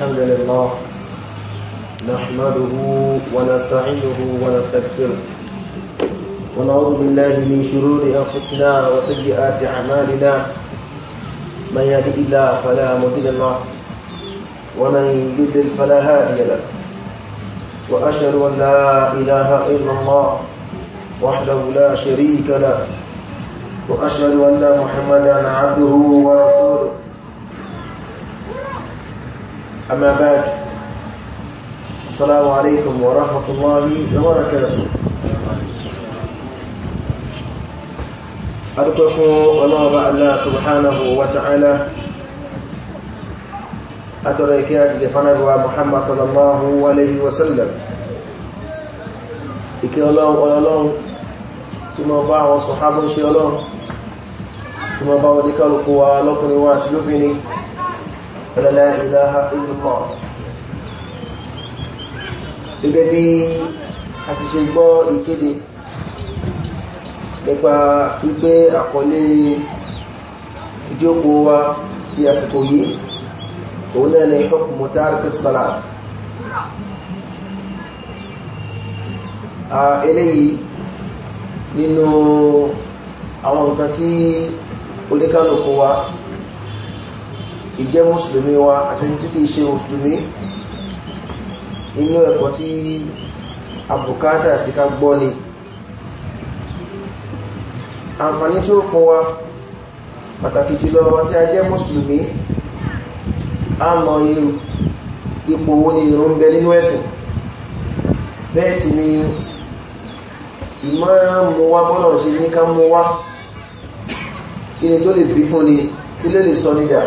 الحمد لله نحمده ونستعينه ونستغفره ونعوذ بالله من شرور أنفسنا وسيئات أعمالنا من يهدئ الله فلا مضل له ومن يضلل فلا هادي له وأشهد أن لا إله إلا الله وحده لا شريك له وأشهد أن محمدا عبده ورسوله أما بعد السلام عليكم ورحمة الله وبركاته أرقف ونوبة الله سبحانه وتعالى أتريكيات لفنبوى محمد صلى الله عليه وسلم ìkẹ́ ọlọ́run ọlọ́run tí mọ́ bá àwọn sọ̀hábọ́n ṣe ọlọ́run tí mọ́ bá wọn ní kálùkù wa lọ́kùnrin wa àti lóbìnrin ولا لا إله إلا الله gẹ́gẹ́ bí a ti ṣe gbọ́ ìkéde nípa wípé àkọlé ìjókòó wa ti àsìkò yìí òun náà ni hukmu tarki salat eléyìí nínú àwọn nǹkan tí oníkálùkù wa ìjẹ́ mùsùlùmí wa àti tí kìí ṣe mùsùlùmí inú ẹ̀kọ́ tí àbùkátà sí ká gbọ́ ni àǹfàní tí ó fún wa pàtàkì jùlọ wa tí a jẹ́ mùsùlùmí a mọ̀ irú ipò wo ni ìrun bẹ nínú ẹ̀sìn bẹ́ẹ̀ sì ni ìmọ̀ mú wá bọ́lọ̀ ṣe ní ká mú wá kí ni tó lè bí fún ni kí lè lè sọ nídàá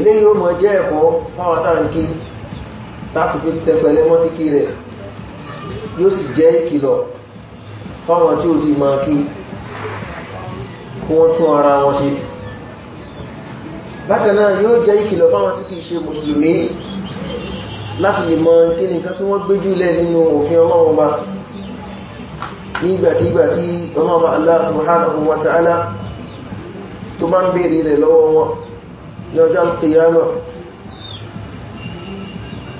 eléyìí ó mọ̀ jẹ́ ẹ̀kọ́ fáwọn táǹkì táàkì fi tẹpẹlẹ́ mọ́ kíkí rẹ̀ yóò sì jẹ́ ìkìlọ̀ fáwọn tí ó ti máa kí kí wọ́n tún ara wọn ṣe bákanáà yóò jẹ́ ìkìlọ̀ fáwọn tí kìí ṣe mùsùlùmí láti lè mọ̀ kí nìkan tí wọ́n gbé jùlẹ̀ nínú òfin ọlọ́run bá Allah subhanahu wa ta'ala tó ní ọjọ́ kìyàmọ̀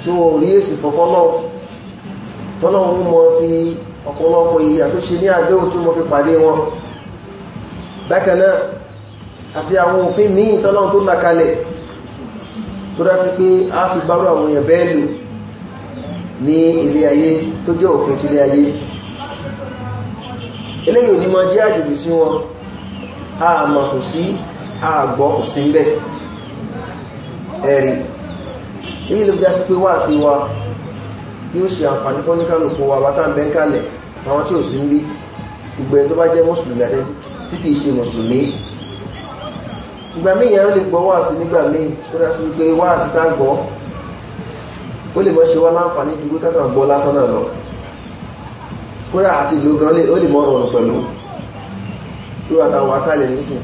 tí wọ́n rí èsì fọ́fọ́lọ́ tọ́lọ́run mọ́ fi ọ̀pọ̀lọpọ̀ ìyà tó ṣe ní àdéhùn tí wọ́n fi pàdé wọn bákanáà àti àwọn òfin míì tọ́lọ́run tó lákalẹ̀ tó dá sí pé a fi bárò àwọn èèyàn bẹ́ẹ̀lù ní ilé ayé tó jẹ́ òfin ti ilé ayé eléyìí ò ní mọ́ jẹ́ àjòjì sí wọn a mọ̀ kò sí àgbọ́ kò sí ń ẹ̀rí èyí ló jásí pé wà sí wa yóò ṣe àǹfààní fọ́níkàlùkù wa bátà ń bẹ́ ń kalẹ̀ àwọn tí ò sí ń bí gbogbo ẹni tó bá jẹ́ mùsùlùmí àti tí kìí ṣe mùsùlùmí ìgbà míì yẹn lè gbọ́ wà sí nígbà míì tó dá sí wípé wà sí tá gbọ́ ó lè mọ́ ṣe wá láǹfààní ju kókàkà gbọ́ lásán náà lọ kódà àti ìlú gan ó lè mọ́ rọrùn pẹ̀lú tó àtàwọn akálẹ̀ nísìn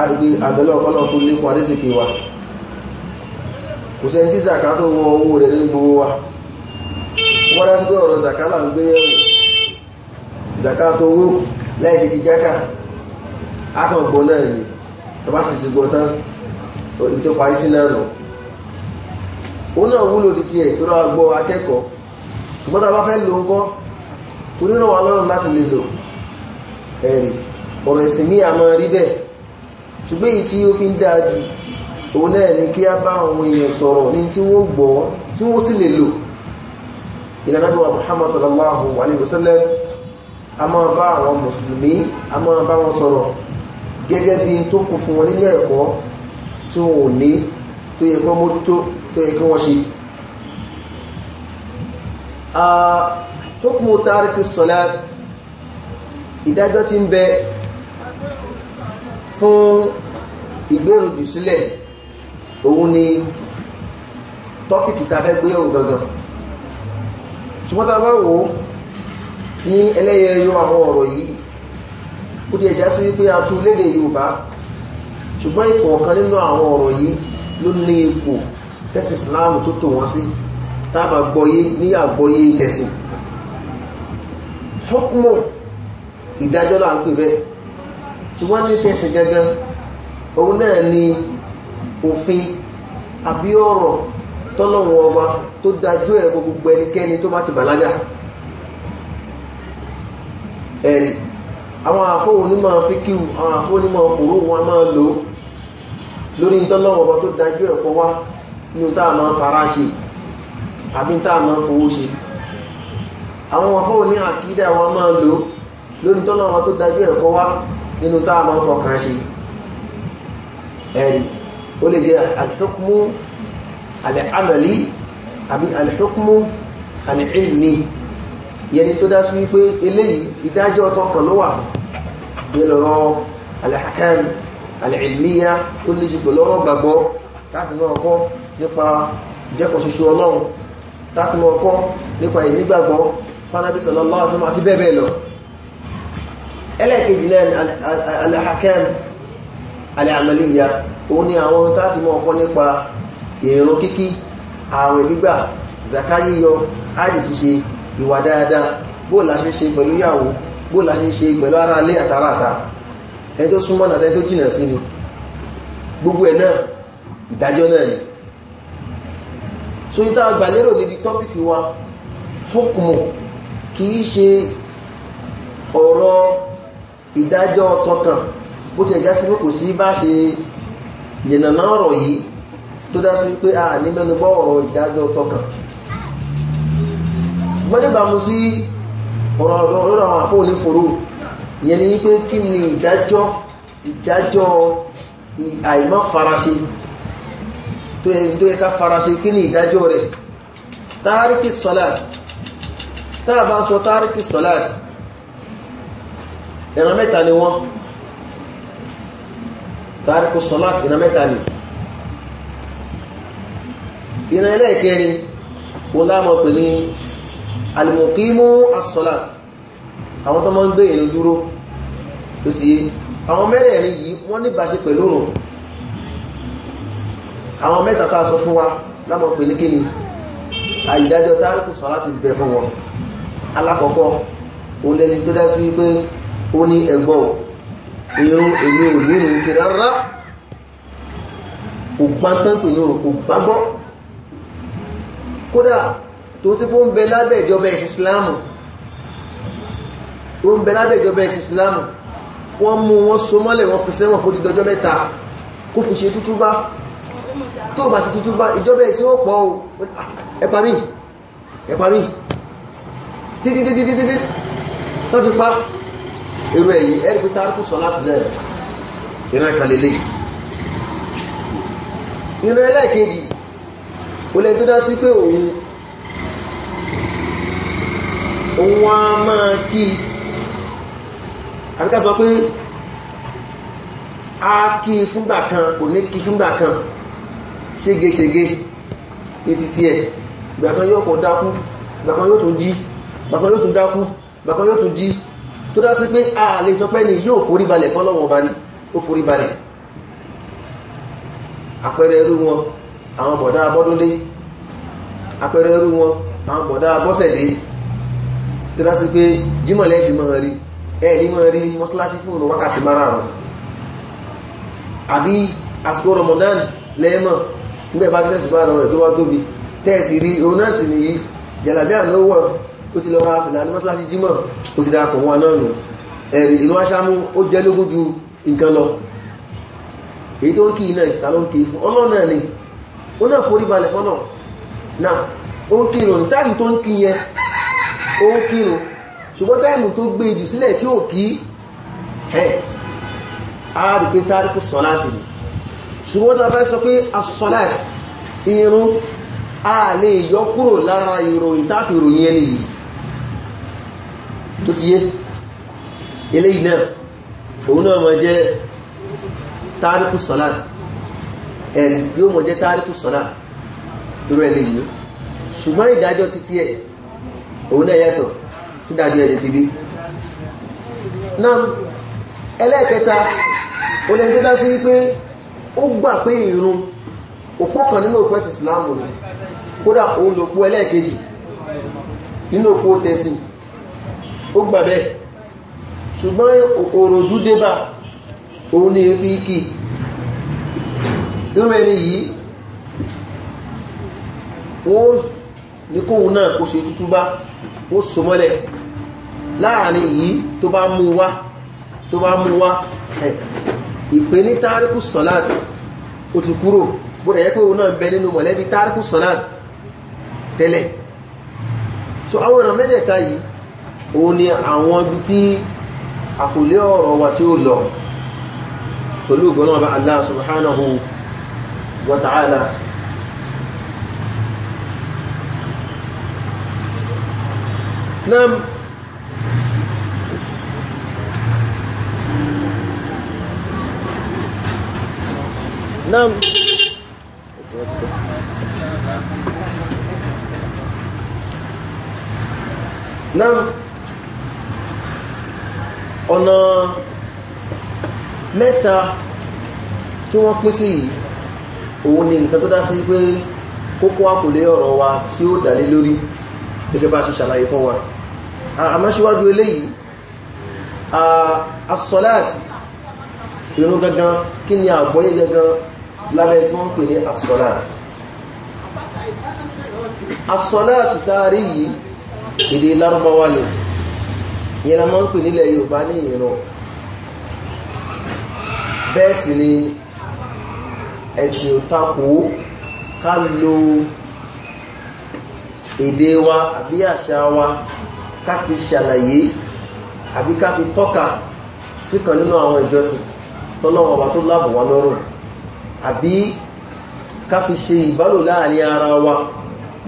àdìgbé àbẹ̀lọ́ ọ̀kọ́lọ́ kò sẹ́ni tí zaka tó wọ owó rẹ̀ ní gbogbo wa wọ́n dá sí pé ọ̀rọ̀ zaka là ń gbé yẹ̀wò zaka tó wó láìsí ti jáka akọ̀gbọ́ náà ni tọ́bá sì ti gbọ́ tán ibi tó parí sí náà nù ó náà wúlò títí ẹ̀ tó rọ́wà gbọ́ akẹ́kọ̀ọ́ ṣùgbọ́n tá bá fẹ́ lò ń kọ́ kò ní rọ̀wà lọ́rùn láti lè lò ẹ̀rì ọ̀rọ̀ ìsìn àmọ́ rí bẹ́ẹ̀ ṣùgbọ́n òun náà ni kí a bá àwọn èèyàn sọ̀rọ̀ ní tí wọ́n gbọ́ tí wọ́n sì lè lò Muhammad sallallahu alaihi wasallam a máa bá àwọn mùsùlùmí a máa bá wọn sọ̀rọ̀ gẹ́gẹ́ bí tó kù fún wọn nílé ẹ̀kọ́ tí wọn ní tó yẹ kọ́ fún òun ni tọ́pìkì ta fẹ́ gbé ẹ̀wò gangan ṣùgbọ́n ta bá wò ó ní ẹlẹ́yẹyọ àwọn ọ̀rọ̀ yìí ó di ẹ̀já sí wípé a tún lédè Yorùbá ṣùgbọ́n ipò ọ̀kan nínú àwọn ọ̀rọ̀ yìí ló ní ipò tẹ́sì Islam tó tò wọ́n sí tábà gbọ́yé ní àgbọ́yé tẹ̀sìn hukmu ìdájọ́ là ń pè bẹ́ẹ̀ ṣùgbọ́n ní tẹ̀sìn gangan òun náà ni òfin àbí ọ̀rọ̀ tọ́lọ́run ọba tó dájú ẹ̀ gbogbo ẹnikẹ́ni tó bá ti bàlágà ẹ̀rì àwọn àfóhùn ní máa fi kíwù àwọn àfóhùn ní máa fòró wọn máa lò lórí tọ́lọ́run ọba tó dájú ẹ̀kọ́ wá ní táà máa fara ṣe àbí táà máa fowó ṣe àwọn àfóhùn ní àkídà wọn máa lò lórí tọ́lọ́run tó dájú ẹ̀kọ́ wá nínú táà máa fọkàn ṣe ẹ̀rì ó lè jẹ́ alhukmu al'amali àbí alhukmu al'ilmi yẹni tó dá sí wípé eléyìí ìdájọ́ tọkàn ló wà fún yẹ lọ́rọ̀ alhakam al'ilmiya tó ní ṣe pẹ̀lú ọ̀rọ̀ gbàgbọ́ láti mọ́ ọkọ́ nípa ìjẹ́kọ̀ ṣoṣo ọlọ́run láti mọ́ ọkọ́ nípa ìnígbàgbọ́ fánábí sallallahu alaihi wasallam àti bẹ́ẹ̀ bẹ́ẹ̀ lọ ẹlẹ́ẹ̀kejì náà alhakam alẹ́àmàlìyà òun ni àwọn tààtì mọ́ ọkọ́ nípa èrò kíkí ààrẹ gbígbà zaka yíyọ ájì ṣíṣe ìwà dáadáa bóòlá ṣe ṣe pẹ̀lú yàwó bóòlá ṣe ṣe pẹ̀lú ara alẹ́ àtàràtà ẹ tó súnmọ́ nàtẹ́ tó jìnà sí ni gbogbo ìdájọ́ náà ni so ìta àgbàlérò níbi tọ́pìkì wa hukumu bó ti ẹ̀já sí pé kò sí bá ṣe yìnàná ọ̀rọ̀ yìí tó dá sí pé a ní mẹ́nubọ́ ọ̀rọ̀ ìdájọ́ tọkàn wọ́n níbàmú sí ọ̀rọ̀ ọ̀rọ̀ àwọn àfóò ní fòrò yẹn ni wípé kí ni ìdájọ́ ìdájọ́ àìmọ́ faraṣe tó yẹ tó yẹ ká faraṣe kí ni ìdájọ́ rẹ̀ tàríkì sọ́láàtì táà bá ń sọ tàríkì sọ́láàtì ẹ̀rọ mẹ́ta ni wọ́n tàríkù sọ́láàtì ìran mẹ́ta ni ìran ẹlẹ́ẹ̀kẹrin wọ́n láàmọ̀ pè ní alìmọ̀kímú asọ́láàtì àwọn tó mọ́ ń gbé ìrìn dúró tó sì yé àwọn mẹ́rẹ̀ẹ̀rin yìí wọ́n ní bá ṣe pẹ̀lú rùn àwọn mẹ́ta tó aṣọ fún wa láàmọ̀ pè ní kíni àìdájọ́ tàríkù sọ́láàtì bẹ fún wọn alákọ̀ọ́kọ́ òun lẹni tó dá sí wípé ó ní ẹgbọ́n èmi ò ní ìrìn kí rárá kò gbántán pè ní òkò gbágbọ́ kódà tó tí ó ń bẹ lábẹ́ ìjọba ẹ̀sìn islamu ó ń bẹ lábẹ́ ìjọba ẹ̀sìn islamu wọ́n mú wọn so mọ́lẹ̀ wọn fi sẹ́wọ̀n fún dídọjọ́ mẹ́ta kó fi ṣe tútú bá tó bá ṣe tútú bá ìjọba ẹ̀sìn ó ti ti ti ti ti. títítítítítí tó fi pa irú ẹ̀yìn ẹ̀rùkú tárùkù sọ láti lẹ́rẹ̀ ìran kan lélẹ̀ ìran ẹlẹ́ẹ̀kejì ó lẹ́ tó dá sí pé òun òun a máa kí àbíká sọ pé a kí fúngbà kan kò ní kí fúngbà kan ṣégeṣége ní títí ẹ̀ ìgbà yóò kọ̀ dákú ìgbà yóò tún jí ìgbà yóò tún dákú ìgbà yóò tún jí tó dá sí pé a lè sọ pé ní yóò foríbalẹ̀ fọ́lọ́wọ́n bá ní ó foríbalẹ̀ àpẹẹrẹ irú wọn àwọn bọ̀dá abọ́dúnlé àpẹẹrẹ irú wọn àwọn bọ̀dá abọ́sẹ̀dé tó dá sí pé jímọ̀lẹ́ ti mọ́ rí ẹ̀ ní mọ́ rí mọ́sálásí fún òun wákàtí márààrún àbí àsìkò Ramadan lẹ́ẹ̀mọ̀ nígbẹ̀ bá tẹ́sùbá rẹ̀ tó wá tóbi tẹ́ẹ̀sì rí òun náà sì nìyí jàlàbí àná wọ̀ ó ti lọ ra fìlà ní mọ́sálásí jímọ̀ ó ti darapọ̀ wọn náà nù ẹ̀rì ìlú aṣámú ó jẹ́ lógún ju nǹkan lọ èyí tó ń kí iná ìta ń kí fún ọlọ́nà ni ó náà forí balẹ̀ fọ́nà náà ó ń kírun ní táàrí tó ń kí yẹn ó ń kírun ṣùgbọ́n táìmù tó gbé jù sílẹ̀ tí ó kí ẹ̀ á rí pé táàrí kò sọ́láàtì ni ṣùgbọ́n tó fẹ́ sọ pé asọ́láàtì irun a lè yọ kúrò lára ìròyìn táàfi ìròyìn ẹni yìí tó ti yé eléyìí náà òun náà mọ̀ jẹ́ tàríkù sọ́láàtì ẹni yóò mọ̀ jẹ tariku sọ́láàtì dúró ẹni yìí ṣùgbọ́n ìdájọ́ títí ẹ̀ òun náà yàtọ̀ sí ẹni ti bí náà ẹlẹ́ẹ̀kẹta olẹ́ni tó dá sí wípé ó gbà pé ìrun òpó kan nínú òpó ẹ̀sìn Islam ni kódà òun lòpó ẹlẹ́ẹ̀kejì nínú òpó tẹ̀sìn ó gbà bẹ́ẹ̀ ṣùgbọ́n òròjú débà òun ni fi kì irú ẹni yìí wọ́n ní kóhun náà kó ṣe tútú bá ó so mọ́lẹ̀ láàrin yìí tó bá mú wá tó bá mú wá ìpè ní tàríkù sọ́láàtì ó ti kúrò bóra yẹ pé òun náà bẹ nínú mọ̀lẹ́bí tàríkù sọ́láàtì tẹ́lẹ̀ so àwọn ọ̀nà mẹ́tẹ̀ẹ̀ta yìí òun ni àwọn ibi tí àkùlé ọ̀rọ̀ wa tí ó lọ pẹ̀lú ìgbọ́nà ọba Allah subhanahu wa ta'ala náà ọ̀nà mẹ́ta tí wọ́n pín sí òun ni nǹkan tó dá sí pé kókó àkùlé ọ̀rọ̀ wa tí ó dálé lórí gẹ́gẹ́ bá ṣe ṣàlàyé fún wa àmọ́ṣíwájú eléyìí asọ́láàtì irun gangan kí ni àgbọ́yé gangan lábẹ́ tí wọ́n pè ní asọ́láàtì asọ́láàtì tààrí yìí èdè lárúbáwá lè ìyẹn la máa ń pè nílẹ̀ yorùbá ní ìran bẹ́ẹ̀ sì ni ẹ̀sìn òtakò ká lo èdè wa àbí àṣà wa ká fi ṣàlàyé àbí ká fi tọ́ka sí kan nínú àwọn ìjọsìn tọ́lọ́wọ́ ọba tó láàbọ̀ wá lọ́rùn àbí ká fi ṣe ìbálò láàrin ara wa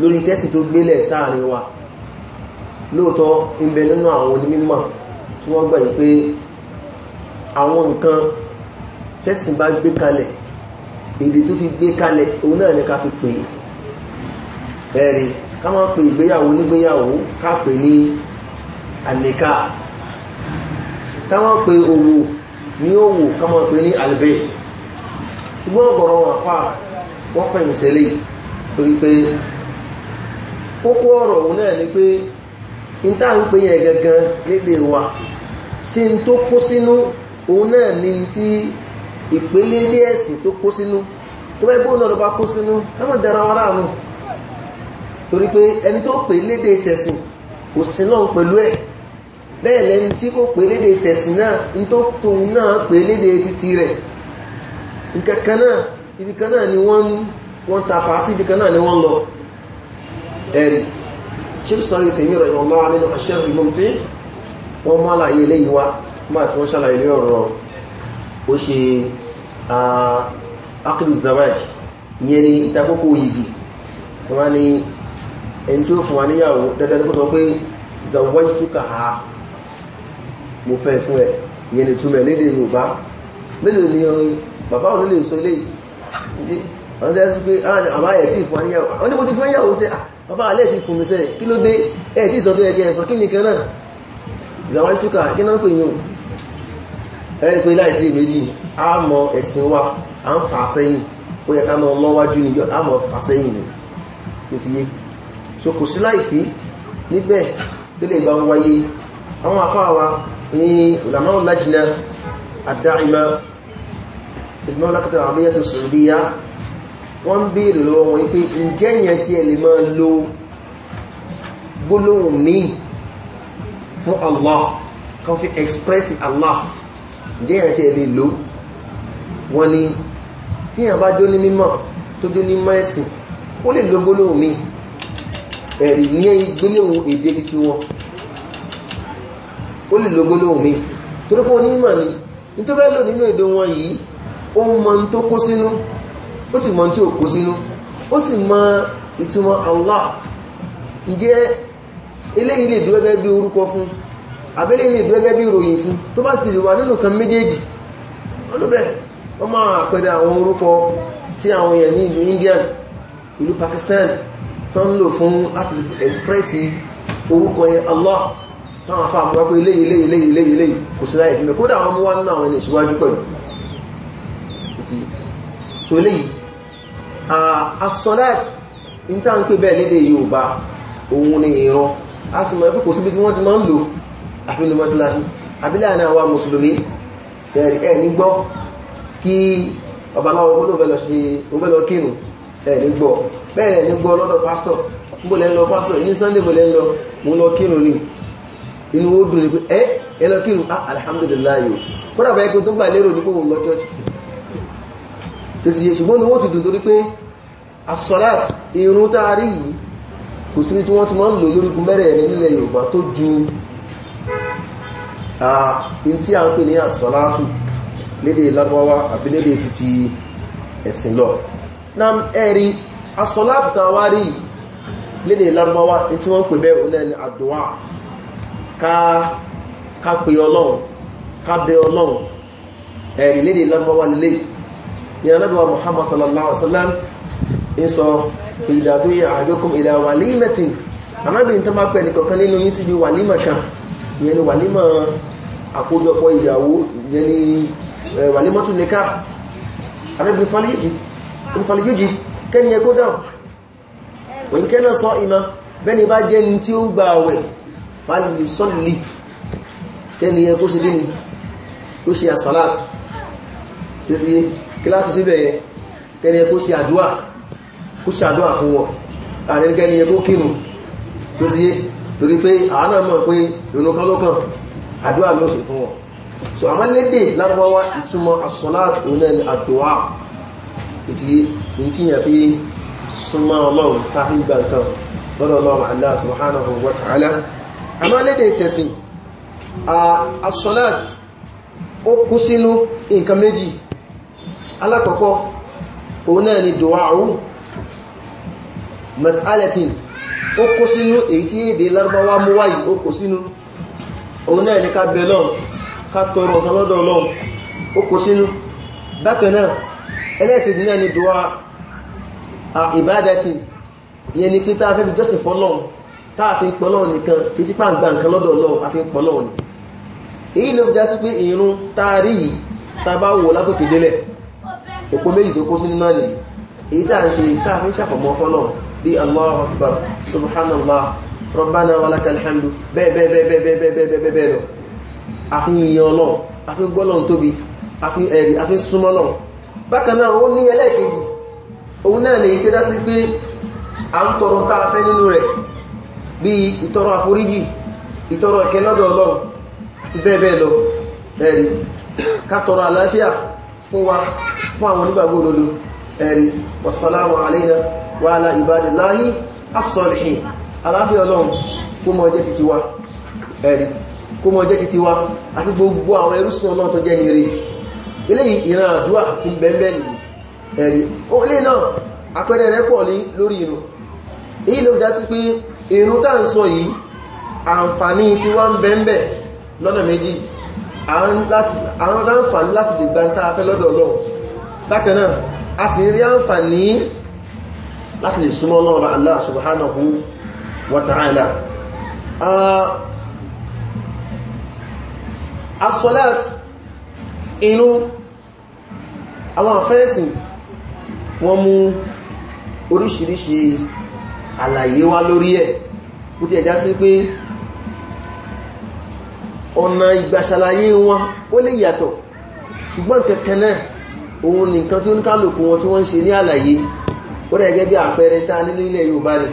lórí tẹ́sì tó gbélẹ̀ sáàrin wa lóòótọ́ ń bẹ nínú àwọn onímọ̀ tí wọ́n gbà wípé àwọn nǹkan tẹ́sìn bá gbé kalẹ̀ èdè tó fi gbé kalẹ̀ òun náà ni ká fi pè ẹ̀rì ká máa pè ìgbéyàwó nígbéyàwó ká pè ní àníká ká máa pè òwò ní òwò ká máa pè ní àlùbẹ́ ṣùgbọ́n ọ̀gọ̀rọ̀ wọn fà wọ́n pẹ̀yìn sẹ́lẹ̀ torí pé kókó ọ̀rọ̀ òun náà ni pé níta ń pè yẹn gangan lédè wa ṣe n tó kó sínú òun náà ni ti ìpele ilé ẹ̀sìn tó kó sínú tó bá gbóhùn náà ló bá kó sínú torí pé ẹni tó pè tẹ̀sìn kò sí náà pẹ̀lú ẹ̀ bẹ́ẹ̀ lẹ́ni tí kò pè tẹ̀sìn náà tó tóun náà pè títí rẹ̀ náà ibìkan ta fàá sí ibìkan náà ni wọ́n lọ ẹ̀rì ṣe sọ́rí tèmi rẹ̀ yọ̀mọ́ nínú aṣẹ́rù ìmọ̀tí wọ́n mọ́ àlàyé ilé ìwá máa tí wọ́n ṣàlàyé ilé ọ̀rọ̀ ó ṣe akidu zawaj yẹ ni ìtakókò yìí wọ́n ni ẹni tí ó fún wa níyàwó dandan ní kó sọ pé zawaj túkà ha mo fẹ́ fún ẹ yẹ ni túmẹ̀ léde yorùbá mélòó ni bàbá òun lè sọ ilé yìí ọ̀dẹ́ bàbá alẹ́ ti fún mi sẹ́ kí ló dé ẹ̀ tí ìsọ̀tọ̀ ẹ̀kẹ́ ẹ̀sọ̀ kí nìkan náà zawajtuka kí náà pè yíò ẹ̀rẹ́ pé láìsí méjì a mọ ẹ̀sìn wa a ń fà sẹ́yìn ó yẹ ká mọ lọ́wájú níjọ a mọ fà sẹ́yìn ní ti yé so kò sí láìfí níbẹ̀ tó lè gba ń wáyé àwọn afáà wa ní ulamaul lajna ad-da'ima ìgbìmọ̀ lákàtà àríyàtò sùúrìyà wọ́n ń béèrè lọ́wọ́ wọn pé ǹjẹ́ èèyàn tí ẹ lè máa lo gbólóhùn míì fún Allah kan fi express Allah ǹjẹ́ èèyàn tí ẹ lè lo wọ́n ni tí èèyàn bá jó ní mímọ̀ tó jó ní mẹ́sìn ó lè lo gbólóhùn míì ẹ̀rì ní gbólóhùn èdè títí wọn ó lè lo gbólóhùn míì torípò onímọ̀ ni ní tó fẹ́ lò nínú èdè wọn yìí ó mọ tó kó sínú ó sì mọ tí ó kó sínú ó sì mọ ìtumọ̀ Allah ǹjẹ́ eléyìí lè dúró gẹ́gẹ́ bí orúkọ fún abẹ́lé lè dúró gẹ́gẹ́ bí ìròyìn fún tó bá ti lè wà nínú kan méjèèjì olóbẹ̀ wọ́n máa àpẹẹrẹ àwọn orúkọ tí àwọn èèyàn ní ìlú Indian ìlú Pakistan tó ń lò fún láti ẹ̀sprẹ́sì orúkọ yẹn Allah táwọn afá àmúwá pé léyìí léyìí léyìí léyìí léyìí kò sí láyé fún mi kódà àwọn ọmọ wa nínú àwọn ẹni ìṣíwájú pẹ̀lú so léyìí asọ́lát ní ń pè bẹ́ẹ̀ lédè Yorùbá òun ni ìran a sì mọ̀ pé kò síbi tí wọ́n ti máa ń lò àfihàn mọ́síláṣí àbílẹ̀ náà wà mùsùlùmí ẹ̀ ní gbọ́ kí babaláwo kó ló fẹ́lọ ṣe òfẹ́lọ kírun ẹ̀ ní gbọ́ bẹ́ẹ̀ ní gbọ́ lọ́dọ̀ pásítọ̀ níbo lẹ́ ń lọ pásítọ̀ ní sunday bó lẹ́ ń lọ mú lọ kírun ni inú ó dùn ní pé ẹ ẹ lọ ah, alhamdulillah yóò kódà báyìí pé tó gbà lérò ní tẹ́sí ṣe ṣùgbọ́n ni wọ́n ti dùn torí pé asọ́lát irun táàrí yìí kò sí tí wọ́n ti máa ń lò lórí gúnmẹ́rẹ̀ ẹni nílẹ̀ Yorùbá tó ju in tí a ń pè ní asọ́látù lédè Lárúbáwá àbí lédè títí ẹ̀sìn lọ na ẹ̀rí asọ́látù tàwárí lédè Lárúbáwá in tí wọ́n pè bẹ́ onẹ́ni àdúwà ká pè Ọlọ́run ká bẹ Ọlọ́run ẹ̀rí lédè Lárúbáwá ìrànlọ́bọ̀ Muhammad sallallahu alaihi wasallam ń sọ ìdàdó àjọkùn ìlà wàlímẹ̀tì arábìnrin tó máa pẹ̀lú kọ̀kan nínú yí síbi wàlímà kan ìyẹn ni wàlímà àkójọpọ̀ ìyàwó ìyẹn ni eh, wàlímà tún ní ká arábìnrin faliyéjì kẹ́ni ẹ kó dáhùn òyìn kẹ́nà sọ ìmá bẹ́ni bá jẹ́ ní tí ó gba àwẹ̀ faliyusọ́lì kẹ́ni ẹ kó dínú kó ṣe àsàlát tí ó fi kí láti síbẹ̀ yẹn kẹ́ni ẹ kó ṣe àdúà kó ṣe àdúà fún wọn ààrẹ kẹ́ni ẹ kó kírun tó ti yé torí pé àánà mọ̀ pé ìrun kan ló ṣe fún wọn so àmọ́ lédè lárúbáwá ìtumọ̀ asọ́láàtì òun náà ni àdúà ìtìyé ìtìyàn fi súnmọ́ ọlọ́run tàbí ìgbà nǹkan lọ́dọ̀ ọlọ́run Allah subhanahu wa ta'ala àmọ́ lédè tẹ̀sìn asọ́láàtì ó kú sínú nǹkan méjì alákọ̀ọ́kọ́ òun náà ni dùwáàrù masalatin ó kó sínú èyí tí èdè lárúbáwá mú wáyìí ó kó sínú òun náà ni ká bẹ Ọlọ́run ká tọrọ ọ̀kan lọ́dọ̀ Ọlọ́run ó kó sínú bákan náà ẹlẹ́ẹ̀kejì náà ni dùwà ìbádàtì ìyẹn ni pé tá a fẹ́ fi jọ́sìn fọ́lọ́run òpó méjì tó kó sínú náà nìyí èyí tá à ń ṣe tá a ṣàfọ̀mọ́ fọ́lọ̀ bí Allahu Akbar subhanallah rabbana walakal hamdu bẹ́ẹ̀ bẹ́ẹ̀ bẹ́ẹ̀ bẹ́ẹ̀ bẹ́ẹ̀ bẹ́ẹ̀ bẹ́ẹ̀ bẹ́ẹ̀ lọ àfi yìnyín ọlọ́run àfi gbọ́lọ́run tóbi àfi ẹ̀rí àfi súnmọ́ lọ́run bákan náà ó ní ẹlẹ́ẹ̀kejì òun náà lè tẹ́dá sí pé a ń tọrọ tá a fẹ́ nínú rẹ̀ bí ìtọrọ àforíjì ìtọrọ ìkẹ́ lọ́dọ̀ tọrọ àlàáfíà fún wa fún àwọn onígbàgbọ́ olólo ẹ̀rí wasalamu alaina wa ala ibadillahi as-salihin aláfíà ọlọ́run kó mọ jẹ́ titi wa wa àti gbogbo àwọn ẹrúsùn ọlọ́run tó jẹ́ ní eré eléyìí ìran àdúrà ti bẹ́ẹ̀bẹ́ ẹ̀rí lọ́nà méjì àwọn láǹfààní láti lè gbáǹtà afẹ́ lọ́dọ̀ Ọlọ́run bákan náà a sì rí àǹfààní láti lè súnmọ́ Ọlọ́run Allah subhanahu wa ta'ala as-salat inú àwọn àfẹ́ẹ̀sìn wọ́n mú oríṣiríṣi àlàyé wá lórí ẹ̀ kú ti ẹ̀já sí pé ọ̀nà ìgbàṣàlàyé wọn ó lè yàtọ̀ ṣùgbọ́n kẹ̀kẹ́ náà òun nìkan tí ó ń kálùkù wọn tí wọ́n ń ṣe ní àlàyé ó rẹ̀ gẹ́gẹ́ bí àpẹẹrẹ tá ní nílẹ̀ Yorùbá rẹ̀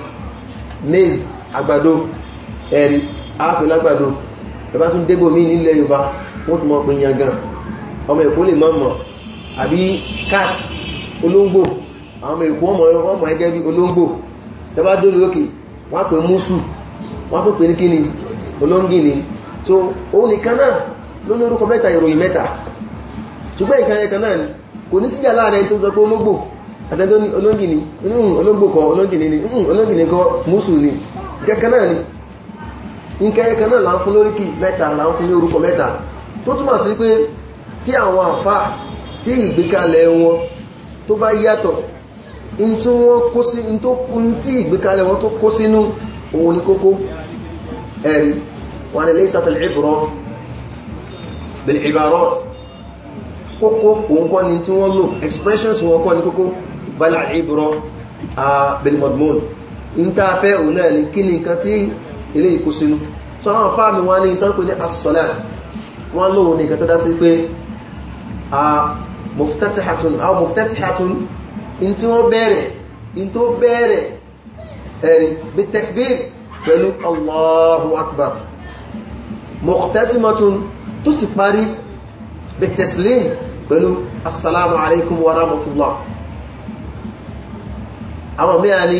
maize àgbàdo ẹ̀rí ápù lágbàdo ẹbá tún débò mí nílẹ̀ Yorùbá wọ́n tún mọ̀ pé yangan ọmọ Èkó pè músù wọ́n tó pè ní kíni olóńgìní so òun nìkan náà ló lórúkọ mẹ́ta ìròyìn mẹ́ta ṣùgbọ́n nǹkan ẹ̀kan náà ni kò ní síjà láàrin tó sọ pé ológbò àtẹ́tọ́ olóngìní ológbò kọ olóngìní ni olóngìní kọ mùsù ni kẹ́kẹ́ náà ni nǹkan ẹ̀kan náà là ń fún lóríkì mẹ́ta là ń fún ní orúkọ mẹ́ta tó túmọ̀ in tí ìgbékalẹ̀ wọn tó kó sínú òun وأن ليست العبرة بالعبارات kókó òun kọ́ ni tí wọ́n lò expressions wọn kọ́ ni kókó bala ibro a belmodmon in ta fẹ́ òun náà ni kí ni nǹkan tí ilé ìkó sínú so àwọn fáàmì wọn ní ìtọ́ pé ní as-salat wọ́n lòun ní ìkàtọ́dá sí pé a muftatihatun a muftatihatun in tí wọ́n bẹ̀rẹ̀ in tó bẹ̀rẹ̀ ẹ̀rì bí takbir pẹ̀lú allahu akbar mọ̀tẹ́tìmọ̀tún tó sì parí bẹ̀tẹ̀sílẹ̀ pẹ̀lú assalamu alaikum wa rahmatullah àwọn mẹ́ra ni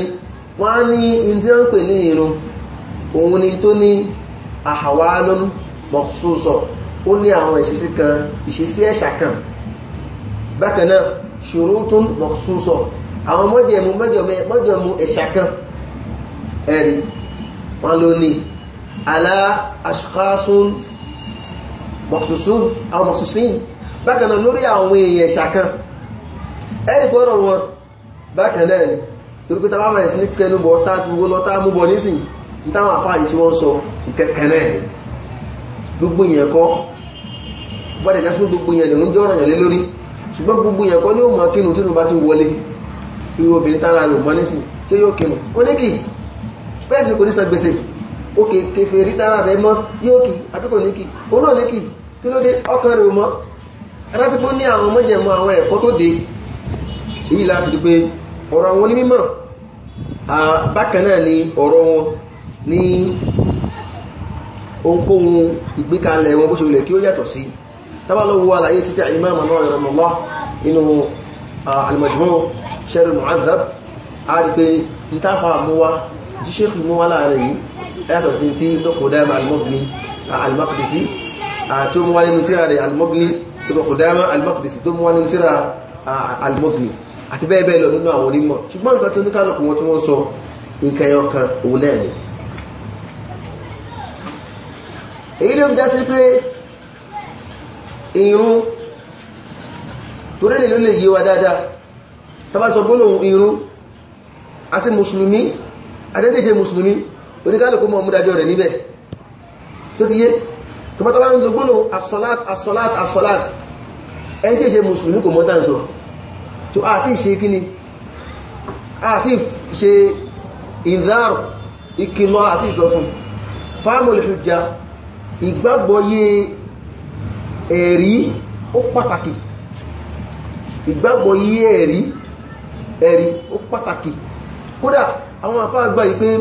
wọ́n ní ìdí ń pè ní ìrun òun ni tó ní àhàwálún mọ̀súsọ ó ní àwọn ìṣesí kan ìṣesí ẹ̀ṣà kan bákanáà ṣurutun mọ̀súsọ àwọn mọ́jẹ̀mú mọ́jọ̀mú ẹ̀ṣà kan ẹ̀rí wọ́n ló ní ala ashkhasun mọ̀kṣùsùn àwọn mọ̀kṣùsìn bákanáà lórí àwọn èèyàn ṣàkan ẹni pọ́rọ̀ wọn bákanáà ni torípé tàbá bàyẹ̀ sí ní kẹnu bọ̀ tá ti wó lọ́tá mú bọ̀ nísìn ní táwọn àfáàyè tí wọ́n sọ ìkẹkẹ̀ẹ́ gbogbo yẹn kọ́ bọ́dẹ̀ jásí gbogbo yẹn lèun jọ́rọ̀ yẹn lé lórí ṣùgbọ́n gbogbo yẹn kọ́ ní òun kínú tí ó bá ti wọlé irú obìnrin tára rẹ̀ mọ́ nísìn tí yóò kínú ó ní kí bẹ́ẹ̀ sì kò ní san gbèsè òkè kèfèrí tára rẹ̀ mọ́ yóò kì àbíkò ní kì òun náà ní kì kí ló dé ọkàn rẹ̀ mọ́ adásípò ní àwọn mọ́jẹ̀mọ́ àwọn ẹ̀kọ́ tó dé èyí láti rí pé ọ̀rọ̀ àwọn onímọ̀ bákan náà ni ọ̀rọ̀ wọn ní ohunkóhun ìgbékalẹ̀ wọn bó ṣe wulẹ̀ kí ó yàtọ̀ sí tábà lọ wo àlàyé títí Imam Nawawi rahimahullah nínú al-Majmu' Sharh al-Muhadhab a rí pé tí Sheikh mú wa láàrin yìí yàtọ̀ sí tí lọ́kọ̀ dáìmọ̀ al-Mughni al-Maqdisi tí ó mú wá nínú tíra rẹ̀ al-Mughni lọ́kọ̀ dáìmọ̀ al-Maqdisi tó mú wá nínú tíra al-Mughni àti bẹ́ẹ̀ bẹ́ẹ̀ lọ nínú àwọn onímọ̀ ṣùgbọ́n nǹkan tó ní kálọ̀kù wọn tí wọ́n sọ nǹkan kan òun náà ni èyí ló fi já sí pé irun torí lè ló lè yíwa dáadáa tá irun àti mùsùlùmí àtẹ́tẹ́ mùsùlùmí oníkálùkù mọ̀ múdájọ́ rẹ̀ níbẹ̀ tó ti yé tọpátá bá ń lo gbónà asọ́lát asọ́lát asọ́lát ẹni tí ìṣe mùsùlùmí kò mọ́ dáǹsọ̀ tó àti ìṣe kíni àti ìṣe ìdáàrù ìkìlọ̀ àti ìṣọ́fún fáàmùlì hujja ìgbàgbọ́yé ẹ̀rí ó pàtàkì ìgbàgbọ́yé ẹ̀rí ẹ̀rí ó pàtàkì kódà àwọn afá gbà yìí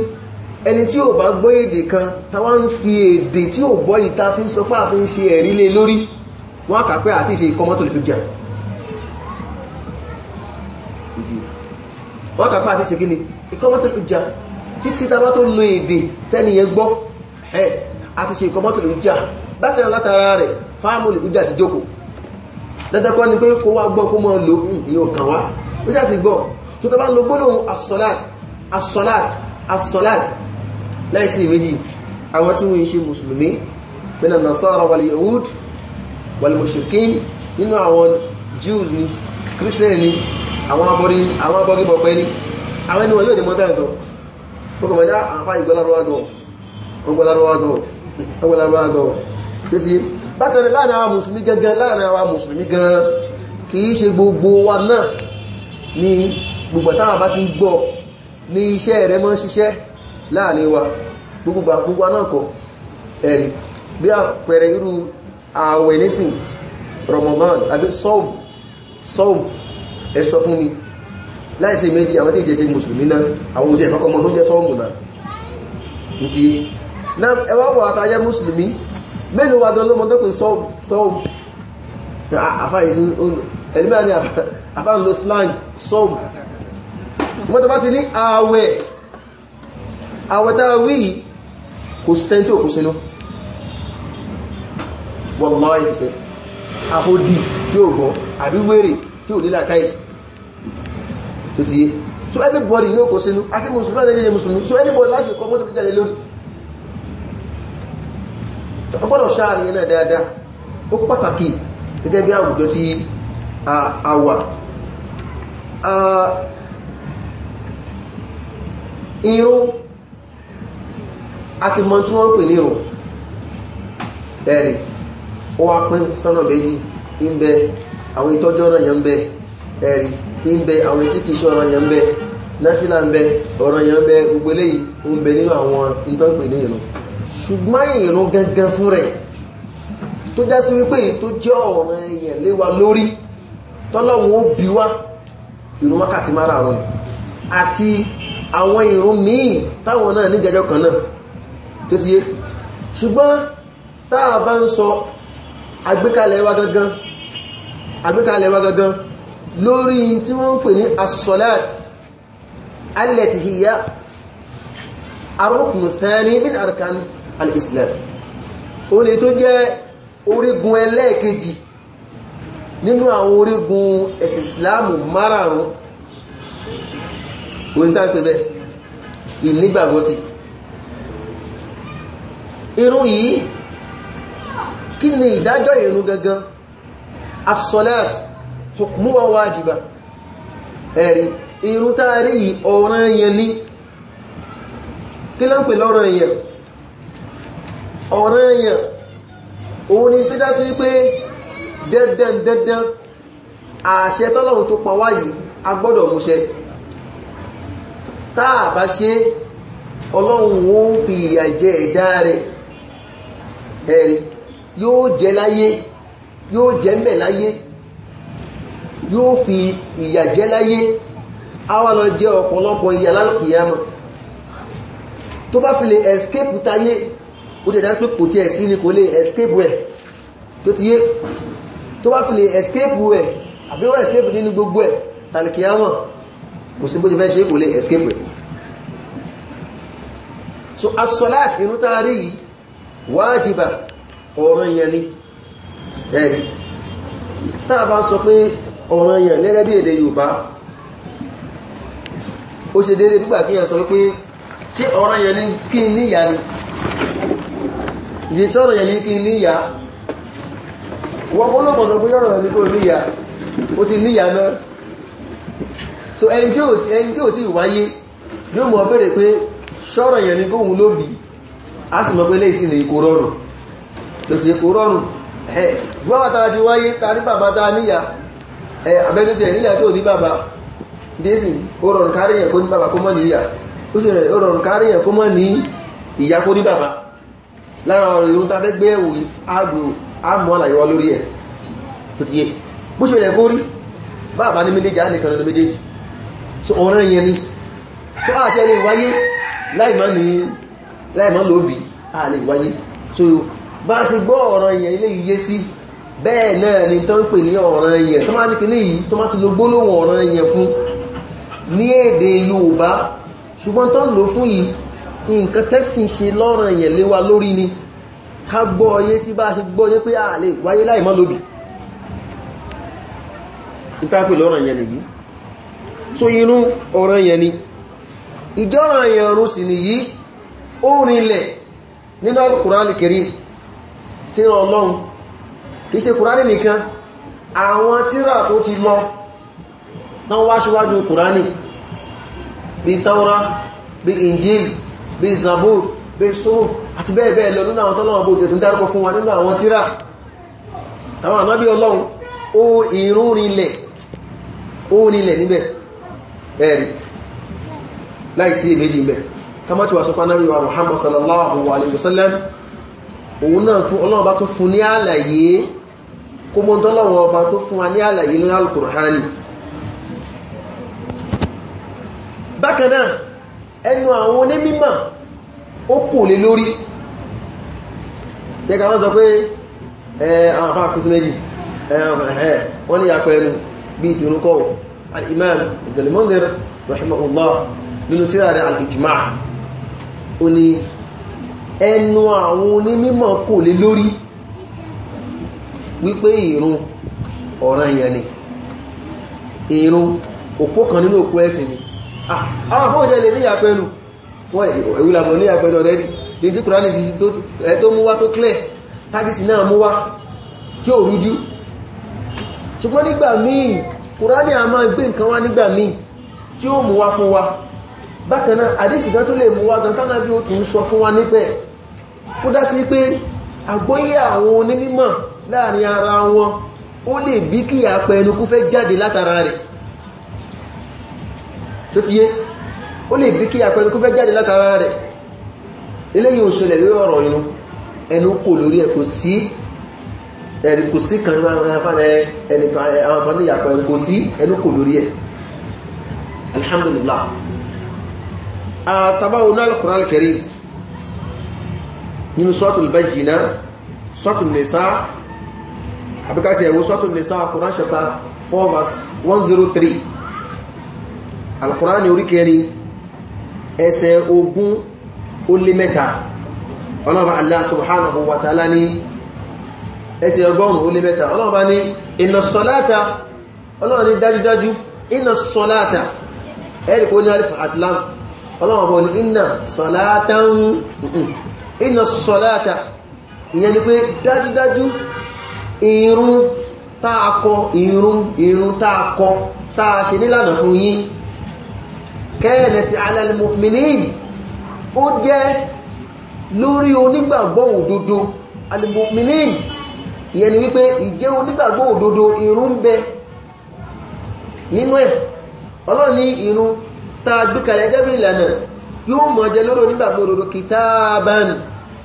ẹni tí ò bá gbọ́ èdè kan táwa ń fi èdè tí ò gbọ́ ìta fi ń sọ pé àfi ń ṣe ẹ̀rí lé lórí wọ́n kà pé àti ṣe ìkọmọ́tò lè fi jà wọ́n kà pé àti ṣe gíní ìkọmọ́tò lè jà títí táwa tó lo èdè tẹ́niyẹn gbọ́ ẹ̀ àti ṣe ìkọmọ́tò ni pé kó wá gbọ́ kó mọ́ lo hmm, ìyẹn ọ̀kan wá ó sì àti gbọ́ tó tọ́ bá ń lo gbólóhùn asọ́láàtì láìsí méjì àwọn tí wọ́n ṣe mùsùlùmí bẹ́nà nasara wal yahud wal mushrikin nínú àwọn jews ni christian ni àwọn abọ́gibọ̀pẹ́ ni àwọn ẹni wọn yóò jẹ mọ́ bẹ́ẹ̀ sọ fọ́kọ̀ mọ́ ní àpá ìgbọ́lárọ́wádọ́ títí bákanrẹ̀ láàrin àwọn mùsùlùmí gangan láàrin àwọn mùsùlùmí gan kìí ṣe gbogbo wa náà ni gbogbo táwọn bá ti ń gbọ́ ní iṣẹ́ rẹ̀ mọ́ ṣiṣẹ́ láàrin wa gbogbo gbogbo náà kọ ẹ̀rì bí àpẹẹrẹ irú ààwẹ̀ nísìn Ramadan àbí sọ́ọ̀m sọ́ọ̀m ẹ sọ fún mi láìsí méjì àwọn tí ìjẹsẹ̀ mùsùlùmí náà àwọn òṣèrè kọ́kọ́ ọmọ tó jẹ́ sọ́ọ̀mù náà ìtì náà ẹwà wà àtàjẹ́ mùsùlùmí mẹ́lú wa gan lọ́mọ tókùn sọ́ọ̀mù àfáyé tí ẹ̀lẹ́mẹ́ àwọ̀tá wí kò sẹ́n tí ò kú sínú wallahi ìfẹ́ àhódì tí ó gbọ́ àríwèrè tí ò nílà káì tó ti yé so everybody ní òkú sínú àti musulmi àti ẹgbẹ̀rẹ̀ so anybody last week ọmọ tó fi jáde lórí ọgbọ́dọ̀ sáàrin yẹn náà dáadáa ó pàtàkì gẹ́gẹ́ bí àwùjọ tí a wà irun a ti mọ tí wọ́n pè ní ìrun bẹ́ẹ̀rẹ̀ ó wá pín sọ́nà méjì ń bẹ àwọn ìtọ́jú ọ̀rọ̀ yẹn ń bẹ ẹ̀rí ń bẹ àwọn tí kìí ṣe ọ̀rọ̀ yẹn ń bẹ náfílà ń bẹ ọ̀rọ̀ yẹn ń bẹ gbogbo eléyìí ń bẹ nínú àwọn ìtọ́pẹ̀ ní ìrun ṣùgbọ́n ìrun gangan fún rẹ̀ tó já sí wípé èyí tó jẹ́ ọ̀rọ̀ ẹ̀yẹ̀ léwa lórí tọ́lọ́run ó bí wá ìrun wákàtí márààrún àti àwọn ìrun míì táwọn náà ní gẹjọ kan náà tó ti yé ṣùgbọ́n táà bá ń sọ àgbékalẹ̀ wa gangan àgbékalẹ̀ wa gangan lórí tí wọ́n ń pè ní as-salat allati hiya ar-ruknu thani min arkan al-islam o lè tó jẹ́ orígun ẹlẹ́ẹ̀kejì nínú àwọn orígun ẹ̀sìn islamu márààrún oníta pẹ̀bẹ̀ ìnígbàgbọ́sí irun yìí kí ni ìdájọ́ irun gangan as-salat hukmuwa wajiba ẹ̀rí irun táàrí yìí ọ̀ràn yẹn ní kí ló ń pè lọ́rọ̀ yẹn ọ̀ràn yẹn òun ni pé dásí wípé dandan dandan àṣẹ tọ́lọ́run tó pa wá yìí múṣẹ táà bá ṣe ọlọ́run ó fi ìyà ẹ̀dá rẹ̀ ẹ̀rí yóò jẹ láyé yóò jẹ mẹ́ láyé yóò fi ìyà jẹ láyé àwa lọ jẹ ọ̀pọ̀lọpọ̀ ìyà lálùkìyàmọ̀ tó bá fi lè escape táyé ó tẹ̀ dáṣpé kò tí ẹ̀ sí ní kò lè escape ẹ̀ tó ti yé tó bá fi lè escape ẹ̀ àbí wọ́n escape nínú gbogbo ẹ̀ tàlùkìyàmọ̀ kò sí bójú fẹ́ ṣe kò lè escape ẹ̀ so as-salat irú tààrí yìí wájìbà ọ̀ràn yẹn ni ẹ̀rí táà bá sọ pé ọ̀ràn yẹn lẹ́gẹ́ bí èdè Yorùbá ó ṣe déédé nígbà kí yẹn sọ pé ṣé ọ̀ràn yẹn ni kí n níyà ni jì sọ́rọ̀ yẹn ni kí n níyà wọ́n gbọ́lọ́gbọ̀dọ̀ pé ọ̀ràn yẹn ni kò níyà ó ti níyà náà so ẹni tí ò tí ìwáyé yóò mọ̀ bẹ̀rẹ̀ pé sọ́rọ̀ yẹn ni kóhun ló a sì mọ̀ pé lè sí lè kó rọrùn tó sì kó ẹ̀ ta ní bàbá ta níyà ẹ̀ abẹ́ni níyà tí ní bàbá dẹ́sì ó kárí yẹn kó ní bàbá kó mọ́ níyà ó sì rọrùn kárí yẹn kó mọ́ ní ìyá kó ta gbé àgbò àmọ́ àlàyé wa lórí ẹ̀ tó ti bó ṣe rẹ̀ kó rí bàbá ní méjèèjì ní láìmọ́ lóbi a lè wáyé so bá ṣe gbọ́ ọ̀rọ̀ èèyàn ilé yìí yé sí bẹ́ẹ̀ náà ni tó ń pè ní ọ̀rọ̀ èèyàn tó máa ní kìíní yìí tó máa ti lo gbólóhùn ọ̀rọ̀ èèyàn fún ní èdè Yorùbá ṣùgbọ́n tó ń lò fún yìí nǹkan tẹ́sìn ṣe lọ́rọ̀ èèyàn léwa lórí ni ká gbọ́ ọyé sí bá ṣe gbọ́ ọyé pé a lè wáyé láìmọ́ lóbi ìtàpè lọ́rọ̀ èèyàn nìyí so inú ọ̀rọ̀ èèyàn ni ìjọ́rọ̀ èèyàn rú sí nìyí ó rinlẹ̀ nínú Al-Qur'anul Karim tí rọ ọlọ́run kìí ṣe kùránì nìkan àwọn tó ti lọ wá ṣíwájú kùránì bí Taura bí Injil bí Zabur bí Suhuf àti bẹ́ẹ̀ bẹ́ẹ̀ lọ nínú àwọn tọ́lọ́wọ́ bó tẹ̀tún dárúkọ fún wa nínú àwọn tírà táwọn ànábí ọlọ́run ó kama ti wà sọ pánárí wa Muhammad sallallahu alaihi wasallam òun náà tún ọlọ́wọ́ bá tó fún ní àlàyé kó mọ́ tọ́lọ́wọ́ bá tó fún wa ní àlàyé ní al-Qur'ani bákanáà ẹnu àwọn onímímọ̀ ó kò lè lórí tẹ́ka wọ́n sọ pé àwọn afá kùsí méjì wọ́n rahimahullah nínú tírà rẹ̀ al-Ijma' ó ní ẹnu àwọn onímọ̀ kò lè lórí wípé ìrun ọ̀ranyàn ni ìrun òpó kan nínú òpó ẹ̀sìn ni ah, àwọn afọ́jẹ́ lè ní àpẹnu wọ́n ìwúlàbọ̀ ní àpẹnu ọ̀rẹ́dì ní tí kùránì sí tó mú wá tó clear tàbísì náà mú wá tí ò rújú ṣùgbọ́n nígbà míì kùránì a máa gbé nǹkan wá nígbà míì tí ó mú wá fún wa bákanáà àdísì kan tó lè mú wá gan tánàbí ó tún sọ fún wa nípẹ̀ kó dá sí pé àgbóyé àwọn onímọ̀ láàrin ara wọn ó lè bí kí àpẹ ẹnukú fẹ́ jáde látara rẹ̀ tó ti yé ó lè bí kí àpẹ ẹnukú fẹ́ jáde látara rẹ̀ eléyìí ò ṣẹlẹ̀ lórí ọ̀rọ̀ inú ẹnu kò lórí ẹ̀ kò sí ẹni kò sí kan ẹnìkan àwọn kan ní ìyàpẹ̀ ẹnu kò sí ẹnu kò lórí ẹ̀ alhamdulillah àtàbáwọn náà Al-Qur'an Al-Karim nínú suratul Bayyina suratul Nisa àbíkàtí ẹ̀wọ́ suratul Nisa Al-Qur'an chapter 4 verse 103 Al-Qur'an ní orí kẹrin ẹsẹ̀ ogún ó lé mẹ́ta ọlọ́ba Allah subhanahu ní ẹsẹ̀ ọgọ́rùn ó lé mẹ́ta ọlọ́ba ní inna ní àrífà àtìlámù ọlọ́run ọba ní iná sọ̀láta ń iná sọ̀láta ìyẹn ni pé dájúdájú ìrun tààkọ ìrun ìrun tààkọ tàà ṣe nílànà fún yín kẹ́ẹ̀nẹ̀ ti alẹ́lẹ́mọ̀mìnìn ó jẹ́ lórí onígbàgbọ́ òdodo alẹ́mọ̀mìnìn ìyẹn ni wípé ìjẹ́ onígbàgbọ́ òdodo ìrun ń bẹ nínú ẹ̀ ọlọ́run ní ìrun tá a gbé kalẹ̀ gẹ́gẹ́ bí ìlànà yóò mọ̀ jẹ lóró nígbàgbọ́ òdodo kìtàbán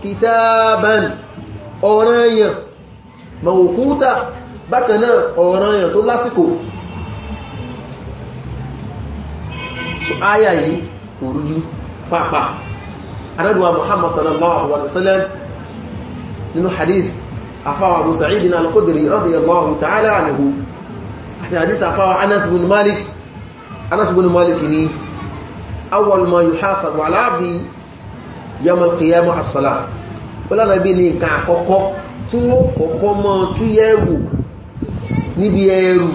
kìtàbán ọ̀ranyàn mọ̀wòkúta bákan náà ọ̀ranyàn tó lásìkò áyà yìí kò rújú pàpà anábíwa muhammad sallallahu alaihi wasallam nínú hadith afáwà abu sa'idina al-qudri radiyallahu ta'ala anhu àti hadith afáwà anas bin malik Anas ibn Malik ní awwal ma yuhasabu ala abdi yawm al-qiyamah as-salat wọ́n lára bí ní nǹkan àkọ́kọ́ tí wọ́n kọ́kọ́ mọ́ túyẹ̀wò níbi ẹrù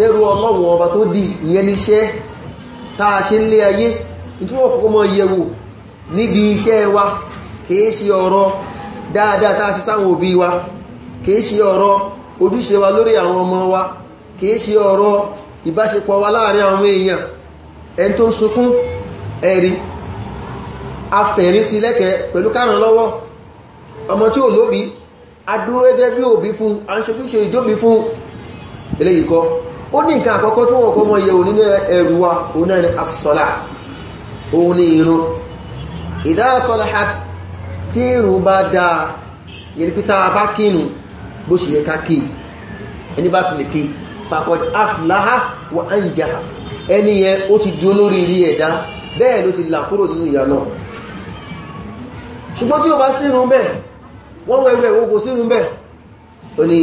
tẹ́rù ọlọ́run ọba tó di ìyẹn níṣẹ́ táa ṣe ń lé ayé tí wọ́n kọ́kọ́ mọ́ yẹ̀wò níbi iṣẹ́ wa kìí ṣe ọ̀rọ̀ dáadáa táa ṣe sáwọn òbí wa kìí ṣe ọ̀rọ̀ ojúṣe wa lórí àwọn ọmọ wa kìí ṣe ọ̀rọ̀ ìbáṣepọ̀ wa láàrin àwọn èèyàn ẹni tó ń sunkún ẹ̀rí afẹ̀rin sí lẹ́kẹ̀ẹ́ pẹ̀lú káràn lọ́wọ́ ọmọ tí ò lóbi adúró gẹ́gẹ́ bí òbí fún a ń ṣojúṣe ìjóbi fún eléyìí kọ́ ó ní nǹkan àkọ́kọ́ tó wọ́n kọ́ mọ́ yẹ̀wò nínú ẹ̀rù wa òun ni asọ́lá òun ni ìrun ìdá asọ́lá tí ìrun bá dáa yẹ̀rí bá kínú bó ṣe yẹ ká kí ẹni bá fi lè kí faqad aflaha wa anjaha ẹni yẹn ó ti di olórí ilé ẹ̀dá bẹ́ẹ̀ ló ti là kúrò nínú ìyà náà ṣùgbọ́n tí ó bá sírun bẹ́ẹ̀ wọ́n wọ ẹgbẹ́ ìwọ́gbò sírun bẹ́ẹ̀ ó ní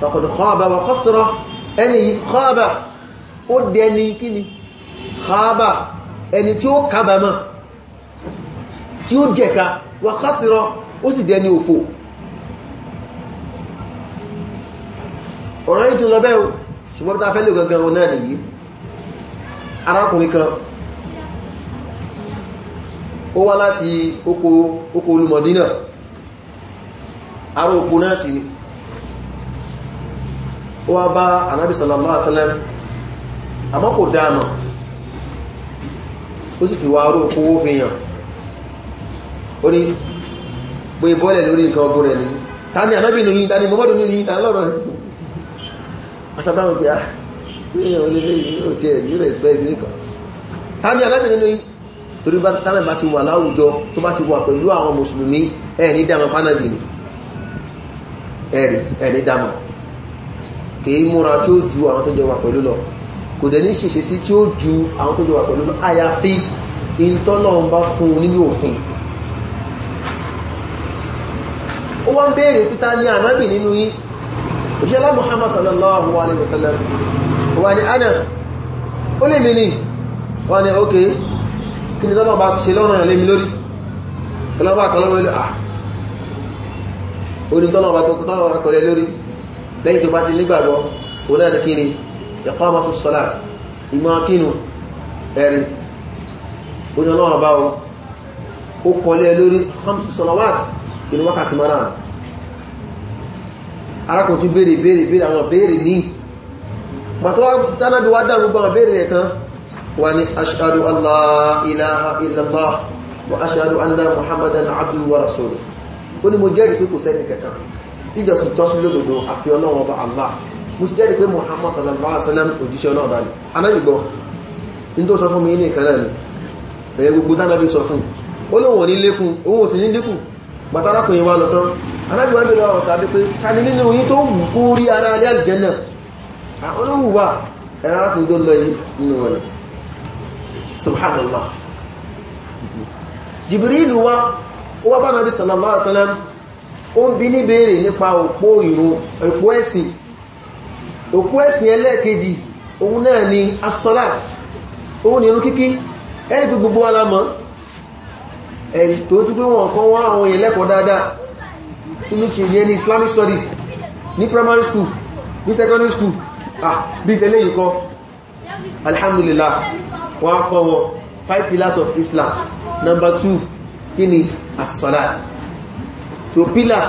faqad khaba wa khasra ẹni yìí ó dẹni ọ̀rọ̀ yìí tún lọ bẹ́ẹ̀ o ṣùgbọ́n ta fẹ́ lè gangan wọn náà nìyí arákùnrin kan ó wá láti oko oko olùmọ̀dínà ará oko náà sì ni ó wá bá anábì sallallahu alaihi wasallam àmọ́ kò dáàmà ó sì fi wá ará oko owó fi hàn ó ní pé bọ́ọ̀lẹ̀ lórí nǹkan ọgbọ́n rẹ̀ ní ta ni anábì nìyí mọ́mọ́dún nìyí ta lọ́rọ̀ asábáwọn pé ah pé onílé yìí ó tiẹ̀ ní respect nìkan tàbí alábìnrin lóyìn torí bá tánà bá ti wà láwùjọ tó bá ti wà pẹ̀lú àwọn mùsùlùmí ẹ̀ ní dàmà pánàbì ni ẹ̀rì ẹ̀ ní dàmà kìí múra tí ó ju àwọn tó jọ wà pẹ̀lú lọ kò dẹ̀ ní ṣèṣe sí tí ó ju àwọn tó jọ wà pẹ̀lú lọ àyàfi ìtọ́nà ń bá fún un nínú òfin ó wá ń béèrè pítá ní anábì nínú yìí òṣèlá muhammad sallallahu alaihi wasallam wà ní ana ó lè mi ní wà ní ok kí ni tọ́lọ́bà ṣe lọ́rùn ẹ̀ lé mi lórí tọ́lọ́bà kan lọ́wọ́ ilé ah ó ní tọ́lọ́bà kan lẹ́ lórí lẹ́yìn tó bá ti nígbàgbọ́ òun náà ní kí ni iqamatu arákùn tún béèrè béèrè béèrè àwọn béèrè ní pàtàwà tánàbí wá dárú gbọ́n béèrè rẹ̀ tán wà ní ashadu allah ilaha illallah wa ashadu anna muhammadan abduhu wa rasuluhu ó ní mo jẹ́rìí pé kò sẹ́ni kẹta tíjọsìn tọ́sí lódodo àfi ọlọ́run ọba allah mo sì jẹ́rìí pé muhammad sallallahu alaihi wasallam òjíṣẹ́ ọlọ́run ọba ni anájùgbọ́ ní bàtàrákùnrin wá lọ tán arábìnrin wọ́n bèèrè àwọn sàbí pé tàbí nínú yín tó wù kó rí ara alẹ́ àlùjẹ́nà àwọn olówùwà ẹ̀rọ arákùnrin tó lọ yìí nínú wọn subhanallah jìbìrìlù wa ó wá bá nàbí sallallahu alaihi wasallam ó ń bi ní nípa ẹ̀rì tó ti pé wọn kan wá àwọn èèyàn lẹ́kọ̀ọ́ dáadáa tó ní ṣe yẹn ní islamic studies ní primary school ní secondary school ah bí tẹ́lẹ̀ yìí kọ́ alhamdulillah wọ́n kọ́ wọn five pillars of islam number two kí ni as-salat tó pílà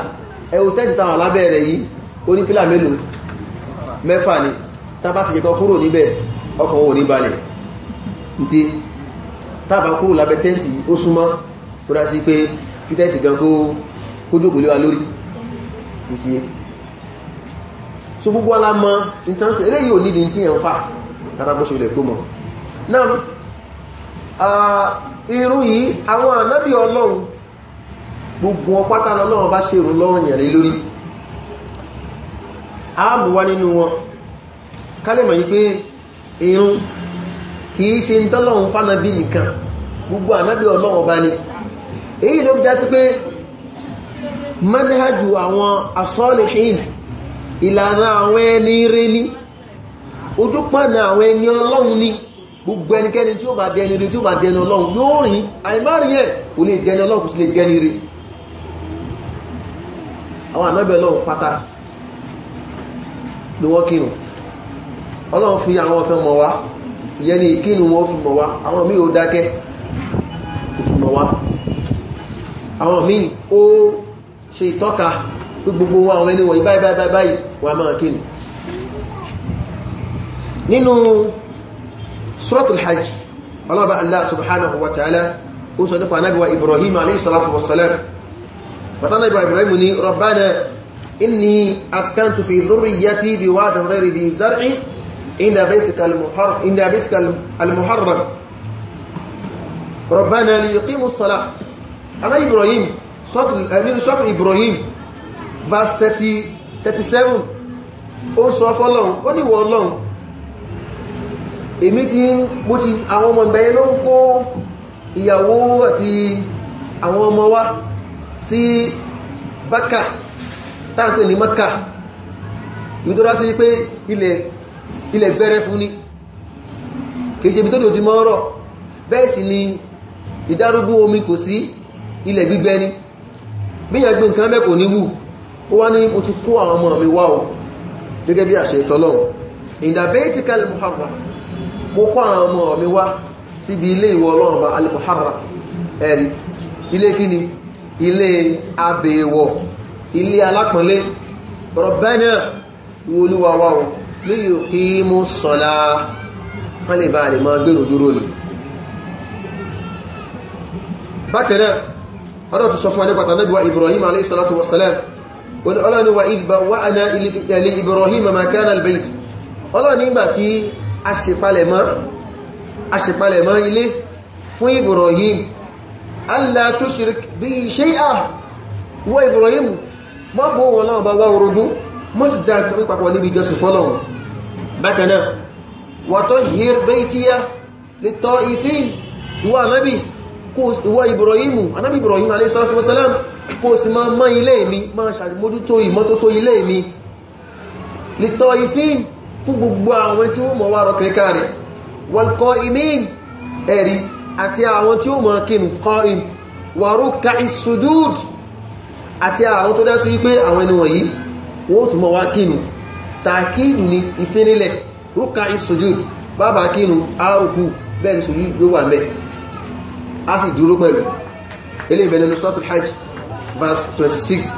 ẹwọ tẹ́ntì táwọn alábẹ́ rẹ̀ yìí ó ní pílà mélòó mẹ́fà ni tàbá ti jẹ́kọ́ kúrò níbẹ̀ ọkàn wọn ò ní balẹ̀ tí tàbá kúrò lábẹ́ tẹ́ntì ó súnmọ́ kó dá sí pé kítẹ́ẹ̀tì gan kó jókòó lé wa lórí ti yé so gbogbo alamọ ìtànkù eléyìí ò nídìí tí yẹn ń fa tàbí ilẹ̀ kó mọ̀ náà irú yìí àwọn ànábì ọlọ́run gbogbo ọpátá lọ́lọ́run bá ṣe ìrùn lọ́rùn yẹ̀rẹ̀ lórí ààbò wá kìí ṣe ń tọ́lọ́run fánàbí nìkan gbogbo ànábì ọlọ́run bá ní èyí ló já sí pé manhajù àwọn asọ́lẹ̀hìn ìlànà àwọn ẹni rẹni ojúpọ̀nà àwọn ẹni ọlọ́run ni gbogbo ẹnikẹ́ni tí ó bá dẹni rẹ tí ó bá dẹni ọlọ́run yóò rìn àìmárí ẹ̀ kò lè dẹni ọlọ́run sí lè dẹni rẹ àwọn ànábẹ̀ ọlọ́run pátá ni wọ́n kírun ni ìkínu wọn fi mọ̀ wá àwọn míì ó dákẹ́ kò àwọn míì ó ṣe tọ́ka gbogbo àwọn ẹni wọ̀nyí báyìí báyìí báyìí wà máa kí ni nínú suratul hajj ọlọ́bà allah subhanahu wa ta'ala ó sọ nípa anábíwa ibrahim alayhi salatu wassalam fatanabiwa ibrahim ni rabbana inni askantu fi dhurriyyati bi wadin ghairi dhi zar'in inda baytika al Ana Ibrahim eh, nínú sọ́tù Ibrahim verse 30, 37 ó ń sọ fọ́lọ́run ó ní ìwọ Ọlọ́run èmi tí mo ti àwọn ọmọ ìgbẹ̀yẹ ló ń kó ìyàwó àti àwọn ọmọ wa sí bákà táàpé ní mọ́kà ìdúrà sí pé ilẹ̀ gbẹ́rẹ́ fún ní kìí ṣe ibi tó dò ti mọ́ ọ̀rọ̀ bẹ́ẹ̀ sì ni ìdárúgbó omi kò sí ilẹ̀ gbígbẹ́ ní bí yẹn gbé nǹkan mẹ́kò níwú ó wá ní mo ti kó àwọn ọmọ mi wá o gẹ́gẹ́ bí àṣẹ ìtọ́lọ́run ìdàbẹ́ẹ̀tìkà al-muharram mo kó àwọn ọmọ mi wá síbi ilé ìwọ ọlọ́run bá al-muharram ẹ̀rí ilé kíni ilé abèèwọ̀ ilé alápọ̀nlé rabbana wọ́n lè bá lè gbèrò dúró ni bákanáà ọdọ́ tó sọ fún alẹ́pàtà nẹ́bíwá ibrahim aleyhisalatu wasalam wani ọlọ́ni wa ìgbà wà ánà ilé ibrahim makana albayt ọlọ́ni ìgbà tí a ṣèpalẹ̀ mọ́ ilé fún ibrahim allah tó ṣirik bí ṣe à wọ ibrahim mọ́ bó wọn náà bá wá orogún mọ́ sì dá kí níbi jọsìn fọ́lọ̀wọ̀n kó ìwọ Ibrahim anábì Ibrahim alayhi salatu wa salam kó sì máa mọ́ ilé mi máa ṣàrímójútó ìmọ́tótó ilé mi lítọ́ ìfín fún gbogbo àwọn tí ó mọ̀ wárọ kìríkà rẹ̀ wọlkọ́ imin ẹ̀rí àti àwọn tí ó mọ̀ kínú kọ́ im wàrú ka àti àwọn tó dá sí wípé àwọn ẹni wọ̀nyí wọ́n a sì dúró pẹ̀lú eléyìnbẹ̀ nínú suratul hajj verse 26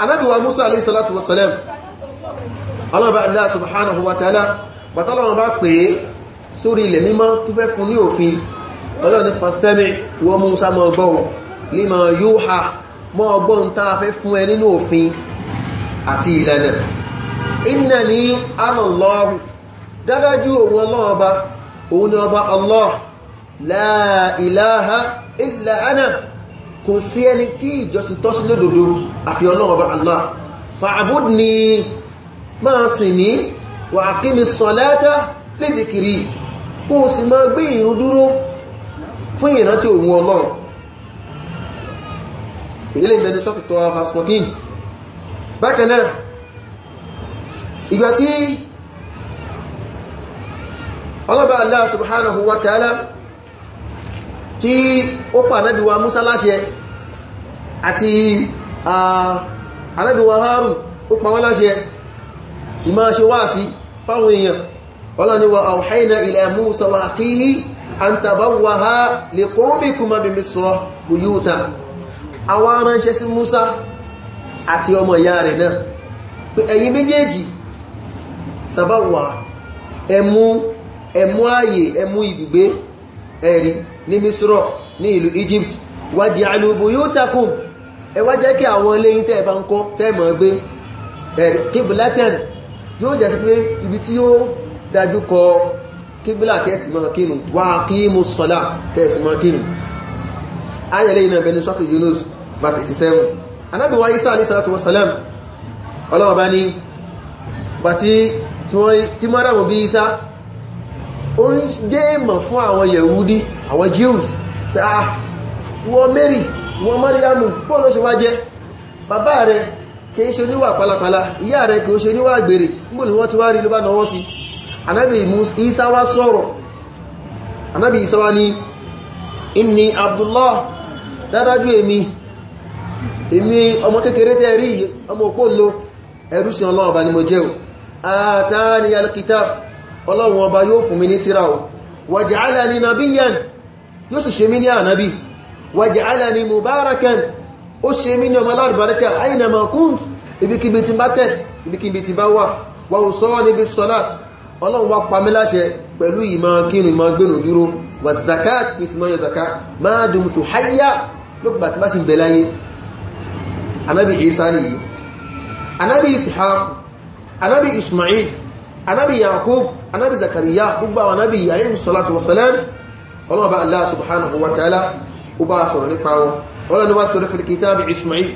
anábíwa musa alayhi salatu wasalam ọlọ́ba allah subhanahu wa ta'ala pàtàlọ́wọ́n bá pè é sórí ilẹ̀ mímọ́ tó fẹ́ fún ní òfin ọlọ́ni fastemi wọ musa mọ́ ọgbọ́ límọ̀ yóò ha mọ́ ọgbọ́n tá a fẹ́ fún ẹ nínú òfin àti ìlànà inna ni anàlọ́rù dágájú òun ọlọ́ọba òun ni ọba allah la ilaha illa ana kò sí ẹni tí ìjọsìn tọ́ sí lódodo àfi Ọlọ́run Ọba Allah fa'budni máa sìn ní wa aqimi salata li dhikri kó o sì máa gbé ìrun dúró fún ìrántí òun Ọlọ́run ilé ìbẹ̀ni sọ́kùtọ̀ verse 14 ìgbà tí ọlọ́bàá Allah subhanahu wa ta'ala tí ó pa ànábì wa Musa láṣẹ àti ànábì wa Harun ó pa wọ́n láṣẹ ìmá ṣe wáàsí fáwọn èèyàn ọlọ́ni wa auhayna ila Musa wa akhihi an tabawwaha liqawmikuma bi Misra buyuta àwọn aránṣẹ́ sí Musa àti ààyè ẹmú ibùgbé ẹ̀rí ní misro ní ìlú Egypt wájí alùbù yóò takùn ẹwà jẹ́ kí àwọn iléyìn tẹ́ bá ń kọ́ tẹ́mọ̀ gbé ẹ̀rí kíbùlátẹ̀n yóò jẹ́ sí pé ibi tí yóò dájú kọ kíbùlá tẹ́ẹ̀tì mọ́ kínú wà kí mú sọ́lá tẹ́ẹ̀sì mọ́ kínú ayẹ̀lẹ́ iná bẹni sọ́kì Yunus verse 87 Ànábì wa Isa alayhi salatu wasalam ọlọ́wọ́ bá ní bàtí tí mọ́ràn bí Isa ó ń jẹ́ ìmọ̀ fún àwọn yẹ̀wúdí àwọn jews ah wọ́n mary wọ́n mariamu bọ́ọ̀ ló ṣe wá jẹ́ bàbá rẹ̀ kìí ṣe oníwà pálapàla ìyá rẹ̀ kìí ṣe oníwà àgbèrè níbo ni ti wá rí ló bá náwọ́ sí anábì isa wá sọ̀rọ̀ anábì isa wá ní inni abdullah dárájú èmi èmi ọmọ kékeré tẹ́ rí ọmọ òkú ẹrú sí ọlọ́ọ̀bá ni mo jẹ́ o ọlọ́run ọba yóò fún mi ní tíra o waj'alani nabiyyan yóò sì ṣe mí ní ànábì waj'alani mubarakan ó ṣe mí ní ọmọ alárùbáríkà aynama kunt ibikíbi tí bá tẹ̀ ibikíbi tí bá wà wà ó sọ́wọ́ níbi sọ́lá ọlọ́run wá pa mí láṣẹ pẹ̀lú ìmọ̀ kínú ismail anabi yakub anabi zakariya gbogbo àwọn anabi ayin salatu wasalam ọlọ́wọ́ bá allah subhanahu wa ta'ala ó bá sọ̀rọ̀ nípa wọn ọlọ́ni wá sọ̀rọ̀ fil kitabi ismail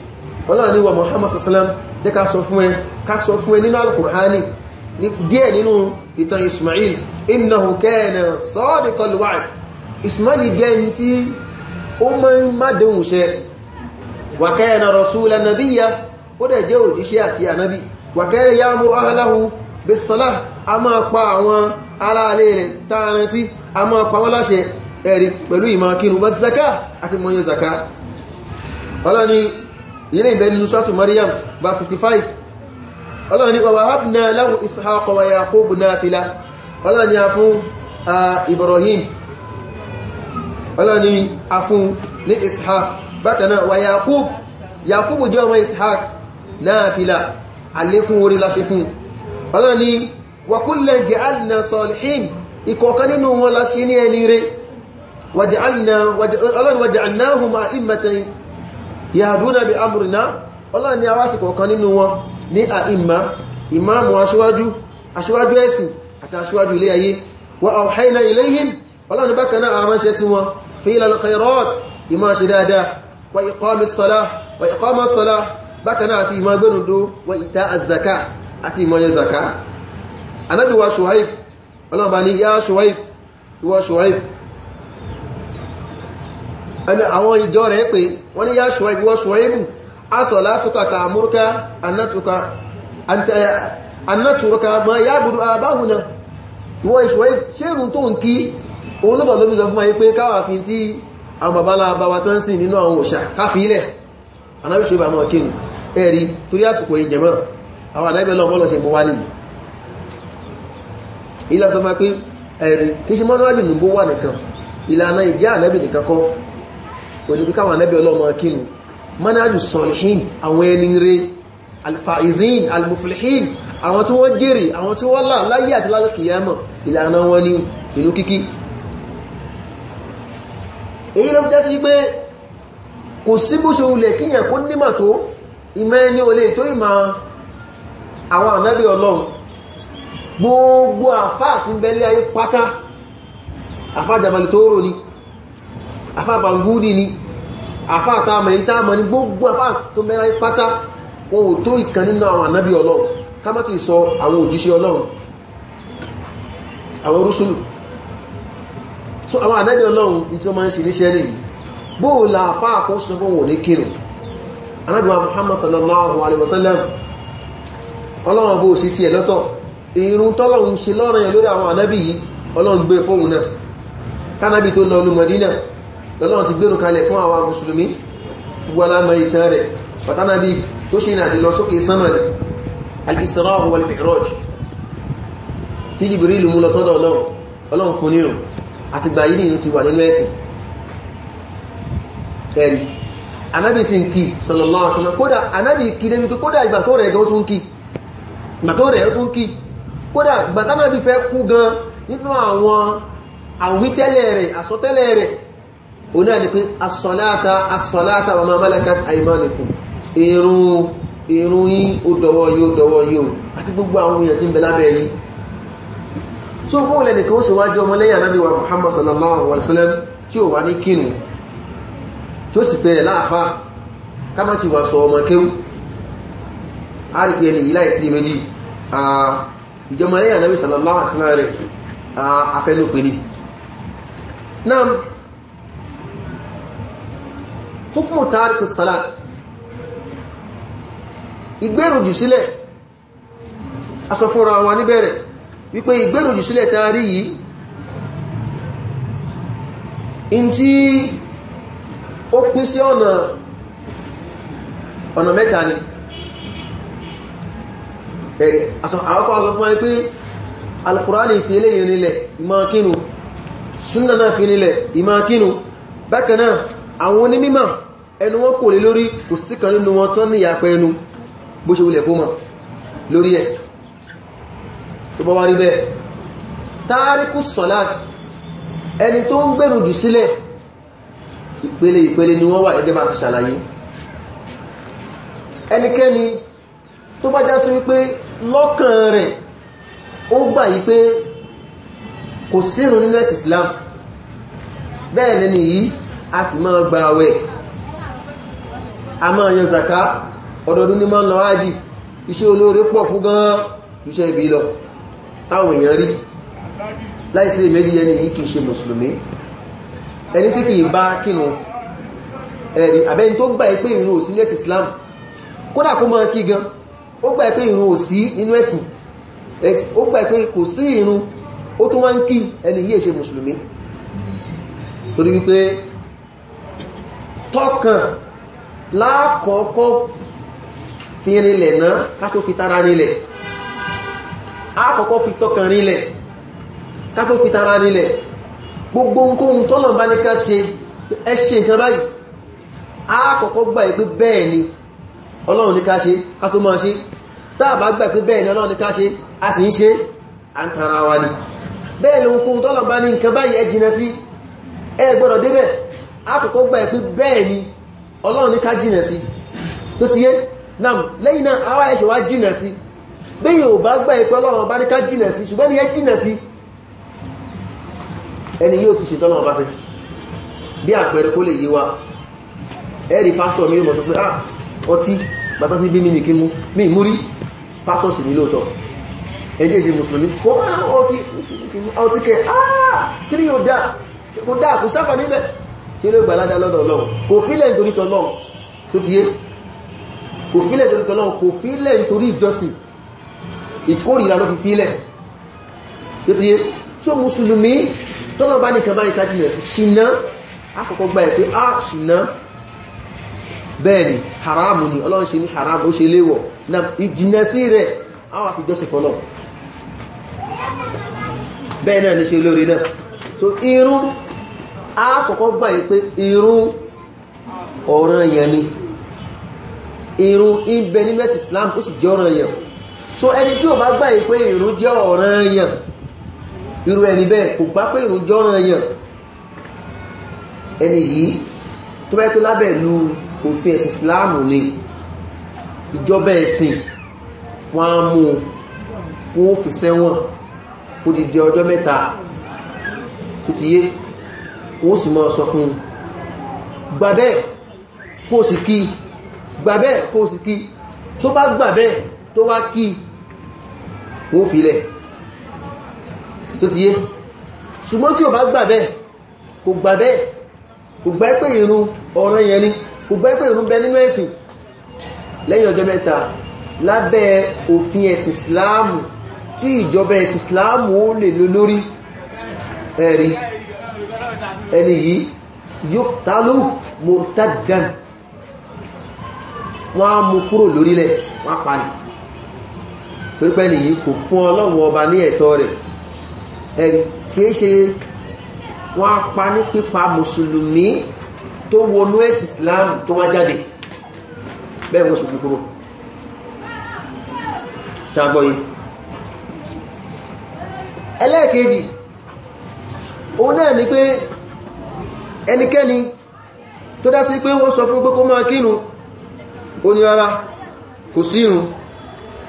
ọlọ́ni wa muhammad sallam jẹ́ ká sọ fún ẹ ká sọ fún ẹ nínú alkùrhani díẹ̀ nínú ìtàn ismail innahu kana sadiqal wa'd ismail jẹ́ ní tí ó má dẹ̀hùn bisalá a máa pa àwọn ará alé rẹ̀ tààrin sí a máa pa wọ́n láṣẹ ẹ̀rí pẹ̀lú ìmọ̀kínu bá zaka àti mọ́yẹ zaka ọlọ́ni ilé ìbẹ̀ni nusratu Maryam verse 55 ọlọ́ni wa habna lahu Ishaqa wa Yaqubu nafila ọlọ́ni a fún Ibrahim ọlọ́ni a fún ní Ishaq bákanáà wa Yaqub Yaqubu jẹ́ ọmọ Ishaq ọlọ́run ni wàkúnlẹ̀ jẹ́ alìnà sọ̀lẹ̀hìn ìkọ̀ọ̀kan nínú wọn la ṣe ní ẹni rẹ̀ ọlọ́run wàjẹ́ anáhùn àìmẹ̀tẹ̀ yàdúnà bí amúrìnà ọlọ́run ni awásìkọ̀ kan nínú wọn ní àìmá ìmáàmù aṣíwájú aṣíwájú ẹ̀sìn àti aṣíwájú ilé ayé wa àwọ̀háìnà iléyìn ọlọ́run bákan náà aránṣẹ́ sí wọn ìmá ìmá gbẹ́nudó wa ìta azzaka àti ìmọ̀yẹ zaka anábì wa ṣùháìb ọlọ́ọ̀bá ní yá ṣùháìb ìwọ ṣùháìb ẹni àwọn ìjọ rẹ̀ pé wọ́n ní yá ṣùháìb ìwọ ṣùháìb asọ̀lá tukata amurka annaturuka ma yá gbùdú àbáhùn náà ìwọ ṣùháìb ṣérùn tó ń kí òun ló bà lóbi sọ fún ma yí pé káwàfin tí àwọn babalá bawa tán sí ẹ̀rí torí àsìkò ìjẹmọ́ àwọn àdábẹ́ lọ bọ́lọ̀ ṣe mọ́ wálé yìí ilá sọ fún pé ẹ̀rù kí ṣe mọ́núwájì nùbó wà nìkan ìlànà ìjẹ́ ànábì nìkan kọ́ olùbí káwọn ànábì ọlọ́mọ kínu mọ́núwájì sọ̀lìhìn àwọn ẹni rẹ̀ alfaizin almuflihin àwọn tí wọ́n jèrè àwọn tí wọ́n là láyé àti lálẹ́kìyàmọ̀ ìlànà wọn ni ìlú kíkí èyí ló jẹ́ sí pé kò síbúṣe ulẹ̀ kíyàn kó nímà tó ìmẹ́ ní olè tó ìmọ̀ àwọn ànábì ọlọ́run gbogbo àfá àti ìbẹ̀lẹ̀ ayé pátá àfá jàbàlì tó rò ní àfá bangúdì ní àfá àtàmẹ̀ ìtàmẹ̀ ní gbogbo àfá tó mẹ́ra ayé pátá wọn ò tó ìkan nínú àwọn ànábì ọlọ́run ká má sọ àwọn òjíṣẹ́ ọlọ́run àwọn rúsùlù so àwọn ànábì ọlọ́run ní tí wọ́n máa ń ṣe níṣẹ́ nìyí bóòlà àfá àkóso fún wọn ní kírun anábì ọlọ́run bó sí ti ẹ̀ lọ́tọ̀ irun tọ́lọ́run ṣe lọ́rọ̀ yẹn lórí àwọn ànábì yìí ọlọ́run gbé e fóun náà kánábì tó lọ olùmọ̀dínà lọ́lọ́run ti gbénu kalẹ̀ fún àwọn mùsùlùmí wọlámọ̀ ìtàn rẹ̀ pàtànàbí tó ṣe ìrìnàjò lọ sókè sánmàlì al-Isra wal sallallahu alaihi wasallam kódà anábì kí débi pé kódà ìgbà tó rẹ̀ gan tún kí ìgbàkọ́ rẹ̀ tún kí kódà ìgbàtánà bí fẹ́ kú gan nínú àwọn àwítẹ́lẹ̀ rẹ̀ àsọtẹ́lẹ̀ rẹ̀ òun náà ni pé asọ̀láta asọ̀láta wa ma malakat aymanukum irun irun yí ó dọwọ́ yí ó dọwọ́ yí ó àti gbogbo àwọn èèyàn tí ń bẹ lábẹ́ yí tó bóòlù ẹnìkan ó sì wájú ọmọ lẹ́yìn anábì wa Muhammad sallallahu alaihi wasallam tí ó wà ní kínu tí ó sì pẹ̀rẹ̀ láàfá ká má ti wà sọ ọmọ kéwú á rí pé ẹni yìí láìsí méjì Ah, ìjọmọ̀ lẹ́yìn ànábì sallallahu alaihi wasallam rẹ̀ ah, afẹ́lópe ní náà hukumu tariku salat ìgbẹ́rùjù sílẹ̀ aṣọ fúnra wa níbẹ̀rẹ̀ wípé ìgbẹ́rùjù sílẹ̀ tàrí yìí in tí ó pín sí ọ̀nà mẹ́ta ni ẹ̀rì àwọ́kọ́ ọ̀sọ̀ fún ẹ pé alkùránì fi ilé yìí nílẹ̀ ìmákínu súnnà náà fi nílẹ̀ ìmákínu bákanáà àwọn onímímọ̀ ẹnu wọn kò lè lórí kò sí kan nínú wọn tán ní ìyàpẹ́ ẹnu bó ṣe wulẹ̀ kó mọ̀ lórí ẹ̀ tó bọ́ wá rí bẹ́ẹ̀ táríkù sọ̀láàtì ẹni tó ń gbèrú jù sílẹ̀ ìpele ìpele ni ẹnikẹ́ni tó bá já sí wípé lọ́kàn rẹ̀ ó gbà yí pé kò sírun nínú ẹ̀sìn Islam bẹ́ẹ̀ lẹ́ni yìí a sì máa gba àwẹ̀ a máa yan zaka ọdọọdún ní máa ń lọ ájì iṣẹ́ olóore pọ̀ fún gan iṣẹ́ ibi lọ táwọn èèyàn rí láìsí méjì ẹni yìí kìí ṣe mùsùlùmí ẹni tí kìí bá kínú ẹ̀rí àbẹ́ni tó gbà ẹ pé ìrìn òsínlẹ̀sì Islam kódà kó máa kí gan ó gbà pé ìrun ò sí nínú ẹ̀sìn ó gbà pé kò sí ìrun ó tó wọ́n ń kí ẹni yíè ṣe mùsùlùmí torí wípé tọ́kàn láàkọ́kọ́ fi rinlẹ̀ náà ká tó fi tara rinlẹ̀ àkọ́kọ́ fi tọ́kàn rinlẹ̀ ká tó fi tara rinlẹ̀ gbogbo ohunkóhun tọ́lọ̀ bá ní ká ṣe ẹ ṣe nǹkan báyìí àkọ́kọ́ gbà pé bẹ́ẹ̀ ni ọlọ́run ní ká ṣe ká tó máa ṣe táà bá gbà pé bẹ́ẹ̀ ni ọlọ́run ní ká ṣe a sì ń ṣe à ń tara wa ni bẹ́ẹ̀ ni ohun tọ́lọ̀ bá ní nǹkan báyìí ẹ sí ẹ débẹ̀ àkọ́kọ́ gbà pé bẹ́ẹ̀ ni ọlọ́run ní nam lẹ́yìn náà àwa ẹ̀ṣẹ̀ wá jìnà sí bẹ́yìn ò bá gbà pé ọlọ́run bá ní ká jìnà sí ṣùgbọ́n ni ẹ jìnà sí ẹni yóò ti mi yóò mọ̀ sọ pé ah ọtí bàtà tí bí mi nìkí mú mi múrí pásítọ̀ sì ní lóòtọ́ ẹjẹ́ ìṣe mùsùlùmí kó bá náà ọtí ọtí kẹ áà ah! kí ni yóò dá kò dá kò sáfà níbẹ̀ tí ó lè gbà ládá lọ́dọ̀ ọlọ́run kò fílẹ̀ nítorí tọlọ́run tó ti yé kò fílẹ̀ nítorí tọlọ́run kò fílẹ̀ nítorí ìjọsìn ìkórìíra ló fi fílẹ̀ tó ti yé tó mùsùlùmí tọ́lọ́ bá nìkan bá ìtajìnà ṣìnà àkọ́kọ́ gba ẹ̀ pé á ah, ṣìnà bẹ́ẹ̀ni haramu ni ọlọ́run ṣe ní haramu ó ṣe léwọ̀ na ìjìnà sí rẹ̀ àwọn àfijọ́sìn fọ́lọ̀ bẹ́ẹ̀ náà ṣe lórí náà so irun a kọ́kọ́ gbà yí pé irun ọ̀ràn yẹn ni irun ibẹ nínú ẹ̀sìn Islam ó sì jẹ́ ọ̀ràn yẹn so ẹni tí ó bá gbà yí pé irun jẹ́ ọ̀ràn yẹn irú ẹni bẹ́ẹ̀ kò gbà pé irun jẹ́ ọ̀ràn yẹn ẹni yìí tó bá yẹ pé lábẹ́ ìlú òfin ẹ̀sìn islam ni ìjọba ẹ̀sìn wọ́n á mú wọ́n fi sẹ́wọ̀n fódìdí ọjọ́ mẹ́ta fìtíyé wọ́n sì mọ́ sọ fún gbàbẹ́ kó sì kí gbàbẹ́ kó sì kí tó bá gbàbẹ́ tó wá kí wọ́n filẹ̀ tó ti yé ṣùgbọ́n tí ò bá gbàbẹ́ kò gbàbẹ́ kò gbà pé ìrun ọ̀ranyàn ni kò gbọ́ pé ìrun bẹ nínú ẹ̀sìn lẹ́yìn ọjọ́ mẹ́ta lábẹ́ òfin ẹ̀sìn islamu tí ìjọba ẹ̀sìn islamu ó lè lò lórí ẹ̀rí ẹni yìí yóktálù murtaddan wọ́n á mú kúrò lórílẹ̀ wọ́n pa ní torípẹ́ nìyí kò fún ọlọ́run ọba ní ẹ̀tọ́ rẹ̀ ẹ̀rí kìí ṣe wọ́n á pa ní pípa mùsùlùmí tó wọnú ẹ̀sì islam tó wá jáde bẹ́ẹ̀ wọ́n sùgbù kúrò ṣàgbọ́yí ẹlẹ́ẹ̀kejì òun náà ni pé ẹnikẹ́ni tó dá sí pé wọ́n sọ fún pé kó máa kírun ó ní rárá kò sírun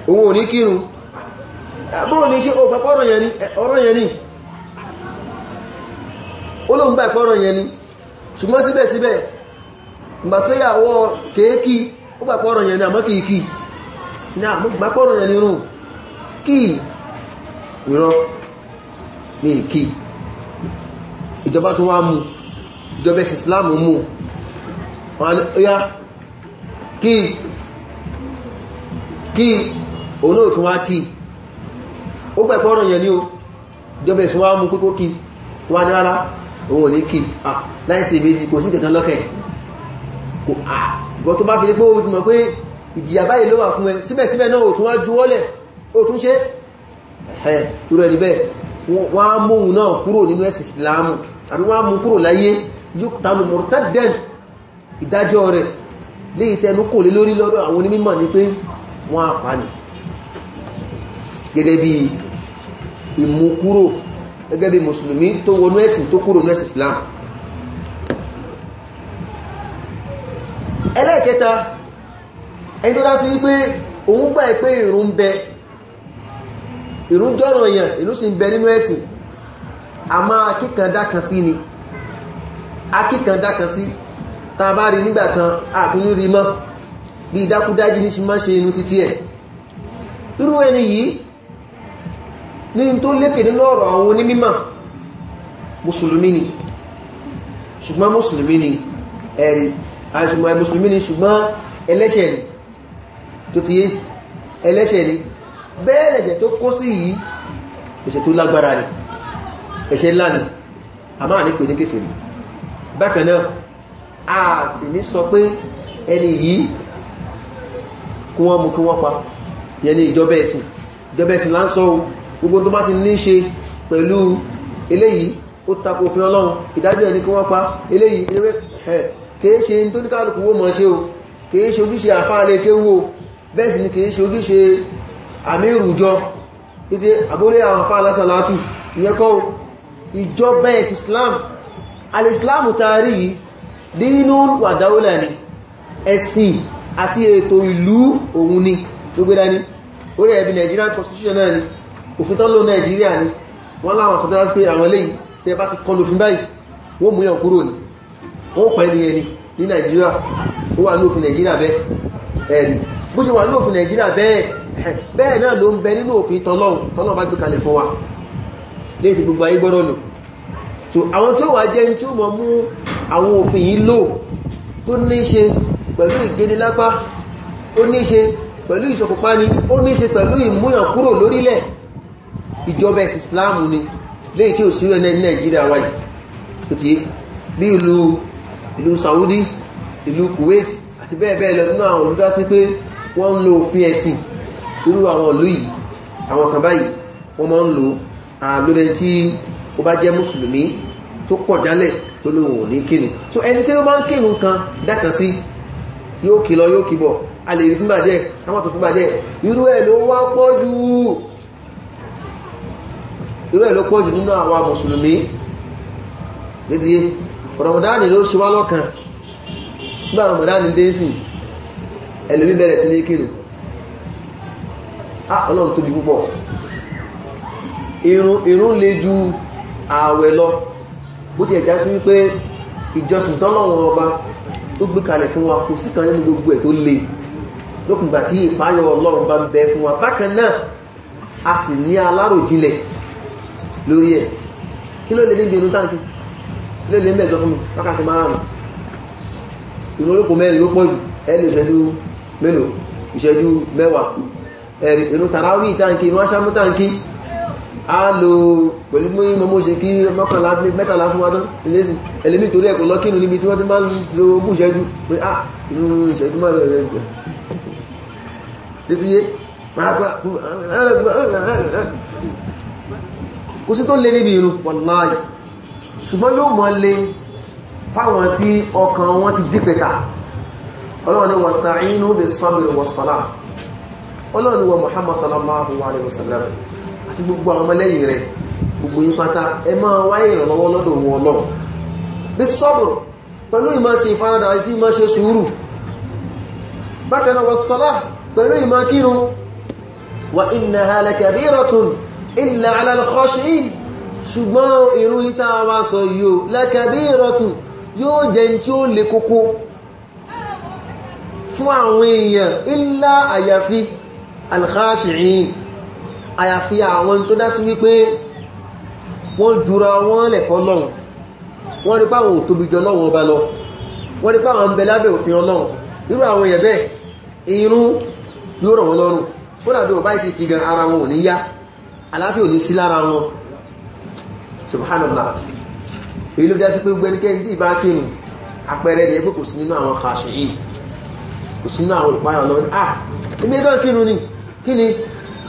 òun ò ní kírun bóò ní ṣe ò pàpọ̀ ọ̀rọ̀ yẹn ni olóhun bá ìpọ̀rọ̀ yẹn ṣùgbọ́n síbẹ̀síbẹ̀ ìgbà tó yàwó kéèkì ó gbà pọ́rọ̀ yẹn ní àmọ́ kìí kìí náà mú gbà pọ́rọ̀ yẹn nínú kìí ìrọ́ ní ìkí ìjọba tó wá mú ìjọba ẹ̀sìn Islam mú ọ̀yá kìí kìí wá ó gbà pọ́rọ̀ yẹn ní o ìjọba ẹ̀sìn wá mú owó ní kí láìsí ìbejì kò sí kankan lọ́kẹ̀ kò àgọ́ tó bá fi lé pé ó mọ̀ pé ìjìyà báyìí ló wà fún ẹ síbẹ̀síbẹ̀ náà ò tún wá juwọ́lẹ̀ ó tún ṣe ẹ̀ rẹ̀ níbẹ̀ wọ́n á mú náà kúrò nínú ẹ̀sìn Islamu àbí wọ́n á mú kúrò láyé yókùtàlù mọ̀rọ̀tẹ́dẹ̀n ìdájọ́ rẹ̀ lè tẹnu kò lé lórí lọ́dọ̀ àwọn onímọ̀ ní pé wọ́n á pa ní gẹ́gẹ́ bí ìmúkúrò gẹ́gẹ́ bí mùsùlùmí tó wọnú ẹ̀sìn tó kúrò nẹ́sì islam ẹlẹ́ẹ̀kẹta ẹni tó dá sí wípé òun gbà pé ìrun bẹ ìrun jọ́rọ̀ èèyàn ìrun sì ń bẹ nínú ẹ̀sìn a máa akíkàndá kan sí ni akíkàndá kan sí ta bá rí nígbà kan àkúnú rí mọ́ bí ìdákúdájí ní ṣe máa ṣe inú títí ẹ̀ irú ẹni yìí ní tó lékè nínú ọ̀rọ̀ àwọn onímímà mùsùlùmí ni ṣùgbọ́n mùsùlùmí ni ẹ̀rì àìṣùgbọ́n mùsùlùmí ni ṣùgbọ́n ẹlẹ́ṣẹ̀ ni tó ti yé ẹlẹ́ṣẹ̀ ni bẹ́ẹ̀ ẹ̀ṣẹ̀ tó kó sí yìí ẹ̀ṣẹ̀ tó lágbára ni ẹ̀ṣẹ̀ ńlá ni a máa ní pè ní kéfèrè bákan náà a sì ní sọ pé ẹni ìjọba ẹ̀sìn ìjọba ẹ̀sìn láńsọ́ gbogbo tó bá ti ní ṣe pẹ̀lú eléyìí ó tako òfin ọlọ́run ìdájọ́ ẹni kí wọ́n pa eléyìí kìí ṣe tó ní kálùkù wó mọ̀ ṣe o kìí ṣe ojúṣe àfáàlẹ́ kéwò bẹ́ẹ̀ ni kìí ṣe ojúṣe àmírùjọ títí àbúrí àwọn àfáàlá sàlátù Islam al-Islam taari dínú wà dáúlà ni ẹ̀sìn àti ètò ìlú ni tó gbé dání orí ẹ̀bí Nigerian constitution náà ni òfin tán ló nàìjíríà ni wọ́n láwọn kan tẹ́lá sí pé àwọn eléyìí tẹ́ bá ti kọlu òfin báyìí wọ́n mú yàn kúrò ní wọ́n pẹ̀ ní ẹni ní nàìjíríà ó wà ní òfin nàìjíríà bẹ́ẹ̀ ẹ̀rì bó ṣe wà ní òfin nàìjíríà bẹ́ẹ̀ bẹ́ẹ̀ náà ló ń bẹ nínú òfin tọ́lọ́run tọ́lọ́run bá gbé kalẹ̀ fún wa léèfi gbogbo ayé gbọ́dọ̀ lò so àwọn tí ó wà jẹ́ tí ó mọ̀ mú àwọn òfin yìí lò tó ní ṣe pẹ̀lú ìgéni lápá ó ní ṣe pẹ̀lú ìṣọ̀kùpá ni ó ní ṣe pẹ̀lú ìmúyàn kúrò lórílẹ̀ ìjọba ẹ̀sìn islam ni léyìí tí ò sí rẹ̀ ní nàìjíríà wáyé tó ti bí ìlú ìlú saudi ìlú kuwait àti bẹ́ẹ̀ bẹ́ẹ̀ lọ nínú àwọn olùdá sí pé wọ́n ń lo òfin ẹ̀sìn irú àwọn ìlú yìí àwọn kan báyìí wọ́n máa ń lo àlódẹ tí ó bá jẹ́ mùsùlùmí tó pọ̀ jálẹ̀ tó lóhun ò ní kírun so ẹni tí ó bá ń kírun kan dákan sí yóò kí lọ yóò kí bọ̀ a lè rí fúnbà díẹ̀ káwọn tó fúnbà díẹ̀ irú ẹ̀ ló wá pọ̀ jù irú ẹ̀ ló pọ̀ jù nínú àwa mùsùlùmí létí rọmọdáni ló ṣe wá lọ́kàn nígbà rọmọdáni dé sí ẹlòmí bẹ̀rẹ̀ sí lékìrù ah ọlọ́run tóbi púpọ̀ irun le ju ààwẹ̀ lọ bó ti ẹ̀já sí wípé ìjọsìn tọ́lọ́run ọba tó gbé kalẹ̀ fún wa kò sí kan nínú gbogbo ẹ̀ tó le lókùngbà tí ìpáyọ̀ ọlọ́run bá ń bẹ fún wa bákan náà a sì ní aláròjinlẹ̀ lórí ẹ̀ kí ló lè níbi inú táǹkì ló lè mẹ́sọ fún mi wákàtí márùn-ún ìrun olóko mẹ́rin ló pọ̀jù ẹ̀lú ìṣẹ́jú mélòó ìṣẹ́jú mẹ́wàá ẹ̀rì ìrun tàráwí táǹkì ìrun aṣámú táǹkì a lo pẹ̀lú mọ́mọ́ ṣe kí mọ́kànlá mẹ́tàlá fún wádán ilésì ẹlẹ́mì torí ẹ̀kọ́ lọ́kínú níbi tí wọ́n ti máa ń lo ogún ìṣẹ́jú pé ah ìrun ìṣẹ́jú máa rẹ̀ rẹ̀ títí yé kò sí tó lè níbi irun wàláyì ṣùgbọ́n yóò mọ́ lè fáwọn tí ọkàn wọn ti dípẹta ọlọ́run ni wasta'inu bis-sabri was-salah ọlọ́run ni wọ Muhammad sallallahu alaihi wasallam àti pẹ̀lú ìmọ̀ ṣe ìfaradà àti ìmọ̀ ṣe sùúrù bákan náà was-salah pẹ̀lú ìmọ̀ kírun wa innaha lakabiratun illa ala al-khashin ṣùgbọ́n irú ìta wa sọ yóò lakabiratun yóò jẹ tí ó lè kókó fún àwọn èèyàn illa àyàfi al-khashin àyàfi àwọn tó dá sí wípé wọ́n jura wọ́n lẹ̀kọ́ lọ́wọ́ wọ́n rí páwọn òtóbi jọ lọ́wọ́ ọba lọ wọ́n rí páwọn bẹ lábẹ́ òfin ọlọ́run irú àwọn èèyàn bẹ́ẹ̀ irun yóò rọ̀ wọ́n lọ́rùn kó ọba ìsìnkí gan ara wọn ò ní yá àláfíà ò ní sí lára wọn subhanallah èyí ló jásí pé gbẹ́nikẹ́ni tí ìbá kírun àpẹẹrẹ ni ẹgbẹ́ kò sí nínú àwọn kàṣẹ yìí kò sí nínú àwọn olùpáyà ọlọ́run ah èmi gan kírun ni kí ni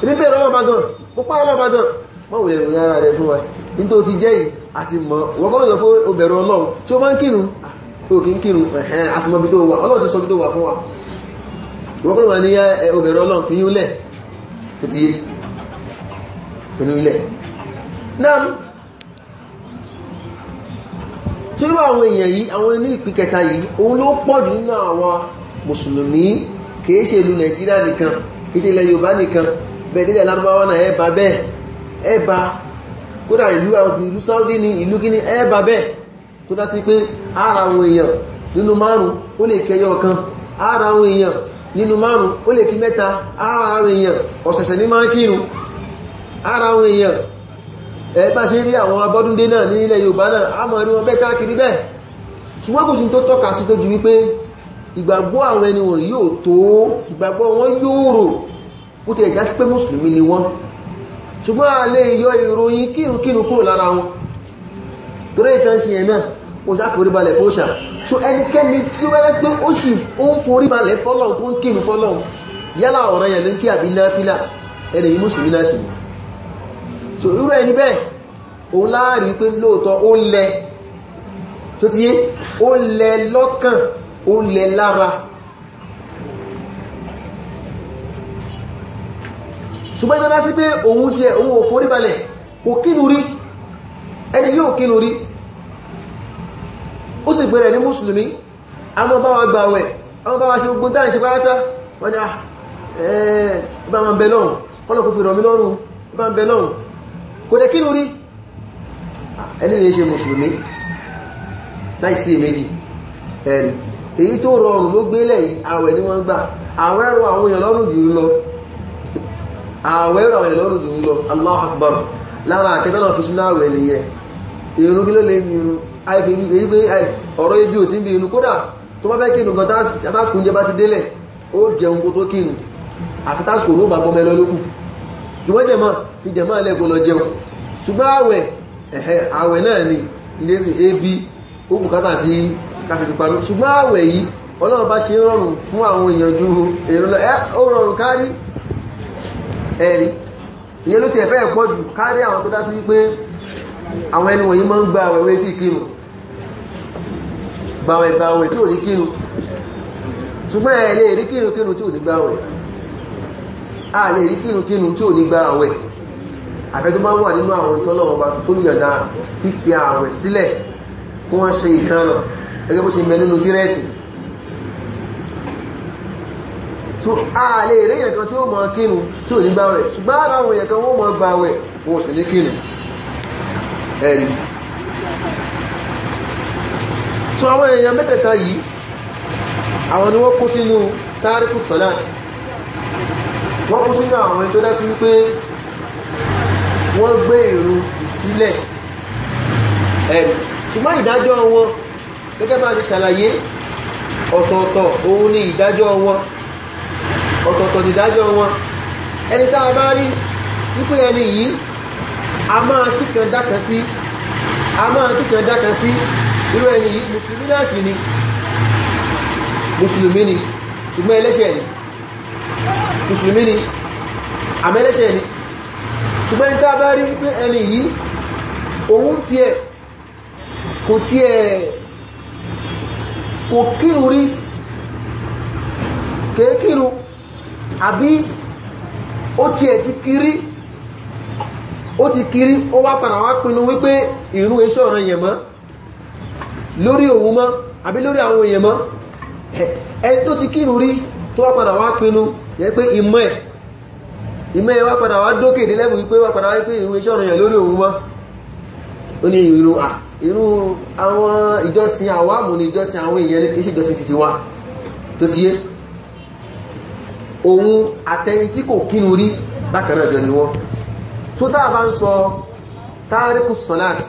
èmi bẹ̀rẹ̀ ọlọ́ba gan mo pa ọlọ́ba gan mọ́ wùlẹ̀ ìròyìn ara rẹ̀ fún wa nítorí ti jẹ́ yìí àti mọ́ wọ́gọ́lọ́ sọ pé o ọlọ́run tí ó bá ń kírun ah, o kì ń kírun ẹ̀hẹ́n àti mọ́bí tó wà ọlọ́run ti sọ bí tó wà fún wa wọ́gọ́lọ́ wà ní obìnrin ọlọ́run fi yún lẹ̀ títí fínú ilẹ̀ náà tí ó àwọn èèyàn yìí àwọn inú ìpín kẹta yìí òun ló pọ̀jù nínú àwọn mùsùlùmí kìí ṣe ìlú nàìjíríà nìkan kìí ṣe ilẹ̀ yorùbá nìkan bẹ́ẹ̀ nílẹ̀ lárúbáwá náà ẹba bẹ́ẹ̀ ẹba kódà ìlú ìlú saudi ní ìlú kíní ẹba bẹ́ẹ̀ tó dá sí pé ara àwọn èèyàn nínú márùn ó lè kẹyọ kan ara àwọn èèyàn nínú márùn ó lè kí mẹ́ta ara àwọn èèyàn ọ̀sẹ̀sẹ̀ ní máa kírun ara àwọn èèyàn ẹgbà sí rí àwọn abọ́dúndé náà ní ilẹ̀ Yorùbá náà a mọ̀ rí wọn bẹ́ káàkiri bẹ́ẹ̀ ṣùgbọ́n kò sí tó tọ́ka sí tó ju wípé ìgbàgbọ́ àwọn ẹni wọn yóò tó ìgbàgbọ́ wọn yóò rò ó ti ẹ̀já sí pé mùsùlùmí ni wọ́n ṣùgbọ́n a lè yọ ìròyìn kírùkírù kúrò lára wọn torí ìtàn sí ẹ̀ náà ó sá forí balẹ̀ fóṣà so ẹnikẹ́ni tí ó bẹ́rẹ̀ sí pé ó sì ó ń forí balẹ̀ fọ́lọ́hun tó ń kírun fọ́lọ́hun yálà ọ̀ranyàn ló ń kí àbí náfílà ẹni yìí mùsùlùmí náà sì ni so irú ẹni bẹ́ẹ̀ òun láàrí pé lóòtọ́ ó lẹ tó ti yé ó lẹ lọ́kàn ó lẹ lára ṣùgbọ́n ìtọ́lá sí pé òun jẹ òun ò forí balẹ̀ kò kínú rí ẹni yóò kínú rí ó sì gbẹ̀rẹ̀ ní mùsùlùmí àwọn bá wọn gbàwẹ̀ àwọn bá wọn ṣe gbogbo dáà ṣe pàátá wọ́n ni ah ẹ̀ẹ́ bá wọn bẹ̀ lọ́rùn kọ́lọ̀kú fi rọ̀ mí lọ́rùn bá wọn kò dẹ̀ kí lórí ẹni lè ṣe mùsùlùmí láìsí méjì ẹ̀rì èyí tó rọrùn ló gbélẹ̀ àwẹ̀ ni wọ́n gbà àwẹ̀ rọ àwọn èèyàn lọ́rùn jù lọ àwẹ̀ rọ àwọn èèyàn lọ́rùn jù lọ Allahu Akbar lára àkẹtọ́nà fi sínú àwẹ̀ nìyẹn irun kí ló lè ní irun àìfèrí èyí pé ọ̀rọ̀ ibi ò sí bí inú kódà tó bá fẹ́ kí inú gan tásìkò oúnjẹ bá ti délẹ̀ ó jẹun kó ìwọ́ jẹ̀mọ́ fi jẹ̀mọ́ lẹ́kọ̀ọ́ lọ jẹun ṣùgbọ́n àwẹ̀ ẹ̀hẹ́ àwẹ̀ náà ni ilé sí ab ó bùkátà sí káfíkípanú ṣùgbọ́n àwẹ̀ yìí ọlọ́run bá ṣe rọrùn fún àwọn èèyàn ju èrò lọ ó rọrùn kárí ẹ̀rí ìyẹn ló ti ẹ̀fẹ́ ẹ̀pọ̀ jù kárí àwọn tó dá sí wípé àwọn ẹni wọ̀nyí máa ń gba àwẹ̀wẹ̀ sí ìkírun gbàwẹ̀ gbàwẹ̀ tí ò ní kírun ṣùgbọ́n ẹ̀ lè rí kírun kírun tí ò ní gbàwẹ̀ a lè rí kínukínu tí ò ní gba àwẹ̀ àfẹ́ tó bá wà nínú àwọn ìtọ́lọ́wọ́ bá tó yọ̀dá fífi àwẹ̀ sílẹ̀ kí wọ́n ṣe ìkanràn gẹ́gẹ́ bó ṣe mẹ́ nínú tírẹ́sì so a lè rí èyàn kan tí ó mọ̀ kínu tí ò ní gba àwẹ̀ ṣùgbọ́n ara àwọn èyàn kan wọ́n mọ̀ gba àwẹ̀ wọ́n sì ní kínu ẹ̀rí so àwọn èyàn mẹ́tẹ̀ẹ̀ta yìí àwọn ni wọ́n kó sínú tárikù sọ́láàtì wọ́n kú sínú àwọn tó dásí wípé wọ́n gbé ìrun jù sílẹ̀ ẹ̀rù ṣùgbọ́n ìdájọ́ wọn gẹ́gẹ́ bá ti ṣàlàyé ọ̀tọ̀ọ̀tọ̀ òun ni ìdájọ́ wọn ọ̀tọ̀ọ̀tọ̀ ìdájọ́ wọn ẹni tá a bá rí wípé ẹni yìí a máa kíkan dákan sí a máa kíkan dákan sí irú ẹni yìí mùsùlùmí náà sì ni mùsùlùmí ni ṣùgbọ́n ẹlẹ́ṣẹ̀ ni mùsùlùmí ni àmẹ́lẹ́ṣẹ̀ ni ṣùgbọ́n ní ká bá rí wípé ẹni yìí òun ti ẹ̀ kò tí ẹ̀ kò kírun rí kéèkìrún àbí ó ti ẹ̀ ti kiri ó ti kiri ó wá padà wá pinnu wípé ìrun iṣẹ́ ọ̀rọ̀ èèyàn mọ́ lórí òun mọ́ àbí lórí àwọn èèyàn mọ́ ẹni tó ti kírun rí tó wá padà wá pinnu yẹ pé ìmọ̀ ẹ̀ ìmọ̀ ẹ̀ wá padà wá dókè dé lẹ́bù wípé wá padà wá pé ìrun iṣẹ́ ọ̀rọ̀ yẹn lórí òun mọ́ ó ní ìrun à ìrun àwọn ìjọsìn àwámù ni ìjọsìn àwọn èèyàn ní iṣẹ́ ìjọsìn títí wá tó ti yé òun àtẹni tí kò kínu rí bákan náà jọ ni wọ́n tó tá a bá ń sọ táríkù sọ́láàt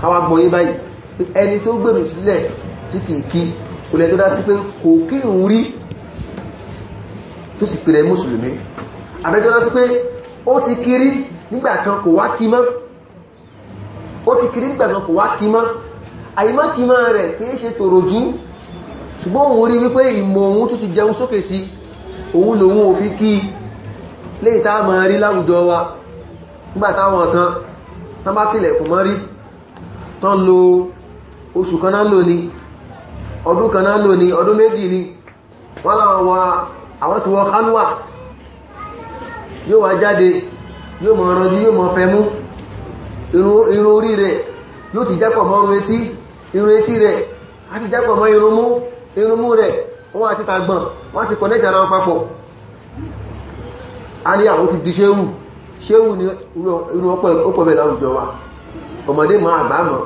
káwà gbọ́yé báyìí ẹni tó gbèrú sílẹ̀ tí kìí kí kò lẹ́ tó dá sí pé kò kí rí tó sì pèrè mùsùlùmí àbẹ́jọ́lá sí pé ó ti kiri nígbàkan kò wá kí mọ́ ó kiri nígbàkan kò wá kí mọ́ àyímọ́ kí mọ́ rẹ̀ kìí ṣe tòròjú ṣùgbọ́n òun rí wípé ìmọ̀ òun tó ti jẹun sókè sí òun lòun ò fi kí lè tá mọ̀ rí láwùjọ wa nígbàtàwọn kan tán bá tilẹ̀kùn mọ́ rí tán lo oṣù kan náà lò ní ọdún kan náà lò ní ọdún méjì ní wọ́n láwọn àwọn ti wọ kánúwà yóò wá jáde yóò mọ̀ ọ̀rọ̀jú yóò mọ̀ fẹ́ mú irun orí rẹ̀ yóò ti jápọ̀ mọ́ irun etí irun etí rẹ̀ a ti jápọ̀ mọ́ irun mú irun mú rẹ̀ wọ́n àti tàgbọ̀n wọ́n ti kọ̀nẹ́tì ara wọn papọ̀ a ní àwọn ti di ṣéhù ṣéhù ni irun ọ̀pọ̀ bẹ̀ láwùjọ wa ọmọdé máa àgbà mọ́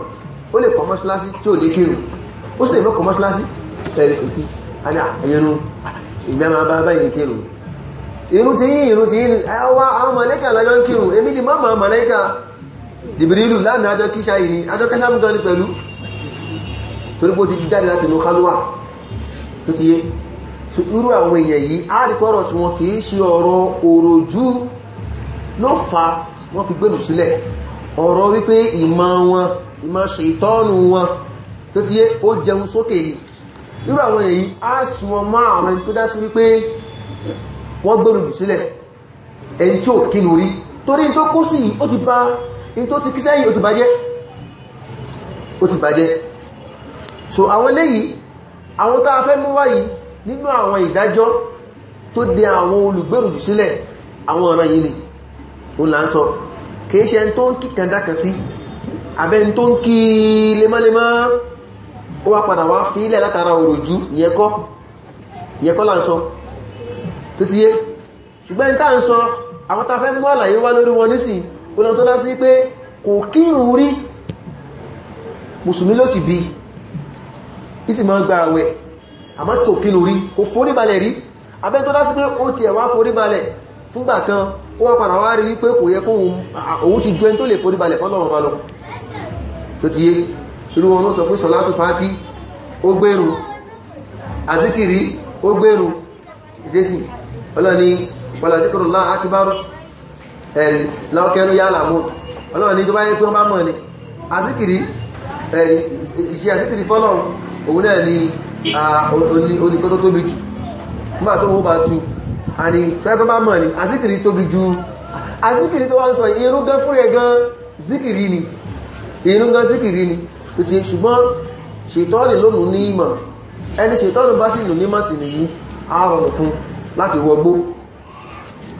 ó lè kọ́ mọ́ṣáláṣí tí ò ní kírun ó sì lè mọ́ kọ́ mọ́ṣáláṣí ẹ̀yẹnu ìgbẹ́ máa bá báyìí kírùn irun ti yí irun ti yí ẹwà àwọn mọ̀lẹ́kà lọ́jọ́ ń kírùn èmi di mọ́mọ̀ mọ̀lẹ́kà dìbìrìlù lánàá ajọ́ kíṣà yìí ni ajọ́ kíṣà mú gani pẹ̀lú torí bó ti jáde láti inú kálúwà tó ti yé so irú àwọn èèyàn yìí á rí pọ́rọ̀ tí wọn kìí ṣe fa wọ́n fi gbénù sílẹ̀ ọ̀rọ̀ wípé ìmọ̀ wọn ìmọ̀ ṣètọ́nù wọn tó ti yé ó jẹun sókè irú àwọn èyí á sùn wọn mọ́ àwọn ẹni tó dá sí wípé wọ́n gbọ́nù jù sílẹ̀ ẹni tí ò kínú rí torí tó kó sí ó ti bá in tó ti kí sẹ́yìn ó ti bàjẹ́ ó ti bàjẹ́ so àwọn léyìí àwọn tó a fẹ́ mú wáyìí nínú àwọn ìdájọ́ tó de àwọn olùgbèrò jù sílẹ̀ àwọn ọ̀ràn yìí ni ó là ń sọ kìí ṣe ẹni tó ó wá padà wá fi ilẹ̀ látara òròjú yẹkọ́ yẹkọ́ là ń sọ tó ti yé ṣùgbọ́n tá ń sọ àwọn ta fẹ́ mú àlàyé wá lórí wọn nísìn olóò tó dásí pé kò kírun rí mùsùlùmí ló sì bí ìsì máa gba àwẹ̀ àmọ́ tó kírun rí kò foríbalẹ̀ rí abẹ́ tó dásí pé ó ti ẹ̀wà foríbalẹ̀ fúngbà kan ó wá padà wá rí wípé kò yẹ kóhun òun ti ju ẹni tó lè foríbalẹ̀ fọ́lọ́wọ́ bá lọ tó ti yé irú wọn ló sọ pé sọ̀látù fàájí ó gbẹ̀rún azikiri ó gbẹ̀rún jésì ọlọ́ni pọ̀lọ̀díkọ̀rọ̀ láà akíbárú ẹ̀rì láọkẹ́rú yálà mọ́ ọlọ́ni tó bá yẹ pé wọ́n bá mọ̀ ní azikiri ẹ̀rì iṣẹ́ azikiri fọ́lọ̀ òun náà ni oníkọ́ tó tóbi jù nígbà tó wọ́n bá tu àní tẹ́gbẹ́ bá mọ̀ ní azikiri tóbi jù azikiri tó wá ń sọ irú gan fúrẹ̀ gan zikiri ni irú gan zikiri ni tó ti ṣùgbọ́n ṣètọ́nì lónù ní ìmọ̀ ẹni ṣètọ́nì bá sì nù ní mọ̀ sí nìyí á rọrùn fún láti wọgbó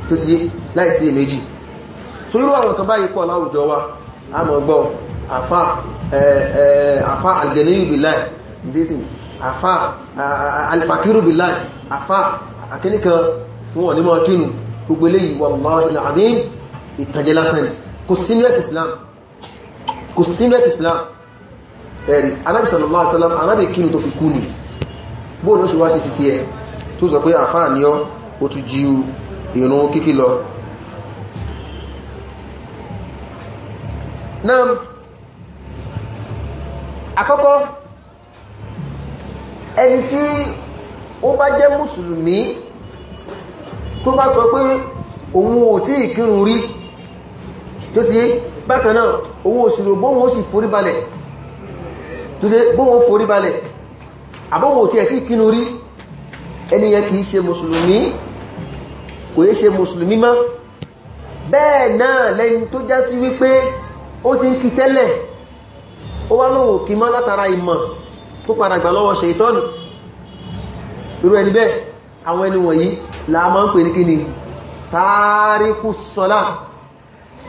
tó ti láìsí èméjì tó irú àwọn kan báyìí pọ̀ láwùjọ wa a mọ̀ gbọ́ àfá àfá àgbẹ̀nìyùbìláì ìdísìn àfá alifakirùbìláì àfá àkíníkan wọn ní mọ́ kínú gbogbo eléyìí wallahi al-azim ìtànjẹ kò sínú ẹ̀sìn Islam kò sínú ẹ̀sìn Islam ẹ̀rí anábì sallallahu alaihi wasallam anábì kírun tó fi kú ni bóòlù ó ṣe wá ṣe títí ẹ tó sọ pé àfáà ní ọ ó tún jí ìrun kíkí lọ náà àkọ́kọ́ ẹni tí ó bá jẹ́ mùsùlùmí tó bá sọ pé òun ò tí ìkírun rí tó sì bákan náà òun òsìrò bóhun ó sì forí balẹ̀ tó ṣe bóhun forí balẹ̀ àbọ́wọ̀ tí ẹ̀ tí kínú rí ẹniyàn kìí ṣe mùsùlùmí kò yé ṣe mùsùlùmí má bẹ́ẹ̀ náà lẹ́ni tó já sí wípé ó ti ń kí tẹ́lẹ̀ ó wá lóhun kí mọ́ látara ìmọ̀ tó padà gbà lọ́wọ́ ṣètọ́nù irú ẹni bẹ́ẹ̀ àwọn ẹni wọ̀nyí la máa ń pè ní kíni tàríkù sọ́lá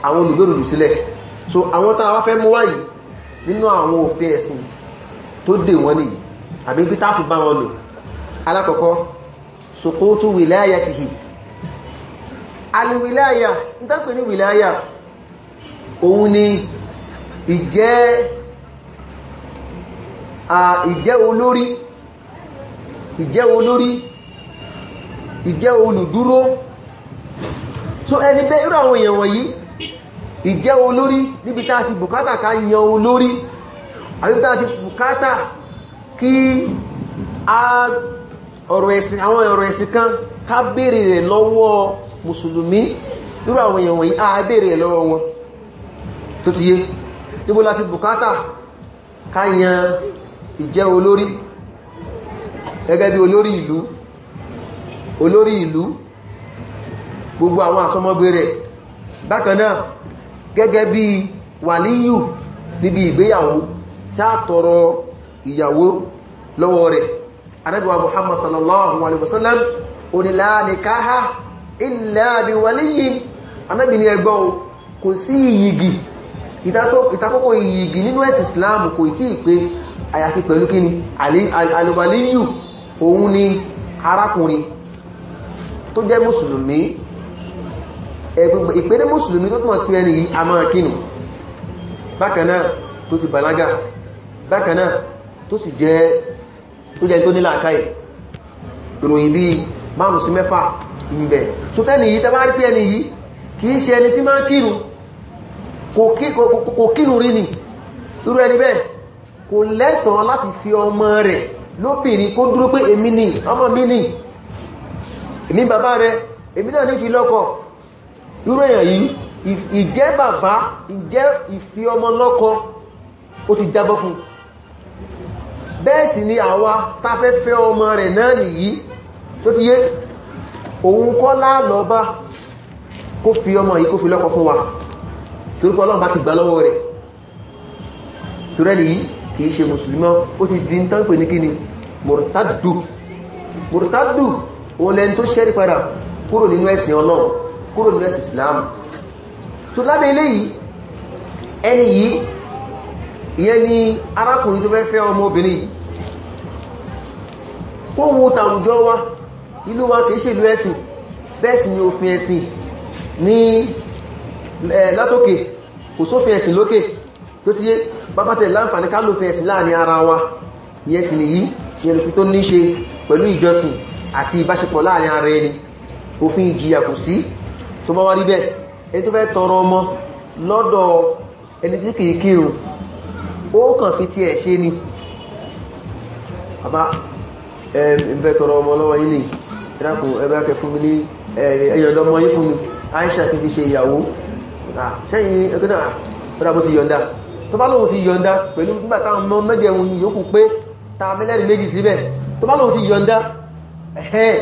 àwọn olùgbèrò lù sílẹ̀ so àwọn tàà wá fẹ́ mú wáyìí nínú àwọn òfin ẹ̀sìn tó dè wọ́n ní àbí bí táàfù bá wọn lò alákọ̀ọ́kọ́ sukutu wilayatihi alìwìláyà ìtàkì ní wìláyà òun ni ìjẹ́ ìjẹ́ olórí ìjẹ́ olórí ìjẹ́ olùdúró so ẹni bẹ́ irú àwọn èèyàn wọ̀nyí ìjẹ́ olórí níbi tá ti bùkátà ká yan olórí àbí tá bùkátà kí ọ̀rọ̀ ẹ̀sìn àwọn ọ̀rọ̀ ẹ̀sìn kan ká béèrè rẹ̀ lọ́wọ́ mùsùlùmí irú àwọn èèyàn wọ̀nyí a béèrè rẹ̀ lọ́wọ́ wọn tó ti yé níbo láti bùkátà ká yan ìjẹ́ olórí gẹ́gẹ́ bí olórí ìlú olórí ìlú gbogbo àwọn àsọmọgbé rẹ̀ bákan náà gẹ́gẹ́ bí wàlíyù níbi ìgbéyàwó tí a tọrọ ìyàwó lọ́wọ́ rẹ̀ anábíwá muhammad sallallahu alaihi wasallam onílá nìkáhá ilẹ̀ àbíwálẹ́yì anábì ní ẹgbọ́n kò sí ìyìgì ìtakókò ìyìgì nínú ẹ̀sìn islam kò tí ì pé àyàfi pẹ̀lú kíni alùwàlíyù òun ni arákùnrin tó jẹ́ mùsùlùmí ìpédé mùsùlùmí tó túnmọ̀ sí ẹni yìí a máa kínú bákanáà tó ti bàlágà bákanáà tó sì jẹ́ tó jẹ́ tó nílà káyẹ̀ ìròyìn bí márùn sí mẹ́fà ìbẹ̀ so tẹ́ni yìí tẹ́bá rí pé ẹni yìí kìí ṣe ẹni tí máa kírun kò kírun rí ni irú ẹni bẹ́ẹ̀ kò lẹ́tọ̀ọ́ láti fi ọmọ rẹ̀ lóbìnrin kó dúró pé èmi ni ọmọ mi ni èmi bàbá rẹ̀ èmi náà ní fi lọ́kọ irú èèyàn yìí ìjẹ́ bàbá ìjẹ́ ìfi ọmọ lọ́kọ ó ti jábọ́ fún bẹ́ẹ̀ sì ni àwa tafẹ́fẹ́ ọmọ rẹ̀ náà nìyí tó ti yé òun kọ́ láàlọ́bá kó fi ọmọ yìí kó fi lọ́kọ fún wa torípọ̀ ọlọ́run bá ti gbà lọ́wọ́ rẹ̀ torẹ́ nìyí kìí ṣe mùsùlùmí ó ti di tán pè ní kí ni murtaddu murtaddu òun lẹ́ni tó ṣẹ́rí padà kúrò nínú ẹ̀sìn ọlọ́run kúrò ìyẹn ni arákùnrin tó fẹ́ fẹ́ ọmọbìnrin yìí kó wo tàwùjọ wa ìlú wa kìí ṣèlú ẹ̀sìn bẹ́ẹ̀ ni òfin ẹ̀sìn ní látòkè kò sófin ẹ̀sìn lókè tó ti yé bábátẹ̀ láǹfàní ká lófin ẹ̀sìn láàrin ara wa ìyẹn sì nìyí ìyẹn òfin tó ní ṣe pẹ̀lú ìjọsìn àti ìbáṣepọ̀ láàrin ara ẹni òfin ìjìyà kò sí tó ó kàn fi tí ẹ̀ ṣe ni àbá ẹ̀ẹ́bẹ̀tọ̀rọ ọmọ lọ́wọ́ yìí ni ìdákùn ẹbẹ́kẹ fún mi ní ẹ̀yọ̀dọ́mọ yìí fún mi Aisha kí fi ṣe ìyàwó sẹ́yìn ẹgbẹ́ náà rárá bó ti yọ̀nda tó bá lóhun ti yọ̀nda pẹ̀lú nígbà táwọn ọmọ mẹ́jẹun yòókù pé ta mẹ́lẹ́rì méjì síbẹ̀ tó bá lóhun ti yọ̀nda ẹ̀hẹ́n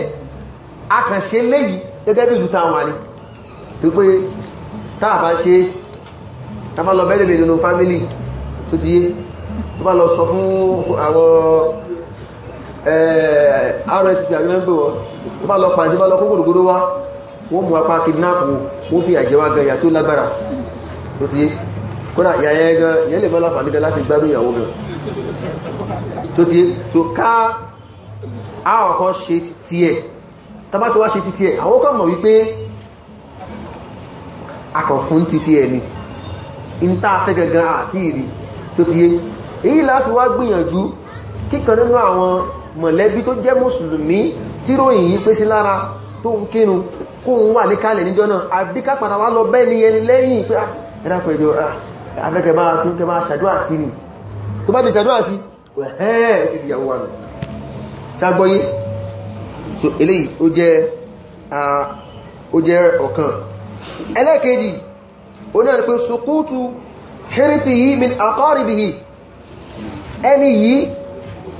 akànṣe léyìí gẹ́gẹ́ bí ìlú táwọn ni tó pé táà bá ṣe tábà tó ti yé tó bá lọ sọ fún àwọn rsp agbẹ́gbẹ́ wọn tó bá lọ pàǹtí bá lọ kókò lògbòdó wá wọ́n mú apá kidnap wọ́n fi àjẹwà gan ìyà tó lágbára tó ti yé kódà ìyà yẹn gan ìyẹn lè mọ́lá fànígan láti gbádùn ìyàwó gan tó ti yé tó ká àwọn kan ṣe ti ẹ̀ tàbá tó wá ṣe títí ẹ̀ àwọn kan mọ̀ wípé akọ̀ fún títí ẹ̀ ni in tá fẹ́ gangan àti ìrìn tó ti yé èyí láti wá gbìyànjú kíkan nínú àwọn mọ̀lẹ́bí tó jẹ́ mùsùlùmí tí ròyìn yìí pé sí lára tó ń kírun kóhun wà ní kalẹ̀ níjọ́ náà àbí kápàdà wá lọ bẹ́ẹ̀ ní ẹni lẹ́yìn pé ah, ẹ̀dàpẹ̀dọ̀ afẹ́kẹ̀ ah, máa tún kẹ máa ṣàdúrà sí ni tó bá ti ṣàdúrà sí ẹ̀ẹ́ ti di ìyàwó wa nù ṣagbọ́yé so eléyìí ó jẹ́ ó jẹ́ ọ̀kan ẹlẹ́ẹ̀kejì ó náà hiritihi min aqaribihi ẹni yìí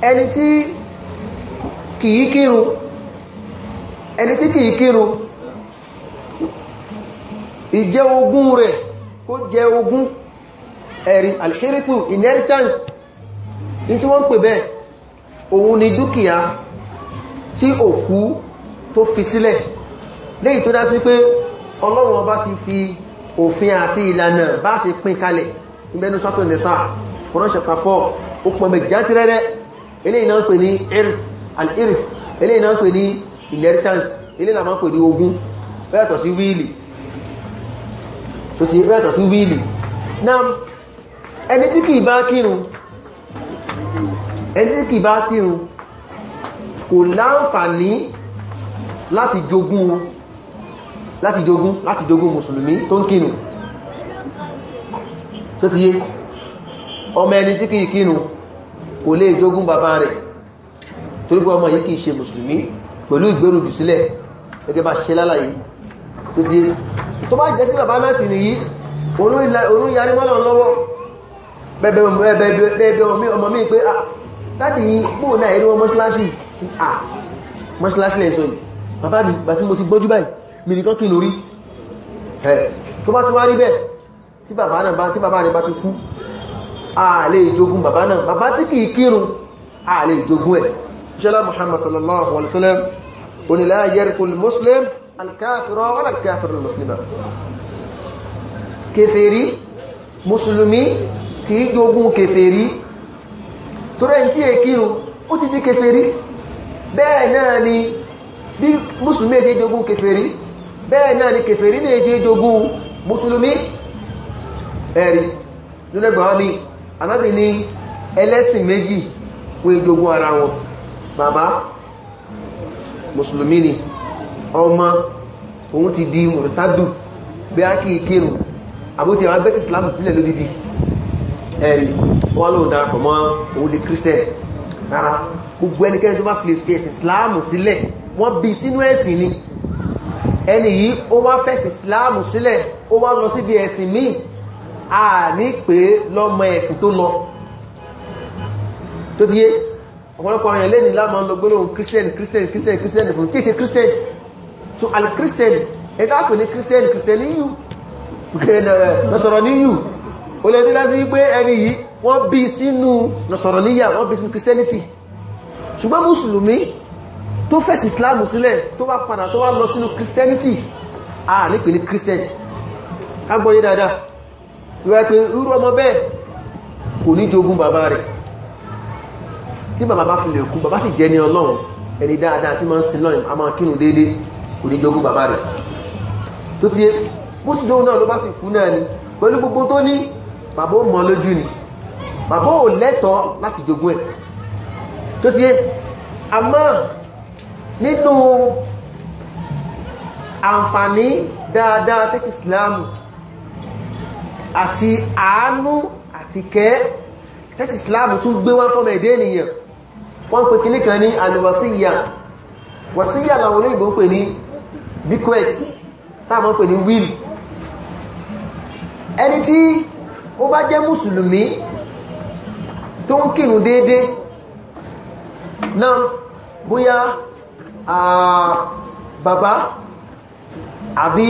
ẹni tí kìí kírun ẹni tí kìí kírun ìjẹ ogún rẹ̀ kó jẹ ogún ẹ̀rí alhiritu inheritance ní tí wọ́n ń pè bẹ́ẹ̀ òun ni dúkìá tí òkú tó fi sílẹ̀ léyìí tó dá sí pé Ọlọ́run ọba ti fi òfin àti ìlànà bá ṣe pín kalẹ̀ ìbẹ́nu sọ́tọ̀ nìsá Quran chapter 4 ó pọ̀ mẹ́ jántí rẹ́rẹ́ eléyìí náà ń pè ní irf al-irf eléyìí náà ń pè ní inheritance eléyìí náà ń pè ní ogún bẹ́ẹ̀tọ̀ sí wíìlì tó ti bẹ́ẹ̀tọ̀ sí wíìlì náà ẹni tí kìí bá kírun ẹni tí kìí bá kírun kò láǹfààní láti jogún láti jogún láti jogún mùsùlùmí tó ń kínú tó ti yé ọmọ ẹni tí kìí kínú kò lè jogún bàbá rẹ̀ torípé ọmọ yìí kìí ṣe mùsùlùmí pẹ̀lú ìgbérùjù sílẹ̀ gẹ́gẹ́ bá ṣe lálàyé tó ti yé tó bá jẹ́ sí bàbá náà sì nìyí orún yarí mọ́lọ̀ lọ́wọ́ bẹ́ẹ̀bẹ́ ọmọ mi pé ah, dáàdì yìí bóò náà ẹ̀rí wọn mọ́ṣíláṣì ah, mọ́ṣíláṣì lẹ́ẹ̀ṣọ́ yìí bàbá mi bàtí mo ti gbọ́jú báyìí mìnìkan kí lórí tó bá tún wá rí bẹ́ẹ̀ tí bàbá náà bá tí bàbá rẹ̀ bá ti kú ààlè ìjogún bàbá náà bàbá tí kìí kírun ààlè ìjogún ẹ̀ ṣẹlá Muhammad sallallahu alaihi wasallam bẹ́ẹ̀ náà ni bí mùsùlùmí ṣe jogún kèfèrí bẹ́ẹ̀ náà ni kèfèrí ní ṣe jogún mùsùlùmí ẹ̀rí lónẹ́gbàwá mi anábì ní ẹlẹ́sìn méjì wọ́n jogún ara wọn bàbá mùsùlùmí ni ọmọ òun ti di mùrùtádù bí a kìí kírùn àbútí àwọn agbẹ́sì islam sílẹ̀ lódìdí ẹ̀rí wọ́n lóun darapọ̀ mọ́ òun di christian rárá gbogbo ẹnikẹ́ni tó bá fi ẹ̀sìn islam sílẹ̀ wọ́n bí sínú ẹ̀sìn ni ẹni yìí ó wá fẹ̀sì islamu sílẹ̀ ó wá lọ síbi ẹ̀sìn míì a ní pé lọ́mọ ẹ̀sìn tó lọ tó ti yé ọ̀pọ̀lọpọ̀ àwọn ẹ̀lẹ́ni láàmà lọ gbónáhùn christian christian christian christian fún tí ṣe christian so al christian ẹ̀dá pè ní christian christian ní yù nọ̀sọ̀rọ̀ ní yù o lè nílá sí pé ẹni yìí wọ́n bí sínú nọ̀sọ̀rọ̀ níyà wọ́n bí sínú christianity ṣùgbọ́n mùsùlùmí tó fẹ̀sì islam sílẹ̀ tó bá padà tó wá lọ sínú christianity a ní pè ní christian kágbọ́yé dáadáa ìwà pé irú ọmọ bẹ́ẹ̀ kò ní jogún bàbá rẹ̀ tí bàbá bá fi lè kú bàbá sì jẹ́ ní ọlọ́run ẹni dáadáa tí máa ń sin lọ́rin a máa kírun déédé kò ní jogún bàbá rẹ̀ tó ti yé bó sì jogún náà ló bá sì kú náà ni pẹ̀lú gbogbo tó ní bàbá ó mọ lójú ni bàbá ò lẹ́tọ̀ọ́ láti jogún ẹ̀ tó ti yé àmọ́ nínú àǹfààní dáadáa tẹ́sì islamu àti àánú àti kẹ́ tẹ́sì islamu tún gbé wá fọ́mọ̀ èdè ènìyàn wọ́n pè kí níkan ní alùwàsíyà wàsíyà làwọn olóyìnbó ń pè ní bequest táàmọ́ pè ní will ẹni tí ó bá jẹ́ mùsùlùmí tó ń kírun déédéé náà bóyá bàbá àbí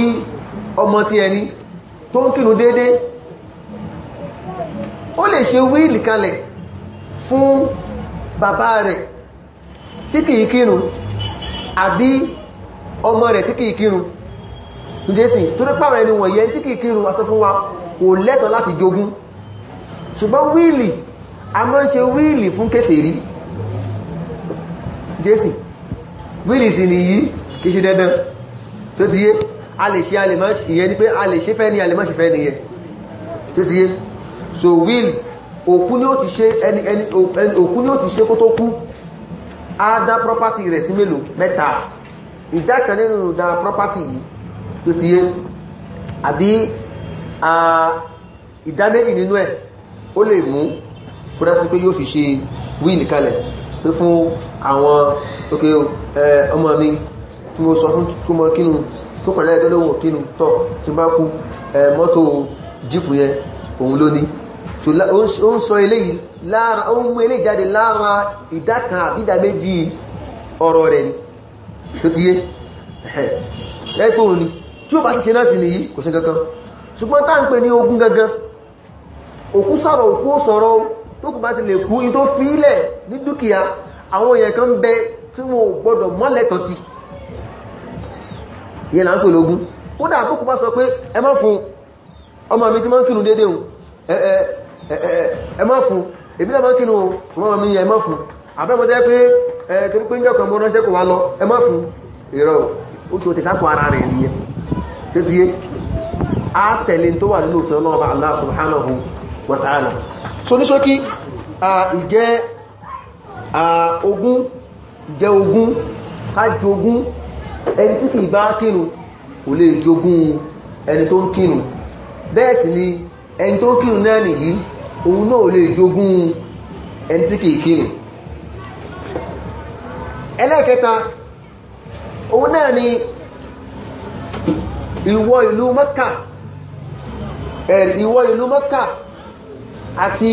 ọmọ tí ẹni tó ń kínú dédé ó lè ṣe wíìlì kalẹ̀ fún bàbá rẹ̀ tí kìí kínú àbí ọmọ rẹ̀ tí kìí kínú jésì tó rí pàwọn ẹni wọ̀nyẹ tí kìí kírù aṣọ fún wa kò lẹ́tọ̀ láti jogún ṣùgbọ́n wíìlì a mọ́ ṣe wíìlì fún kèfèrí jésì wíìlì sí ni yìí kìí ṣe dandan tó ti yé a lè ṣe ìyẹn ni pé a lè ṣe fẹ́ ní a lè má ṣe fẹ́ nìyẹn tó ti yé so wíìlì òkú ni ó ti ṣe ẹni ẹni òkú ni ó ti ṣe kó tó kú á dá property rẹ̀ sí mélòó mẹ́ta ìdá kan nínú ìdá property yìí tó ti yé àbí ìdá méjì nínú ẹ̀ ó lè mú kó dá sí pé yóò fi ṣe wíìlì kalẹ̀ pé fún àwọn òkè ọmọ mi tí mo sọ fún túnmọ kínú tó kọ̀lá ẹ̀dọ́lọ́wọ̀ kínú tọ́ tí bá kú mọ́tò jípù yẹn òun ló ní ó ń sọ eléyìí lára ó ń mú eléyìí jáde lára ìdá kan àbídà méjì ọ̀rọ̀ rẹ̀ ni tó ti yé ẹ̀pẹ́ òun ni tí ó bá sì ṣe náà sí nìyí kò sí gangan ṣùgbọ́n táà ń pè ní ogún gangan òkú sọ̀rọ̀ òkú ó sọ̀rọ̀ tó kù bá ti lè kú in tó fi ilẹ̀ ní dúkìá àwọn èèyàn kan bẹ tí wọ́n gbọ́dọ̀ mọ́lẹ̀tọ̀ sí ìyẹn là ń pè lógún kódà tó kù bá sọ pé ẹ má fún ọmọ mi tí máa ń kírun déédéé hùn ẹ má fún èmi náà máa ń kírun ṣùgbọ́n ọmọ mi yẹn ẹ má fún àbẹ́mọ́tẹ́ pé ẹ torí pé ń ránṣẹ́ kò wá lọ ẹ má fún ìrọ̀ ó ti ara rẹ̀ nìyẹn ti yé wa so ní ṣókí ìjẹ́ ogún jẹ ogun ká jogún ẹni tí kì í bá kínú kò lè jogún ẹni tó ń kínú bẹ́ẹ̀ sì ni ẹni tó ń kínú náà nìyí òun náà ò lè jogún ẹni tí kì í kínú ẹlẹ́ẹ̀kẹta òun náà ni ìwọ ìlú Mẹ́kà ìwọ ìlú Mẹ́kà àti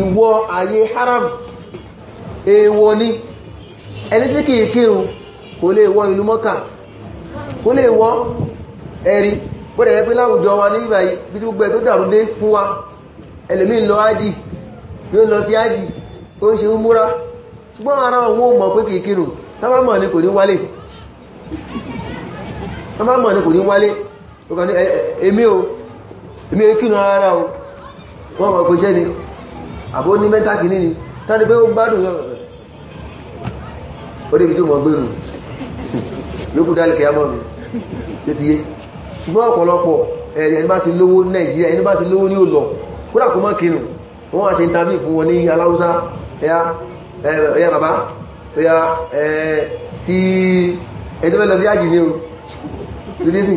ìwọ ayé haram èèwọ̀ ni ẹni tí kìí kírun kò lè wọ ìlú mọ́kà kò lè wọ ẹ̀rí pẹ́rẹ̀ ẹgbẹ́ láwùjọ wa ní ìbàyí bí tí gbogbo ẹ̀ tó dàrú dé fún wa lọ ájì yóò lọ sí ájì ó ń ṣe múra ṣùgbọ́n ara wọn mọ̀ pé kìí kírun kò wọ́n mọ̀ pé ṣẹ́ ni àbó ní mẹ́ta kìíní ni tàbí pé ó gbádùn yọ ó débi tó mọ̀ gbé nù yókù dálẹ̀kẹ̀ àmọ́ mi tó ti yé ṣùgbọ́n ọ̀pọ̀lọpọ̀ ẹni bá ti lówó Nàìjíríà ẹni bá ti lówó ní òlọ kúrà kó mọ́ kínú wọ́n wá ṣe interview fún wọn ní alárúsá ẹ̀yà bàbá ẹ̀yà tí ẹ̀ẹ́dẹ́fẹ́ lọ sí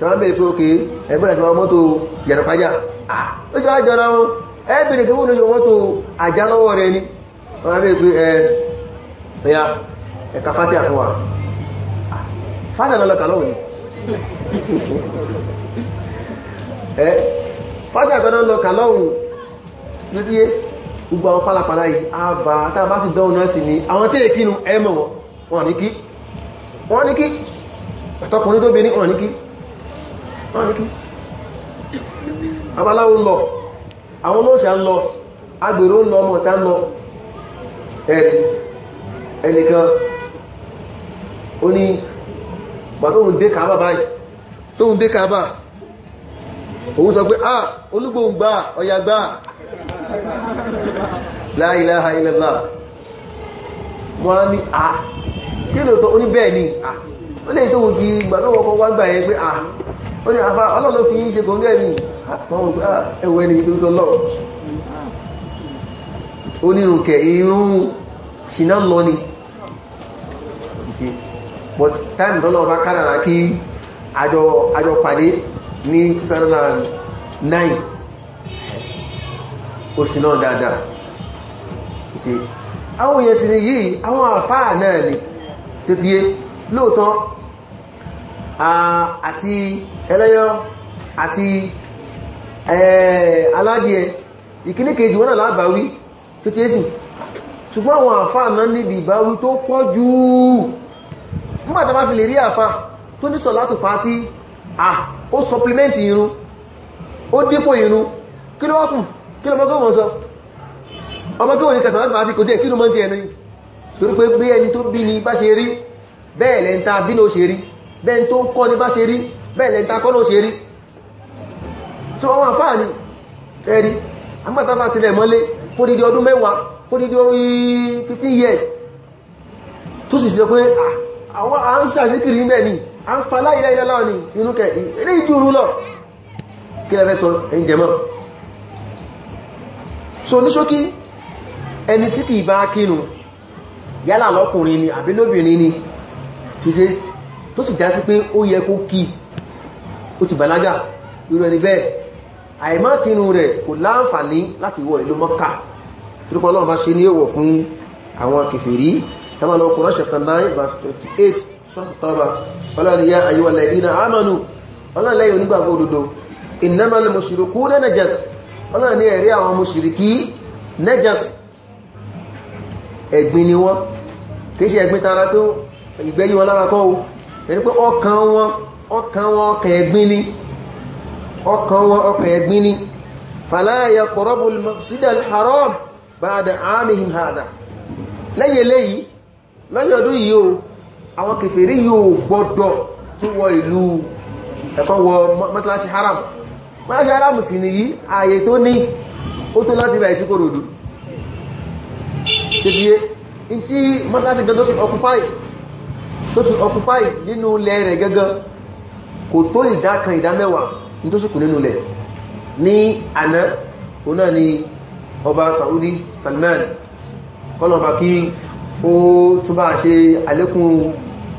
tọ́wọ́n bèèrè pé òkè ẹgbẹ́ ìfẹ́ mọ́tò yẹ̀rọ̀pájá ah, ó ṣe àjọ́ra wọn ẹ́bìnrin kí wọ́n lóṣe mọ́tò àjá lọ́wọ́ rẹ ní wọ́n bèèrè pé ẹ̀yà ẹ̀ka fásí àfọwà ah, fásí àlọ́lọ́kà lọ́wọ́ ni fásí àlọ́lọ́kà lọ́wọ́ títí gbogbo àwọn pálapàlá yìí a bá tàbá sí dọ́wọ́ náà sí ni àwọn tí èkínu ẹmọ̀ wọn ní kí wọ́n ní kí ẹ̀tọ́kùnrin tó bẹ ní wọn ní kí wọ́n ní kí abaláwo ń lọ àwọn olóòṣà ń lọ agbèrò ń lọ ọmọ ọ̀tá ń lọ ẹ̀rì ẹnìkan ó ní pàtóhun dé kàábà báyìí tóhun dé kàábà òun sọ pé ah olúgbòhun gbá ọya gbá la ilaha illallah wọ́n ní à ah. kí ah. lè tó oníbẹ̀ẹ̀ ni à ó lè tóhun ti gbàtọ́wọ́ ọkọ̀ wá gbà yẹn pé à ah. ó ní àfá ọlọ́lọ́ fi yí ṣe kọ̀ǹgẹ́ ní ẹwẹ́ ní ìdúrútọ́ lọ ó irun ṣìná lọ ni but time tọ́lọ́ bá kádàrà kí àjọ pàdé ní 2009 ó ṣìná dáadáa àwọn èèyàn ni yìí àwọn àfáà náà ni tó àti ẹlẹ́yọ́ àti aládìẹ ìkíní kejì wọ́n náà lábàáwí tó ti ẹ́sìn ṣùgbọ́n àwọn àfá náà níbi ìbáwí tó pọ̀ jù nígbàtà bá fi lè rí àfá tó ní sọ̀látù fàátì ah ó supplement irun ó dípò irun kí ló wá kù kí ló mọ́kọ́ mọ́ sọ ọmọ kí wọ́n ní kàṣà láti fàátì kò jẹ́ kí ló mọ́ ti ẹni torí pé bí ẹni tó bí ni bá ṣe rí bẹ́ẹ̀ lẹ́ntà bẹ́ẹ̀ tó ń kọ́ ní bá ṣe rí bẹ́ẹ̀ lẹ́ta kọ́ ló ṣe rí tí wọ́n wà fáà ní ẹ̀rí agbátafà ti rẹ̀ mọ́lé fódídí ọdún mẹ́wàá fódídí orí 15 years tó sì sí pé ah, àwọn à ń sàṣíkiri mẹ́ ni à ń fa láìlẹ́ ilẹ́ láwọn ni inú kẹ ilé ìdúrú lọ kí lẹ́fẹ́ sọ ẹ̀yìn jẹmọ́ so ní ṣókí ẹni tí kìí bá kínú yálà lọ́kùnrin ni àbí lóbìnrin ni kìí tó sì já sí pé ó yẹ kó kí ó ti bàlágà irú ẹni bẹ́ẹ̀ àìmákinu rẹ̀ kò láǹfààní láti wọ ìlú mọ́kà torípọ̀ ọlọ́run bá ṣe ní èèwọ̀ fún àwọn kèfèrí ẹmà lọ Qur'an chapter 9 verse 28 sọ́pọ̀tọ́bà ọlọ́rìyà àyíwà lẹ́dínà àmànù ọlọ́lẹ́yìn onígbàgbọ́ òdodo innamal mushrikuna najas ọlọ́rìn ẹ̀rí àwọn mushriki najas ẹ̀gbin ni wọ́n kìí ṣe ẹ̀gbin tara pé ìgbẹ́yìn wọn lára kọ́ ẹni pé ọkàn wọn ọkàn wọn ọkàn ẹ̀gbin ni ọkàn wọn ọkàn ẹ̀gbin ni fala yaqrabu al-masjida al-haram ba'da 'amihim hadha lẹ́yìn eléyìí lọ́yìn ọdún yìí o àwọn kèfèrí yóò gbọ́dọ̀ tún wọ ìlú ẹ̀kọ́ wọ mọ́sálásí haram mọ́sálásí haram sì nìyí ààyè tó ní ó tó láti bẹ̀rẹ̀ sí kòròdú tó ti occupy nínú ilẹ̀ rẹ̀ gẹ́gẹ́ kò tó ìdá kan ìdá mẹ́wàá ní tó sùkù nínú ilẹ̀ ní àná òun náà ni ọba Saudi Salman kọlọ̀ọ̀bá kí ó túbà ṣe àlékún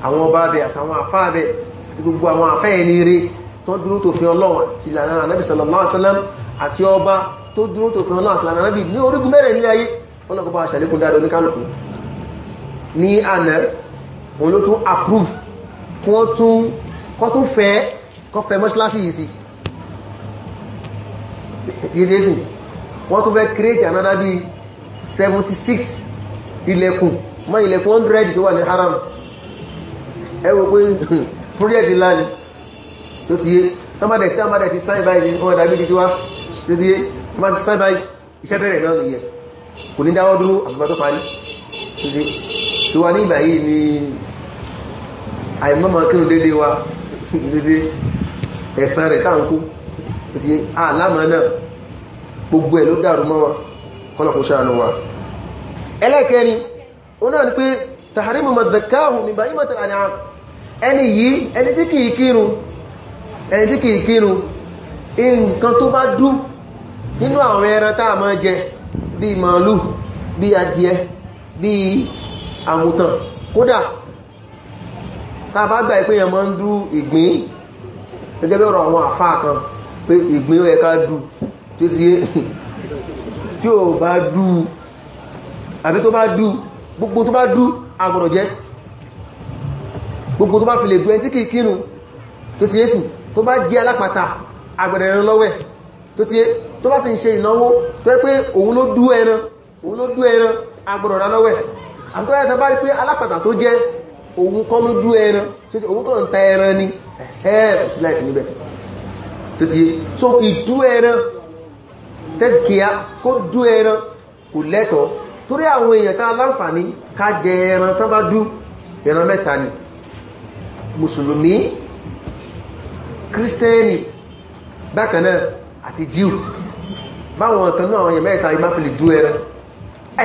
àwọn ọba abẹ àtàwọn àfá abẹ àti gbogbo àwọn àfẹ́ ìlérè tó dúró tó fi Ọlọ́run àti ìlànà anábì sallallahu alaihi wasallam àti ọba tó dúró tó fi Ọlọ́run àti ìlànà anábì ní orígun mẹ́rẹ̀ nílé ayé ọlọ́kọ̀ọ́bá ṣàlékún dáadọ́ ní ní àná òun ló tún approve kí wọ́n tún kọ́ tún fẹ́ kọ́ fẹ́ mọ́ṣíláṣí yìí sí yíjẹ́sì wọ́n tún fẹ́ create another bí 76 ilẹ̀kùn mọ́ ilẹ̀kùn 100 tó wà ní haram ẹ wò pé project ńlá ni tó ti yé tọ́mọ́dẹ̀ tí a máa dẹ̀ ti sáì báyìí ní ọmọdà méjì tí wá tó ti yé máa ti sáì báyìí iṣẹ́ bẹ̀rẹ̀ náà nìyẹn kò ní dáwọ́ dúró àbúgbà tó parí so wa nígbà yìí ni àìmọ́mọ́ kí n dédé wa dédé ẹ̀sán rẹ̀ tá ń kú ti àlámọ́ náà gbogbo ẹ̀ ló dàrú mọ́ wa kọ́lọ̀kù ṣàánú wa ẹlẹ́kẹ́ni ó náà ni pé tàharimu mazakahu min bahimati al-an'am ẹni yìí ẹni tí kìí kírun ẹni tí kìí kírun nǹkan àmùtàn kódà tá a bá gbà pé èèyàn máa ń dú ìgbín gẹ́gẹ́ bí ọ̀rọ̀ àwọn àfáà kan pé ìgbín ẹ̀ ká dù tí ó ti yé tí ó bá dù àbí tó bá dù gbogbo tó bá dù agbọ̀dọ̀ jẹ gbogbo tó bá fi lè dù ẹni tí kìí kínú tó ti yé sì tó bá jẹ́ alápàtà agbọ̀dọ̀ ẹran lọ́wẹ́ tó ti yé tó bá sì ń lọ́wẹ́ àtúntọ́ ẹ̀ta bá rí pé alápàtà tó jẹ́ òun kọ́ ló dú ẹran tí òun kọ́ ń ta ẹran ni ẹ̀ẹ́ kò sí láìpì níbẹ̀ tó ti so ìdú ẹran tẹ́kìá kó dú ẹran kò lẹ́tọ̀ torí àwọn èèyàn tá láǹfààní ká jẹ ẹran tán bá dú ẹran mẹ́ta ni mùsùlùmí kírísítẹ́nì bákan náà àti jíù báwọn kan náà àwọn èèyàn mẹ́ta ibá fi lè dú ẹran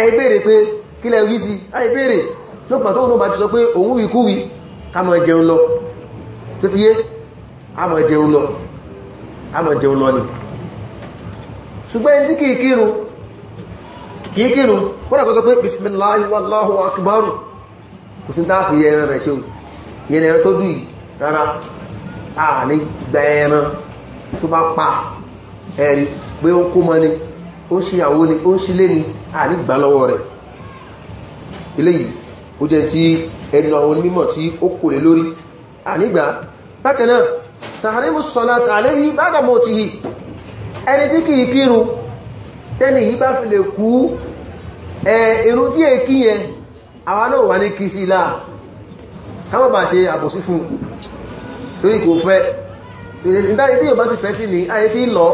ẹ pé kílẹ̀ rí sí àìbéèrè lópa tó náà bá ti sọ pé òun wí kúwí ká máa jẹun lọ tó ti yé a máa jẹun lọ a máa jẹun lọ ni ṣùgbọ́n tí kìí kírun kìí kírun kọ́nà kọ́ sọ pé bismillahi wallahu akbaru kò sí táàfì ẹran rẹ̀ ṣe ìyẹn ẹran tó dùn rárá a ní gba ẹran tó ó ń ṣe ìyàwó ni ó ń ṣílé ní gbà lọ́wọ́ rẹ̀ eléyìí ó jẹ́ ti ẹnu àwọn onímọ̀ tí ó kò lè lórí ànígbà bákanáà tààrímù sọ́láti àléhì bádà mọ́ ti yìí ẹni tí kìí kírun tẹ́ni yìí bá fi lè kú ẹ irun tí è kí yẹn àwa náà wà ní kí sí láà káwọn bá ṣe àbòsí fún torí kò fẹ́ ìdáyé tí yóò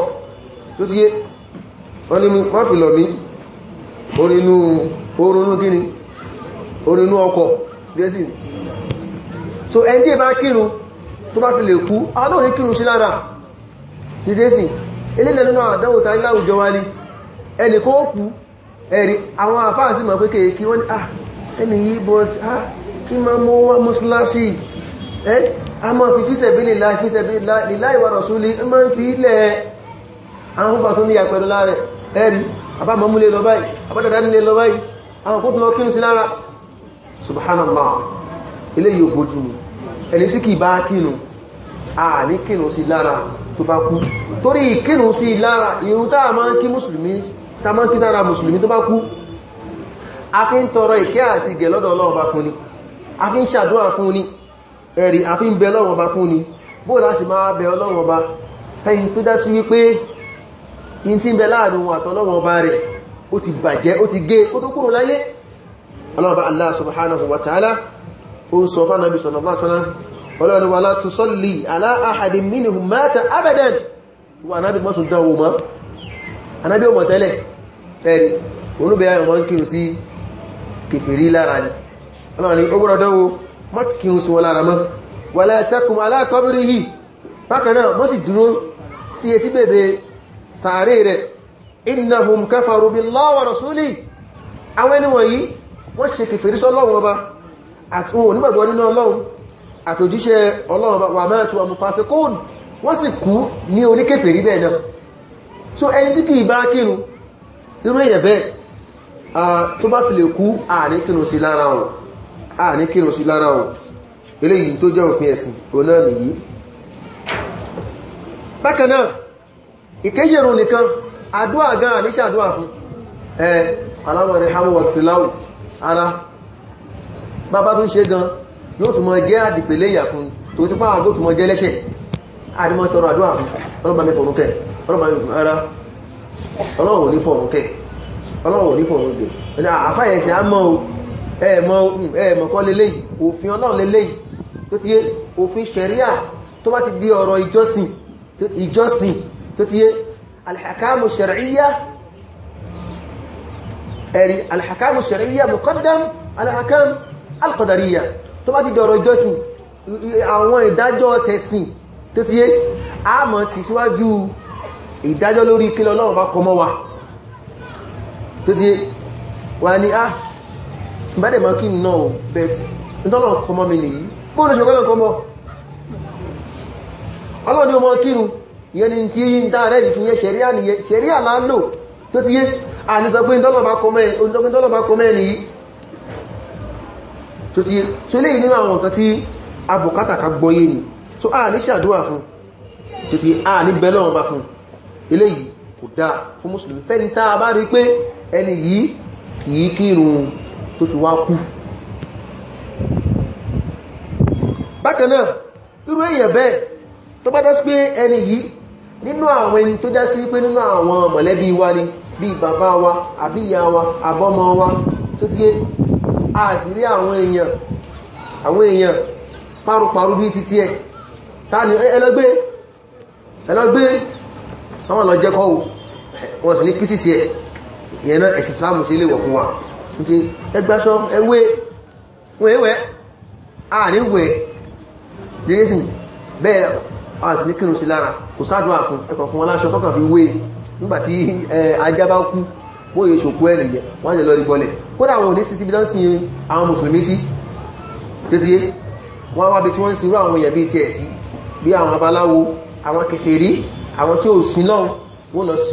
orunú ọkọ̀ gẹ́sì so ẹni tí ẹ bá kírun tó bá fi lè kú anáà ní kírun sí lára gẹ́sì elédẹ̀ẹ́nà àdánwò tàí láwùjọ wá ní ẹni kó kú ẹ̀rí àwọn àfáà sí pé kéèkì wọ́n ni ah ẹni yìí but ah kí ma fi fise bi fi lọ báyìí àbádàdá nílé lọ báyìí àwọn kó tún lọ kí subhanallah eléyìí ò bójú mu ẹni tí kì bá kínú a ní kínú sí lára tó bá kú torí kínú sí lára irun táà máa ń kí mùsùlùmí táà máa ń kí sára mùsùlùmí tó bá kú a fi ń tọrọ ìkẹ́ àti ìgẹ̀ lọ́dọ̀ Ọlọ́run bá fún ni a fi ń ṣàdúrà fún ni ẹ̀rì a fi ń bẹ láyé ọlọ́ọ̀bá Allah subhanahu wa ta'ala ó ń sọ fánà bí sọ̀nà lásánà ọlọ́ọ̀dọ̀ wà látú sọ́lì aláàhàdì mínihù mẹ́ta abadan wà náàbí mọ́tún dánwò mọ́ anábí o mọ̀ tẹ́lẹ̀ ẹni olúbẹ̀ ayọ̀ mọ́ kírù sí kèfèrí lára ni ọlọ́ọ̀ni ó gbọ́rọ̀ dánwò mọ́ kírù sí wọn lára mọ́ wà látẹ́kùn aláàkọ́bìnrin yìí bákan náà mọ́ sì dúró sí sàárè rẹ̀ innahum kafaru billahi wa rasulihi wọ̀nyí wọ́n ṣe kèfèrí sọ́lọ́run ọba àti wọn onígbàgbọ́ nínú ọlọ́run àtòjíṣẹ́ ọlọ́run ọba wà máa tuwà mú fásẹ kóòn wọ́n sì kú ní oníkèfèrí bẹ́ẹ̀ náà so ẹni tí kìí bá kírun irú èyàn bẹ́ẹ̀ tó bá fi lè kú ààrín kírun sí lára wọn ààrín kírun sí lára wọn eléyìí tó jẹ́ òfin ẹ̀sìn òun náà nìyí bákan náà ìkéṣèrún nìkan àdúà gan àníṣàdúà fún ẹ aláwọ̀ rẹ̀ hamowat filawu ara bàbá tó ń ṣe gan yóò tún mọ jẹ́ àdìpẹ̀lẹ̀ ìyà fún tó tí pàwọn tó tún mọ jẹ́ lẹ́ṣẹ̀ àdìmọ́ tọrọ àdúrà fún ọlọ́bàá mi fọ̀rún kẹ́ ọlọ́bàá mi ara ọlọ́wọ̀ ní fọ̀rún kẹ́ ọlọ́wọ̀ ní fọ̀rún kẹ́ àfáyẹsẹ̀ á ẹ̀rí alhakamu shari'iyya muqaddam alhakam alqadariyya tó bá ti dọ̀rọ̀ ìjọsìn àwọn ìdájọ́ tẹ̀sìn tó ti yé a mọ̀ ti síwájú ìdájọ́ lórí kílọ lọ́wọ́ bá kọmọ wa tó ti yé wà ní a ah, bẹ́dẹ̀ mọ́ kí n náà bet nítọ́lọ̀ kọmọ mi nìyí bóòdó ṣe kọ́lọ̀ kọmọ ọlọ́ni ọmọ kírun ìyẹn ni tí yí ń dá rẹ̀ fún yẹ ṣẹ̀ríà nìyẹn ṣẹ̀ríà láà lò tó ti yé àní sọ pé ìdọ́lọ́bà kọmẹ́ nìyí tó ti yé tó lè nínú àwọn nǹkan tí abùkátàkà gbọ́yé ni tó a ní ṣàdúrà fún tó ti a ní bẹ́lọ́wọ́n bá fún eléyìí kò dáa fún mùsùlùmí fẹ́ni tá a bá rí pé ẹni yìí kìí kírun tó fi wá kú bákan náà irú èèyàn bẹ́ẹ̀ tó bá dá sí pé ẹni yìí nínú àwọn ẹni tó já sí pé nínú àwọn mọ̀lẹ́bí wa ni bí bàbá wa àbí wa àbọ́mọ wa tó ti yé a sì rí àwọn èèyàn àwọn èèyàn paru-paru bí títí ẹ̀ ta ni ẹlọ́gbé ẹlọ́gbé àwọn ọlọ́jẹ́kọ́ wọn sì ní písìsì ẹ̀ ìyẹn náà ẹ̀sì Islam sí léwọ̀ fún wa tí ẹgbẹ́ṣọ́ ẹwé wẹ́wẹ́ àríwẹ̀ bẹ́ẹ̀ a sì ní kírun sí lára kò sádùá fún ẹkọ̀ fún wọn láṣọ tọ́kàn fi wé nígbàtí ajá bá kú wọ́n yóò ṣòkú ẹ̀ nìyẹn wọ́n jẹ́ lọ́rí bọ́lẹ̀ kódà wọn ò ní sísí bídán sí àwọn mùsùlùmí sí títí wọ́n wá bí tí sí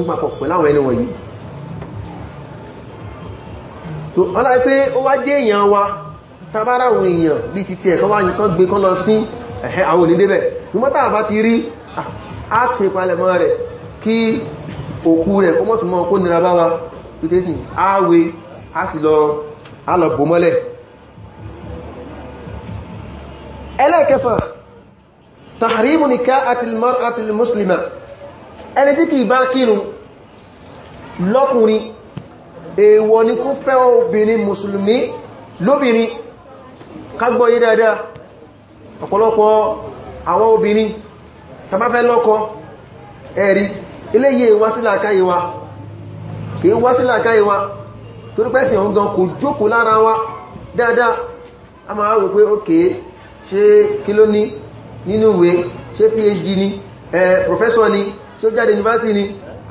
àwọn so ọlá pé ó wá tàbára àwọn èèyàn bí títí ẹ̀kọ́ wáyé kan gbé kọ́ lọ sí ẹ̀hẹ́ àwọn onídébẹ̀ nígbàtà àbá ti rí àti ìpalẹ̀mọ́ rẹ̀ kí òkú rẹ̀ kó mọ́tún mọ́ kó nira bá wa pítésì áwé a sì lọ alọ̀bò mọ́lẹ̀ ẹlẹ́ẹ̀kẹfà tahrimu kágbọ́ yí dáadáa ọ̀pọ̀lọpọ̀ àwọn obìnrin tàbá fẹ́ lọ́kọ ẹ̀rí iléyè wá sílẹ̀ làákàyè wa kìí wá sí làákàyè wa torí pẹ́sìn ọ̀n gan kò jókòó lára wa dáadáa a máa rò pé ókè ṣe kí ló ní ṣe phd ni professor ni ṣe ó jáde ni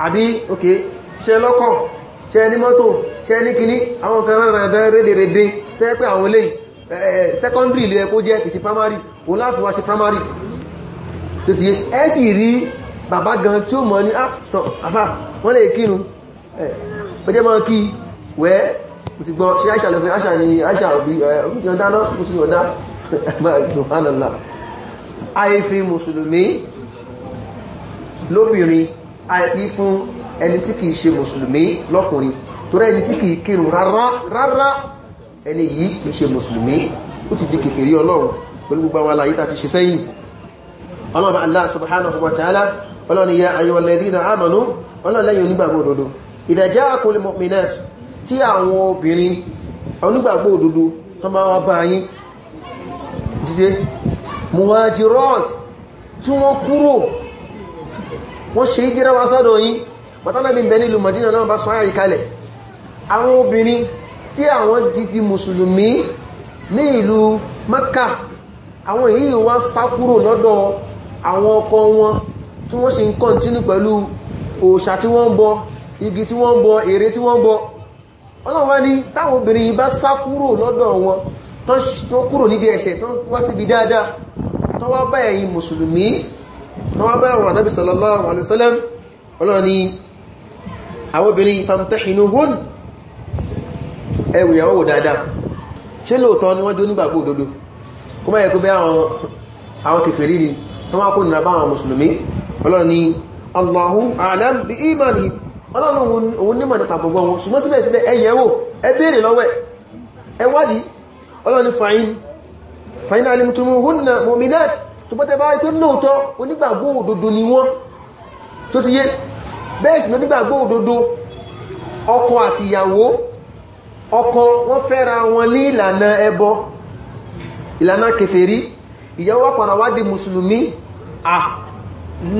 àbí ṣe ṣe ní mọ́tò ṣe ní kíní àwọn kan Eh, secondary ilé ẹkó jẹ́ kìí sí primary òun láàfin wá sí primary tó sì ẹ sì rí bàbá gan tí ó mọ̀ ní àtọ̀ ah, àfà wọ́n lè kínu pẹ́jẹ́ eh, mọ́ kí wẹ́ mo ti gbọ́ ṣe àṣà lọ́fẹ́ àṣà ni àṣà òbí ọmọ ti ọ̀dá náà mo ti ọ̀dá subhanallah àìfi mùsùlùmí lóbìnrin àìfi fún ẹni tí kìí ṣe mùsùlùmí lọ́kùnrin torí ẹni tí kìí kírun rárá rárá ẹni yìí kì í ṣe mùsùlùmí ó ti di kèfèrí ọlọ́run pẹ̀lú gbogbo àwọn àlàyé tàti ṣe sẹ́yìn ọlọ́run Allah subhanahu wa ta'ala ọlọ́run ya ayyuhal ladhina amanu ọlọ́run lẹ́yìn onígbàgbọ́ òdodo idha ja'akumul mu'minat tí àwọn obìnrin onígbàgbọ́ òdodo tó bá wá bá yín jíde muhajirat tí wọ́n kúrò wọ́n àwọn obìnrin tí àwọn didi mùsùlùmí ní ìlú Mẹ́kà àwọn yìí wá sá kúrò lọ́dọ̀ àwọn ọkọ wọn tí wọ́n sì ń kọ́ntínú pẹ̀lú òòṣà tí wọ́n ń bọ igi tí wọ́n ń bọ ère tí wọ́n ń bọ ọlọ́run wá ní táwọn obìnrin yìí bá sá kúrò lọ́dọ̀ wọn tó kúrò níbi ẹ̀ṣẹ̀ tó wá síbi dáadáa tó wá bá sallallahu alaihi wasallam ọlọ́run ni àwọn obìnrin famtahinuhun ẹwù ìyàwó wò dáadáa ṣé lóòótọ́ ni wọ́n onigbagbo nígbàgbọ́ òdodo kó mẹ́rin kó bẹ́ àwọn kèfèrí ni tó máa kó nìra bá àwọn allahu alam bi iman hi ọlọ́run òun nímọ̀ nípa gbogbo wọn ṣùgbọ́n síbẹ̀síbẹ̀ ẹ ẹ lọ́wẹ́ ẹ wádìí ọkọ wọ́n fẹ́ra wọn ní ìlànà ẹbọ ìlànà kèfèrí ìyàwó padà wá di mùsùlùmí à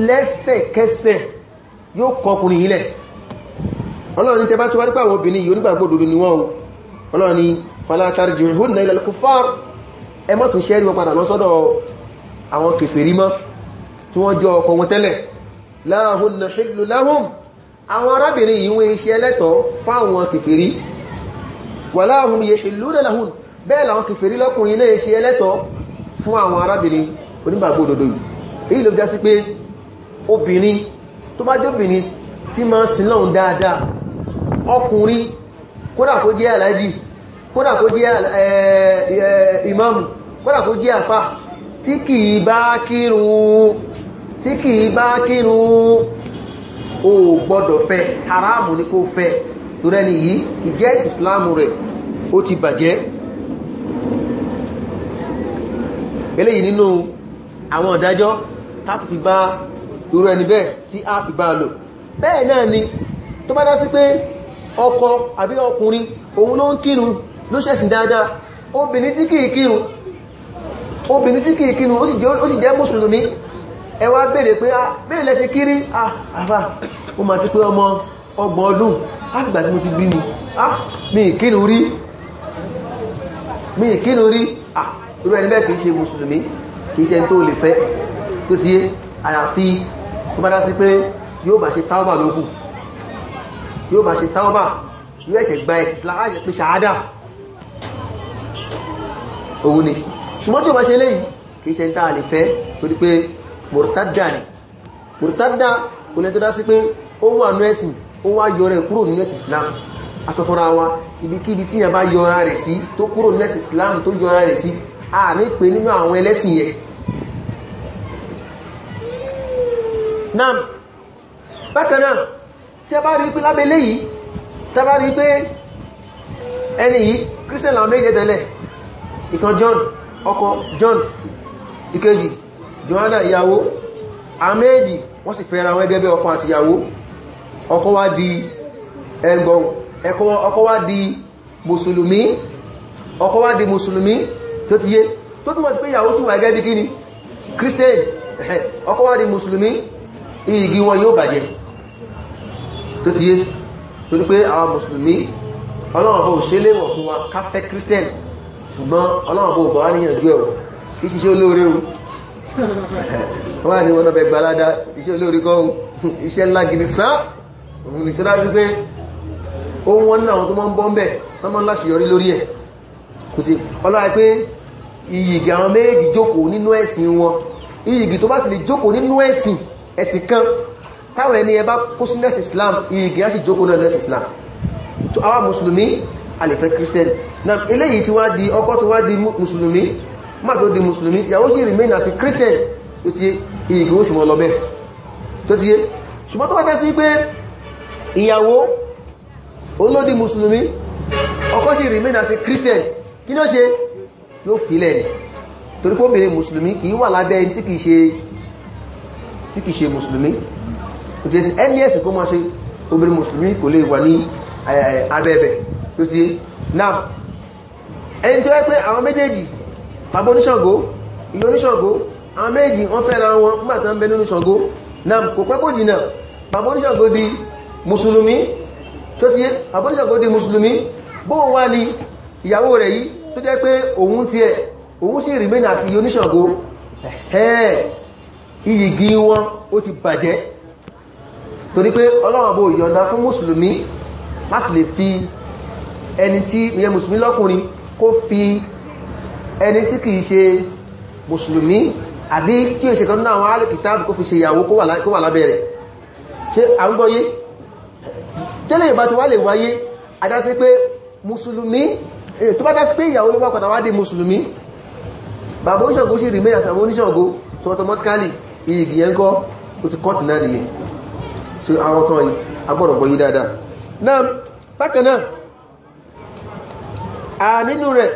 lẹ́sẹ̀kẹsẹ̀ yóò kọkùnrin ilẹ̀ ọlọ́run ní tẹbá tí wá nípa àwọn obìnrin yìí onígbàgbọ́dọ̀ ni wọ́n ọlọ́run ní falatar jihun na ilal kufar ẹ má tún ṣẹ́rí wọn padà lọ sọ́dọ̀ àwọn kèfèrí mọ́ tí wọ́n jọ ọkọ wọn tẹ́lẹ̀ lahunna hillu lahum àwọn arábìnrin yìí wọ́n iṣẹ́ ẹlẹ́tọ̀ọ́ fáwọn kèfèrí wàlá ahùn yẹ ìlú rẹ̀ lahùn bẹ́ẹ̀ làwọn kèfèrí lọ́kùnrin náà ṣe ẹlẹ́tọ̀ fún àwọn arábìnrin onígbàgbọ́ òdodo yìí èyí ló já sí pé obìnrin tó bá jóbìnrin tí ma ń sin lọ́hun dáadáa ọkùnrin kódà kó jẹ́ alájì kódà kó jẹ́ eh, eh, ìmáàmù kódà kó jẹ́ àfà tí kìí bá kírun tí gbọ́dọ̀ fẹ́ haramu ni kó fẹ́ torí ẹni yìí ìjẹ́ ìsìsìláàmù rẹ̀ ó ti bàjẹ́ eléyìí nínú àwọn ìdájọ́ tàbí fi bá irú ẹni bẹ́ẹ̀ tí a fi bá lò bẹ́ẹ̀ náà ni tó bá dá sí pé ọkọ àbí ọkùnrin òun ló ń kírun ló ṣẹ̀sìn dáadáa obìnrin tí kìí kírun obìnrin tí kìí kírun ó sì jẹ́ mùsùlùmí ẹ wá béèrè pé ah béèrè lẹ́ ti kírí ah àfà ó ma ti pé ọmọ ọgbọ̀n ọdún láti gbà tí mo ti bí ni ah, mi ìkínú rí mi ìkínú rí ah, irú ẹni bẹ́ẹ̀ kìí ṣe mùsùlùmí kìí ṣe tó lè fẹ́ tó ti yé àyàfi tó bá dá sí pé yóò bá ṣe táwọ́bà lókù yóò bá ṣe táwọ́bà yóò ẹ̀ṣẹ̀ gba ẹ̀sì láàájẹ̀ pé ṣàádà òun ni ṣùgbọ́n tí ó bá ṣe léyìn kìí ṣe ń táà lè fẹ́ torí pé mọ̀rọ̀tádà ni mọ̀rọ̀tádà olè tó dá sí pé ó wà nú ẹ̀sìn ó wá yọ rẹ̀ kúrò nínú ẹ̀sìn islam asọ́fọ́ra wa ibikíbi tí yẹn bá yọra rẹ̀ sí tó kúrò nínú ẹ̀sìn islam tó yọra rẹ̀ sí a ní pé nínú àwọn ẹlẹ́sìn yẹn náà bákan náà tí a bá rí pé lábẹ́lé yìí tí a bá rí pé ẹni yìí christian làwọn méje tẹ́lẹ̀ ìkan john ọkọ john ìkejì johanna ìyàwó àméjì wọ́n sì fẹ́ra wọn gẹ́gẹ́ bí ọkọ àti ìyàwó ọkọ wá di ẹgbọ́n ọkọ wá di mùsùlùmí ọkọ wá di mùsùlùmí tó ti yé tó túnmọ̀ sí pé ìyàwó sì wà gẹ́gẹ́ bí kíni christian ọkọ wá di mùsùlùmí igi wọn yóò bàjẹ́ tó ti yé tó ní pé àwọn mùsùlùmí ọlọ́run bó ṣe léwọ̀ fún wa ká fẹ́ christian ṣùgbọ́n ọlọ́run bó bọ̀ wá níyànjú ẹ̀wọ̀ kí ṣiṣẹ́ olóore o wọ́n wà ní wọn náà fẹ́ gbalada iṣẹ́ olóore kọ́ iṣẹ́ ńlá gidi sáà òun ni kíra sí pé ohun wọn náà tó mọ́ ń bọ́ ń bẹ̀ wọ́n mọ́ láti yọrí lórí ẹ̀ kò sí ọlọ́run pé iyìgì àwọn méjì jókòó nínú ẹ̀sìn wọn iyìgì tó bá ti lè jókòó nínú ẹ̀sìn ẹ̀sìn kan táwọn ẹni ẹ kó sí nẹ́sì Islam iyìgì á sì jókòó náà nẹ́sì Islam tó àwa mùsùlùmí alẹ́fẹ́ kírísítẹ́nì náà eléyìí tí wá di ọkọ tó wá di mùsùlùmí má tó di mùsùlùmí ìyàwó sì remain as a Christian tó ti yé iyìgì ó sì mọ́ lọ bẹ́ẹ̀ tó ti yé ṣùgbọ́n tó bá fẹ́ sí pé ìyàwó olódì mùsùlùmí ọkọ sì remain as a christian kí ní ó ṣe yóò filẹ̀ ni torí pé obìnrin mùsùlùmí kì í wà lábẹ́ ẹni tí kì í ṣe tí kì í ṣe mùsùlùmí kò tí ẹni ẹ̀sìn kó máa ṣe obìnrin mùsùlùmí kò lè wà ní abẹ́ẹ̀bẹ̀ tó ti náà ẹni tó yẹ pé àwọn méjèèjì bàbá oníṣàngó ìyá oníṣàngó àwọn méjèèjì wọ́n fẹ́ra wọn nígbà tán bẹ nínú ṣàngó náà kò pẹ́ kò jìnà bàbá oníṣàngó di mùsùlùmí tó ti àbúrúṣàkó di mùsùlùmí bó wá ní ìyàwó rẹ̀ yìí tó jẹ́ pé òun ti ẹ̀ òun sì remain as iye oníṣàngó ẹ̀ẹ́ iyìgì wọn ó ti bàjẹ́ torí pé ọlọ́wọ̀n bó yọ̀nda fún mùsùlùmí láti lè fi ẹni tí ìyẹn mùsùlùmí lọ́kùnrin kó fi ẹni tí kìí ṣe mùsùlùmí àbí tí ó ṣe kan àwọn alìkìtàbù kó fi ṣe ìyàwó kó wà lábẹ́ rẹ̀ ṣe àrúgbọ́yé tẹ́lẹ̀ ìbá ti wá lè wáyé adásí pé mùsùlùmí eh, tó bá dásí pé ìyàwó ló bá padà wá dé mùsùlùmí bàbá oníṣàngó sí remain as oníṣàngó so automatically ìyìgì yẹn kọ́ ó ti kọ́tì náà nìyẹn so àwọn kan yìí agbọ́dọ̀ gbọ́ yí dáadáa náà bákan náà a nínú rẹ̀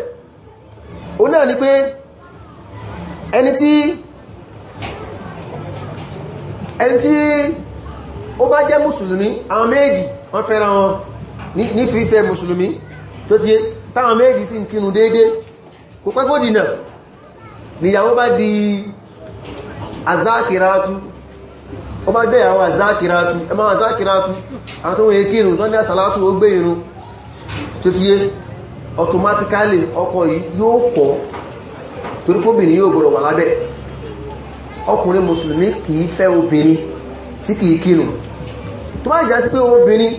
wọ́n fẹ́ra wọn ní fífẹ́ mùsùlùmí tó ti táwọn méjì sí kínú déédé kò pẹ́ gbódì náà níyàwó bá di azákìrátú ó bá jẹ́ ìyàwó azákìrátú ẹmọ́ azákìrátú àtúnwò ekínú tó ní àsàlátù ó gbé irun tó ti yé automatically ọkọ yìí yóò kọ́ torí kóbìnrin yóò gbọ́dọ̀ wà lábẹ́ ọkùnrin mùsùlùmí kìí fẹ́ obìnrin tí kìí kínú tó bá jẹ́ sí pé obìnrin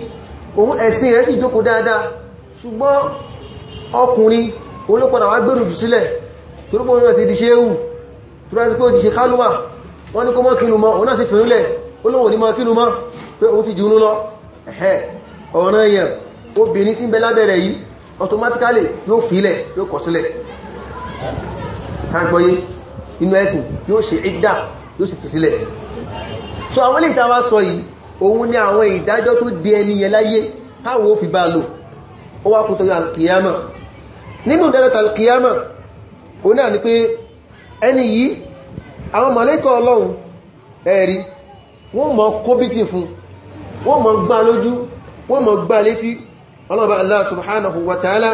òun ẹ̀sìn rẹ̀ sì jókòó dáadáa ṣùgbọ́n ọkùnrin olópadà wá gbèrò jù sílẹ̀ torípò náà ti di ṣe éhù tó bá sí pé ó ti ṣe kálùwà wọ́n ní kó mọ́ kínú mọ́ òun náà sì fìrúnlẹ̀ olóhùn ní mọ́ kínú mọ́ pé òun ti jùnú lọ ẹ̀hẹ́ ọ̀ràn èèyàn obìnrin tí ń bẹ lábẹ́rẹ̀ yìí automatically yóò inú ẹ̀sìn yóò ṣe ìdá yóò sì fi sílẹ̀ so àwọn ilé ìta wá sọ yìí òun ni àwọn ìdájọ́ tó di ẹni yẹn láyé táwọn ó fi bá lò ó wá kú tọ́jú alkiyama nínú ìdájọ́ alkiyama òun náà ni pé ẹni yìí àwọn mọ̀lẹ́kọ̀ ọlọ́run ẹ̀rí wọ́n mọ̀ kóbítì fún wọ́n mọ̀ gbá lójú wọ́n mọ̀ gbá létí subhanahu wa ta'ala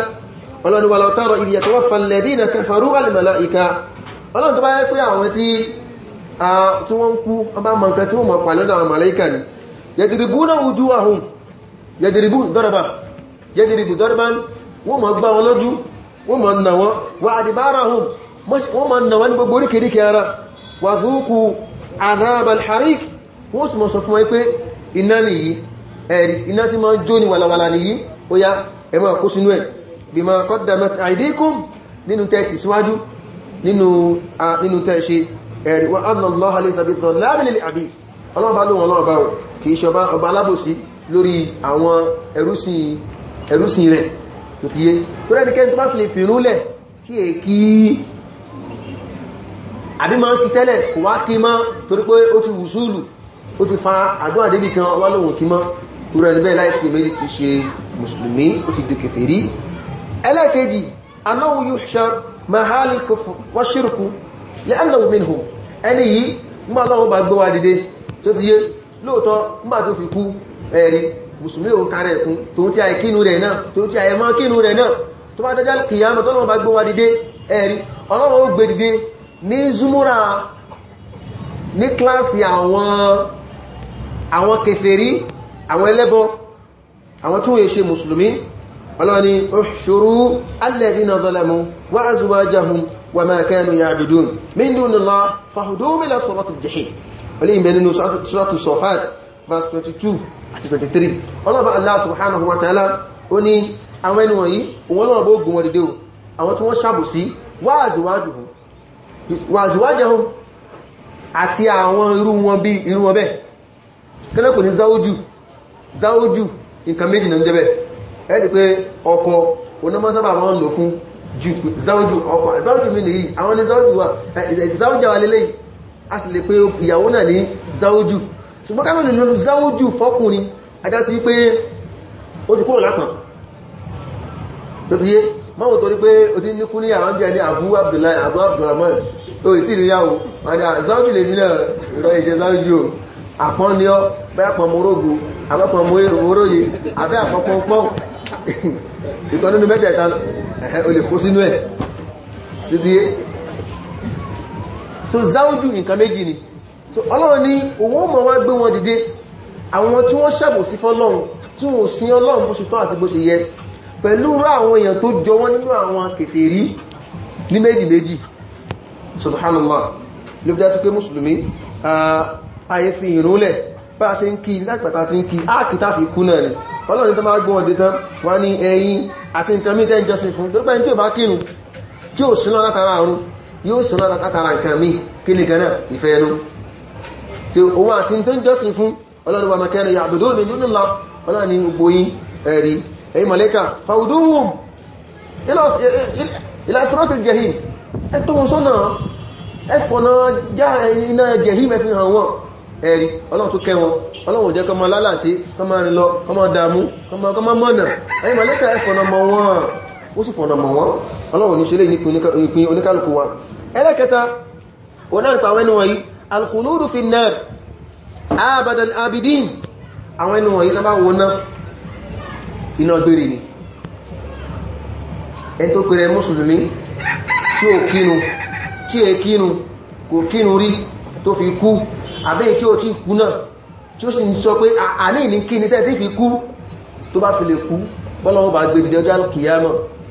ọlọ́ni wà lọ́tọ́rọ̀ idh yatawaffa alladhina kafaru al-malaika ọlọ́run tó bá yẹ pé àwọn ni yẹ̀dìrìbúnà ojú ahùn yẹ̀dìrìbú dọ́rọ̀bá yẹ̀dìrìbú dọ́rọ̀bá wọ́n ma gbá wọn lójú wọ́n ma nà wọ́n wà àdìbára hùn wọ́n ma nà wọ́n ní gbogbo oríkèríkè ara wà zúkú azabal harik wọ́n sì mọ́ sọ fún wọn pé iná nìyí ẹ̀rì iná tí ma jó ní wàlàwàlà nìyí ó yá ọlọ́ọ̀bá lóhun ọlọ́ọ̀bá ò kìí ṣe ọba alábòsí lórí àwọn ẹrúsìn rẹ̀ tó ti yé tó rẹ̀ dìkẹ́ tó bá fi lè fìrúnlẹ̀ tí è kí àbí máa ń kí tẹ́lẹ̀ kò wá kí mọ́ torí pé ó ti wùsúlù ó ti fa àdúrà débì kan wá lóhun kí mọ́ tó rẹ̀ níbẹ̀ láìsí méjì kìí ṣe mùsùlùmí ó ti dìkẹ̀ fèrí ẹlẹ́ẹ̀kejì anáwó yuhshar mahal tó ti yé lóòtọ́ nígbà tó fi kú ẹ̀rí mùsùlùmí òun kárẹ̀ ẹ̀kún tó ń tí àyè kínú rẹ̀ náà tó ń tí àyè mọ́ kínú rẹ̀ náà tó bá dájá kìyàmọ̀ tó lọ́wọ́ bá gbé wa dìde ẹ̀rí ọlọ́wọ́ ó gbé dìde ní zúmúra ní kíláàsì àwọn kèfèrí àwọn ẹlẹ́bọ àwọn tí wọ́n ṣe mùsùlùmí ọlọ́ni ṣòro alladhina eléyìn bẹ nínú suratu sofat verse 22 àti 23 ọlọ́bà Allah subhanahu wa ta'ala ó ní àwọn ẹni wọ̀nyí òun lọ́wọ́ bó gùn wọn dìde o àwọn tí wọ́n ṣàbò sí wáàzíwájẹ̀hún àti àwọn irú wọn bí irú wọn bẹ́ẹ̀ kẹ́lẹ́kù ní záójú záójú nǹkan méjì náà jẹ́bẹ̀ ẹ́dì pé ọkọ onímọ́sábà wọn lò fún jù záójú ọkọ záójú mi nìyí àwọn ni záójú wà záójú wà lélẹ́yìí a sì lè pé ìyàwó náà ní záójù ṣùgbọ́n ká lónìí lọ́nà záójù fọ́kùnrin ajá sí pé ó ti kúrò lápàn tó ti yé mọ́wọ́ torí pé o ti níkú ní àwọn jẹ́ ní Abu Abdullahi Abu Abdulrahman o ì sí ìrìnyàwó ma ní àzáójù lè nílẹ̀ ìrọ̀ ìṣẹ́ záójù o àpọ́n ní ọ bẹ́ẹ̀ pọ̀ mọ́rọ́gbò àpapọ̀ mọ́rọ́yè àbẹ́ àpapọ̀ pọ́n ìkọ́nínú mẹ́tẹ̀ẹ̀ta o lè kó sínú ẹ̀ títí so záójú nǹkan méjì ni so ọlọ́run ní owó mọ̀ wá gbé wọn dìde àwọn tí wọ́n ṣẹ̀bù sí fọ́lọ́run tí wọ́n sin ọlọ́run bó ṣe tọ́ àti bó ṣe yẹ pẹ̀lú rá àwọn èèyàn tó jọ wọ́n nínú àwọn kèfèrí ní méjì méjì subhanallah ló fi dá sí pé mùsùlùmí ayé fi ìrúnlẹ̀ bá ṣe ń kí lágbàtà ti ń kí áàkìtà fi kú náà ni ọlọ́run tó máa gbọ́n ọdẹ tán wá ní ẹ̀yìn àti nǹkan mítẹ́ ìjọsìn fún tó pẹ́ tí ò bá kírun tí ò sínú látara àrùn yóò sọ náà látara nǹkan mi kí ni gan náà ìfẹ́ ẹnu tí òun àti tó ń jọ́sìn fún ọlọ́run wa mẹ́kẹ́rin ya'budun min dunillah ọlọ́run ni gbogbo yín ẹ̀rí ẹ̀yin màlẹ́kà fa'uduhum ila siratil jahim ẹ tọ́ wọn sọ́nà ẹfọ̀nà já iná jahim ẹ fi hàn wọn ẹ̀rí ọlọ́run tó kẹ́ wọn jẹ́ ó sì fọ̀nà mọ̀ wọ́n ọlọ́run ní ṣe lè nípin oníkálùkù wa ẹlẹ́kẹta onáàrípa àwọn ẹni wọ̀nyí alkhuludu fi nar abadan abidin àwọn ẹni wọ̀nyí lábá wọná iná gbére ni ẹni tó pèrè mùsùlùmí tí ó kínu tí è kínu kò kínu rí tó fi kú àbẹ́ tí ó ti kú náà tí ó sì ń sọ pé àní ní kí ní sẹ́ tí fi kú tó bá fi lè kú bọ́lọ́wọ́ bá gbé dìde ọjọ́ kìyàmọ̀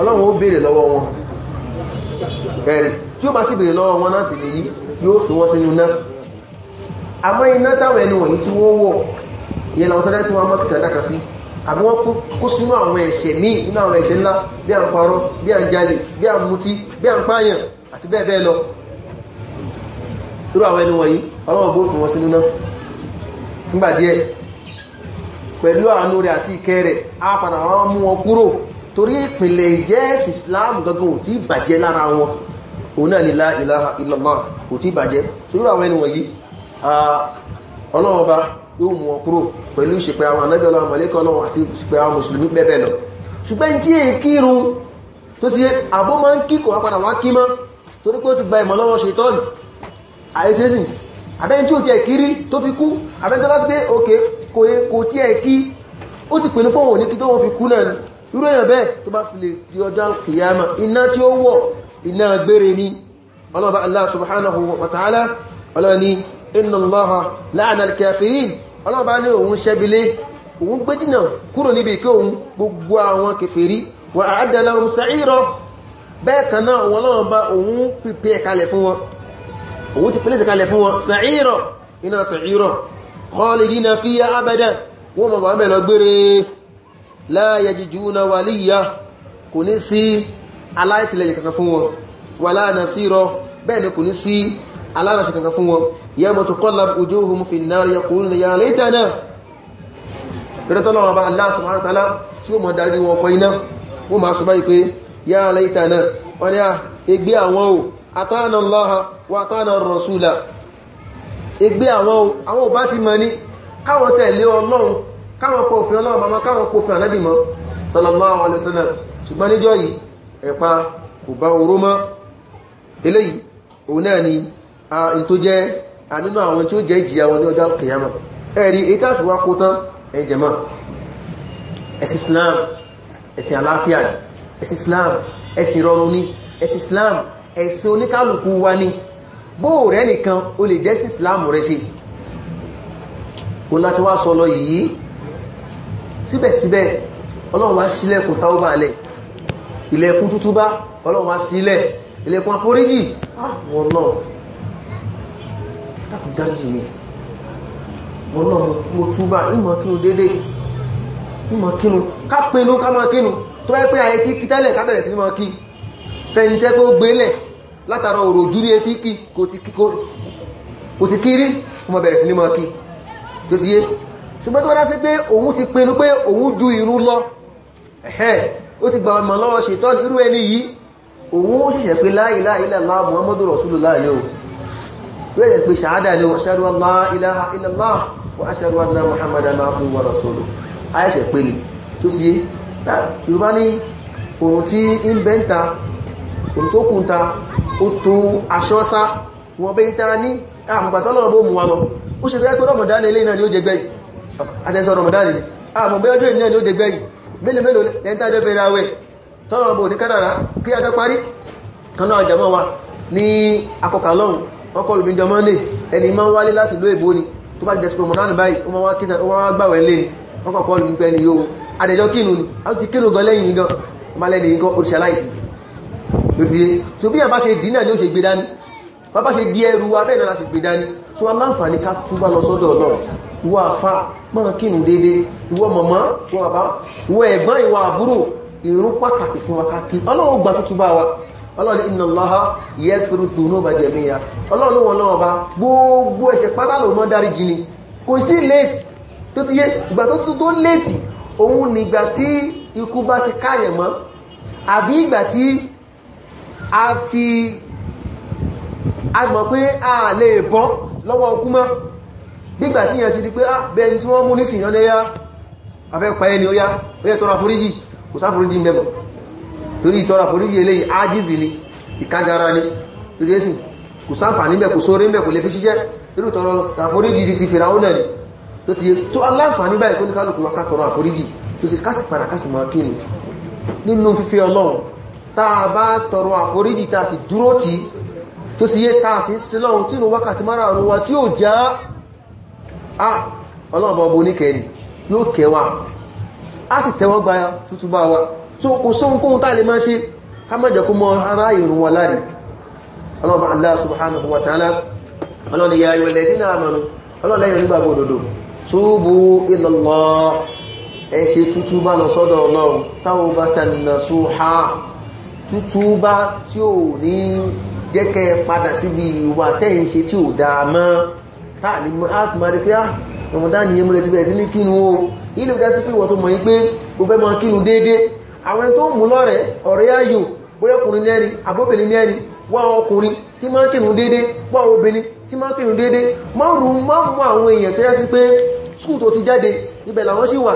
ọlọ́run ó bèèrè lọ́wọ́ wọn ẹ̀rì tí ó bá sí bèèrè lọ́wọ́ wọn náà sì lè yí yóò fi wọ́n sínú náà àmọ́ iná táwọn ẹni wọ̀nyí tí wọ́n làwọn wọ́n mọ́ wọ́n kó sínú àwọn ẹ̀ṣẹ̀ míì pẹ̀lú àánú rẹ̀ àti ìkẹ́ rẹ̀ wọn kúrò torí ìpìlẹ̀ ìjẹ́ islam gangan ò tí bàjẹ́ lára wọn òun náà ni la ilaha illallah ò tí bàjẹ́ sórí àwọn ẹni wọ̀nyí ọlọ́ọba yóò mú wọn kúrò pẹ̀lú ìṣẹ̀pẹ̀ àwọn anábẹ́ ọlọ́wọ́ mọ̀lẹ́kọ́ ọlọ́wọ́ àti ìṣẹ̀pẹ̀ àwọn mùsùlùmí bẹ́ẹ̀ lọ ṣùgbọ́n tí èyí kírun tó sì àbó máa ń kíkọ̀ apàdà wá kí mọ́ torí pé ó ti gba kiri tó fi kú àbẹ́yìn tó láti pé irú èyàn bẹ́ẹ̀ tó bá fi lè di ọjọ́ kìyàmà iná tí ó wọ̀ iná gbére ní ọlọ́bà Allah subhanahu wa ta'ala ọlọ́ni inna Allaha la'ana al-kafirin ọlọ́bà ní òun ṣẹ́bilé òun gbé jìnà kúrò níbi kí òun gbogbo àwọn kèfèrí wa a'adda lahum sa'ira bẹ́ẹ̀ kan náà wọn láyẹjìjúna wàlíyà kò ní sí aláìtìlẹ̀yìn kankan fún wọn wà láàrín nasírọ bẹ́ẹ̀ ni kò ní sí aláràṣẹ kankan fún wọn yẹ mọ̀ tó kọ́lá ojú ohun fi náà yẹ kúrò ní yàrá ìta náà rẹ̀ tọ́lọ́ wọn bá Allah subhanahu wa ta'ala tí ó mọ̀ dájú wọn ọkọ̀ iná wọ́n máa sọ báyìí pé yàrá ìta káwọn tẹ̀lé ọlọ́run káwọn pọ̀ òfin ọlọ́run bàmọ́ káwọn pọ̀ òfin ànábì mọ́ sallallahu alaihi wasallam ṣùgbọ́n níjọ́ yìí ẹ̀pa kò bá oró mọ́ eléyìí òun náà ni a n tó jẹ́ àdínú àwọn tí ó jẹ́ ìjìyà wọn ní ọjọ́ kìyàmà ẹ̀rí ètà ṣùgbọ́n kó tán ẹjẹ̀mọ́ ẹ̀sìn Islam ẹ̀sìn àlàáfíà ẹ̀sìn Islam ẹ̀sìn rọrùn ẹ̀sìn Islam ẹ̀sìn oníkálùkù wa ní bó rẹ̀ nìkan o lè Islam rẹ̀ ṣe kò láti síbẹ̀síbẹ̀ ọlọ́run wá sílẹ̀kùn tàúbà lẹ̀ ilẹ̀kùn tútúbá ọlọ́run wá sílẹ̀ ilẹ̀kùn àforíjì wọn náà dákùn dáríjì mi wọn náà mo túbá ìmọ̀ kínú dédé ìmọ̀ kínú ká pinnu ká máa kínú tó wáyé pé ayé tí kí tẹ́lẹ̀ ká bẹ̀rẹ̀ sí ní máa kí fẹ́ni tẹ́ pé ó gbélẹ̀ látara òròjú ní etí kí kò sí kí rí kó máa bẹ̀rẹ̀ sí ní máa kí tó ti yé ṣùgbọ́n tó wọ́n sí pé òun ti pinnu pé òun ju irun lọ ẹ̀hẹ́n ó ti gba ọmọ lọ́wọ́ ṣètọ́nù irú ẹni yìí òun ó ṣẹ̀ṣẹ̀ pé la ilaha illallah Muhammadu Rasulullah ni ó wẹ́yẹ̀ pé ṣàádà ni wa ashhadu an la ilaha illallah wa ashhadu anna Muhammadan abduhu wa rasuluhu ayẹ́ṣẹ̀ pé ni tó sí yorùbá ní ohun tí ń àtẹ́sọ ramadan ni àmọ́ bí ọjọ́ ìmìnà ni ó dé gbẹ̀yìn mélòó mélòó lẹ́ntà ẹjọ́ bẹ̀rẹ̀ àwẹ̀ tọ́lọ̀ ọmọ òní kádàrá kí ajọ́ parí kaná àjàmọ́ wa ní akọkà lọ́hùn ọkọ̀ lùmí jọ monday ẹni máa ń wálé láti ló èbó ni tó bá dẹ̀sọ ramadan báyìí ó máa gbàwẹ̀ lé ni ọkọ̀ kọ́ lùmí a ti kínu gan lẹ́yìn gan malẹ́ni nǹkan oríṣaláìsì ló ti yé so bí àbá ṣe dínà ni ó ṣe gbé dání bàbá ṣe di ẹrù wa bẹ́ẹ̀ náà láti gbé dání so aláǹfààní ká túbá lọ sọ́dọ̀ ọlọ́run ìwọ àfá máa kírun dédé ìwọ mọ̀mọ́ ìwọ bàbá ìwọ ẹ̀gbọ́n ìwọ àbúrò ìrun pàtàkì fún wa káàkiri ọlọ́run gbà tútúbá wa ọlọ́run ní inna Allaha yaghfiru dhunuba jami'a ọlọ́run wọn náà bá gbogbo ẹ̀ṣẹ̀ pátá ló mọ́ late tó ti yé ìgbà late òun nígbà tí ikú bá ti káyẹ̀ mọ́ a mọ̀ pé a lè bọ́ lọ́wọ́ okú mọ́ gbígbà tí yẹn ti di pé a ah, bẹni tí wọ́n mú ní sìnyán lẹ́yà afẹ́ pa ẹni óyá óyẹ tọrọ àforíjì kò sáforíjì mẹ́mọ̀ torí ìtọrọ àforíjì eléyìí ájízì ni ìkágara ni lójésì kò sáǹfàní mẹ́ kò sóre mẹ́ kò lè fi ṣiṣẹ́ irú tọrọ àforíjì ti fèrè àwọn náà ni tó sì yé tààsí sílọ́un tí inú wákàtí mara ọ̀run wa tí ó já á ọlọ́ọ̀bọ̀ ọbọ̀ oníkẹ̀ẹ́ni ló kẹwa á sì tẹ́wọ́ gba tútù bá wa tó kò sóhun kóhun tàà lè máa ṣe ká mọ́ jẹ́kú mọ́ ara ìrùn wa láàrin ọlọ́ọ̀bọ̀ Allah subhanahu wa ta'ala ọlọ́ni ya ayọ̀ lẹ́dínà àmànù ọlọ́lẹ́yìn onígbàgbọ́ òdòdó túbú ilallah ẹ ṣe tí ò ní jẹ́ kẹ́ padà síbi ìwà tẹ́yìn ṣe tí ò dáa mọ́ táà ní mọ́ pé ọmọdá ah, ni emúrẹ ti bẹ̀rẹ̀ sí ní kínú o ilé ìdá sí pé ìwọ̀ tó mọ̀ yí pé o fẹ́ mọ́ kínú déédé àwọn tó mú lọ́rẹ̀ ọ̀rẹ́ ayò bóyọ́kùnrin lẹ́ni àbóbìnrin lẹ́ni wá ọkùnrin tí máa kínú déédé wá obìnrin tí máa kínú déédé mọ́rù mọ́ àwọn èèyàn tó yẹ́ pé skul tó ti jáde ibẹ̀ làwọn sì wà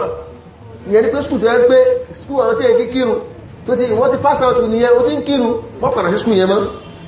ìyẹn ni pé skul tó yẹ́ sí pé skul àwọn tí ẹ̀ kí kírun tó ti wọ́n ti pass out nìyẹn ó ti ń kírun wọ́n padà sí skul yẹn mọ́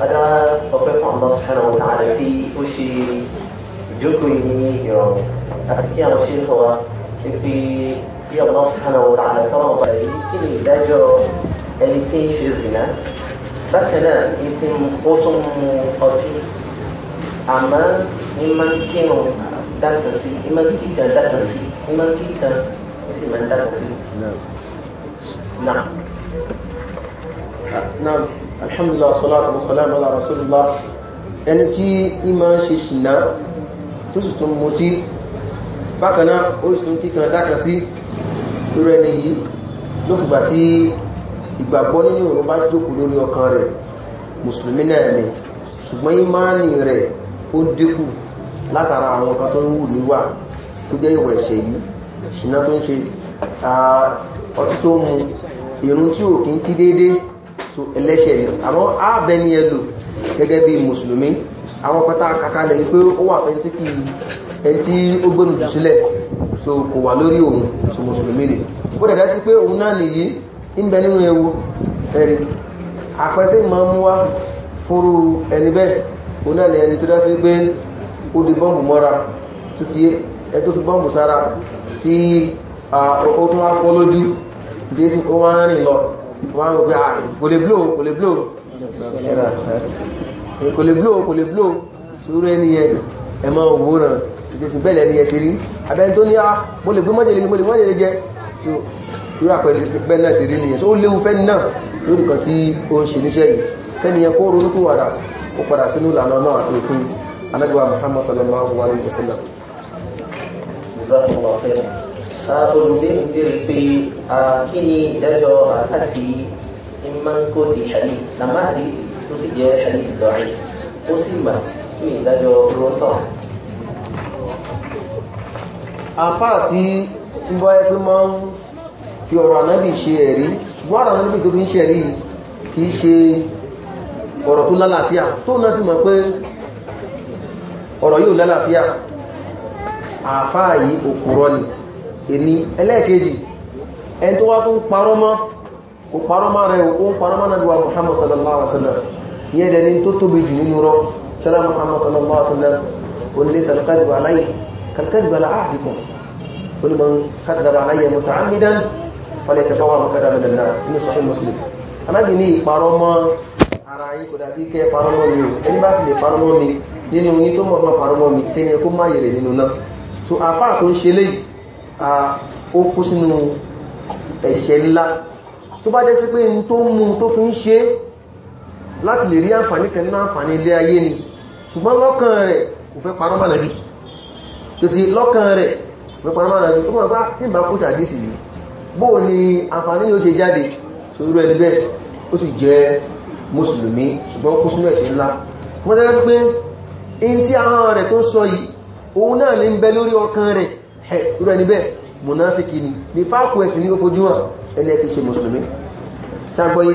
ada topik Allah Subhanahu wa Ta'ala tí ó ṣe ìjókòó yìí ní ìrọ̀rùn àti kí àwọn ṣe ń kọ́ wa ṣe fi bí Allah Subhanahu wa Ta'ala tọ́lọ̀ ọba yìí kí ni ìdájọ́ ẹni tí ń ṣe zìnà bákan náà ní ti ó tún mu ọtí àmọ́ ní máa ń kírun dákan sí ní máa ń kíkan dákan sí ní máa ń kíkan ní sì máa ń dákan sí. Náà. naam alhamdulillah salatu wa salam ala rasulillah ẹni tí ìmọ̀ ń ṣe ṣìnà tó sì tún mú tí bákaná ó sì tún kíkan dákan sí irú ẹni yìí lókùgbà tí ìgbàgbọ́ nínú òun bá jókòó lórí ọkàn rẹ̀ mùsùlùmí náà ni ṣùgbọ́n ìmáànì rẹ̀ ó dínkù látara àwọn kan tó ń wù níwà tó jẹ́ ìwà ẹ̀ṣẹ̀ yìí ṣìnà tó ń ṣe ọtí tó mú ìrun tí ò kí ń kí déédéé so ẹlẹ́ṣẹ̀ ni àmọ́ ààbẹni ẹlò gẹ́gẹ́ bí mùsùlùmí àwọn pẹ́ta kakalẹ̀ pé ó wà fẹ́ tí kí ẹn tí ó gbónú jù sílẹ̀ so kò wà lórí òun so mùsùlùmí ni ó dẹ̀dẹ̀ sí pé òun náà nìyí ń bẹ nínú ewu ẹ̀rí àpẹẹtẹ́ ma ń wá fúrú ẹni bẹ́ẹ̀ òun náà ni ẹni tó dá sí pé ó di bọ́ǹbù mọ́ra tó ti yé ẹ tó fi bọ́ǹbù sára tí ó tún wá fọ́ lójú bí ó wá rìn lọ wọ́n rò pé ah, kò lè blow kò lè blow eh, kò lè blow kò lè blow ṣúrú ẹniyẹ ẹmọ owó náà ìjẹsìn bẹ́ẹ̀lẹ̀ ẹniyẹ ṣe rí abẹ́ni tó ní á ah, mo lè gbé mọ́jẹ̀lẹ̀ mo lè mọ́jẹ̀lẹ̀ jẹ́ tó yóò àpẹẹrẹ bẹ́ẹ̀ náà ṣe rí nìyẹn ó léwu fẹ́ náà lórí kan tí ó ń ṣe Muhammad sallallahu alaihi wasallam olùbéèrè béèrè pé kí ni ìdájọ́ àti ìmánkó ti ṣàlì làmá àdìsí tó sì jẹ́ ṣàlì ìdọ̀rin ó sì mà kí ni ìdájọ́ rọ́tọ̀. àfáà tí ń bọ́ ẹgbẹ́ máa ń fi ọ̀rọ̀ ànábì ṣe ẹ̀rí ṣùgbọ́n ọ̀rọ̀ ànábì tó fi ń ṣe ẹ̀rí kì í ṣe ọ̀rọ̀ tó lálàáfíà tó náà sì mọ̀ pé ọ̀rọ̀ yóò lálàáfíà àfáà yìí òkúrọ́ ni ẹni ẹlẹ́ẹ̀kejì ẹni tó wá tó ń parọ́ mọ́ kò parọ́ rẹ̀ ó ń parọ́ Muhammad sallallahu alaihi wasallam yẹ́ dẹni tó tóbi jù nínú rọ ṣẹlá Muhammad sallallahu alaihi wasallam ó ní laysa al-kadhibu alayya kal-kadhibi ala ahadikum ó ní man kadhaba alayya muta'ammidan falyatabawa Muslim anábì ní ìparọ́ mọ́ ara yín kò dàbí kẹ́ parọ́ mọ́ mi ẹni bá fi lè mọ̀ mọ́ parọ́ nínú náà so àfáà tó ń ó kú sínú ẹ̀ṣẹ̀ ńlá tó bá dẹ́sí pé ní tó mú tó fi ń ṣe láti lè rí àǹfàní kan nínú àǹfàní ilé ayé ni ṣùgbọ́n lọ́kàn rẹ̀ kò fẹ́ parọ́ mọ́lẹ̀bí tó sì lọ́kàn rẹ̀ kò fẹ́ parọ́ mọ́lẹ̀bí ó mọ̀ pá ah, tí ìbá kó tàbí sí yìí bó ni àǹfàní yóò ṣe jáde sórú ẹni bẹ́ẹ̀ ó sì jẹ́ mùsùlùmí ṣùgbọ́n kú sínú ẹ̀ṣẹ̀ ńlá wọ́n tẹ́lẹ́sí pé in tí ahọ́n rẹ̀ tó sọ yìí òun náà lè ń bẹ lórí ọkàn rẹ̀ irú ẹni bẹ́ẹ̀ mùnáfíkì ni ní fáàkù ẹ̀sìn ní ó fojú hàn ẹni ẹ̀kì ṣe mùsùlùmí ṣàgbọ́yé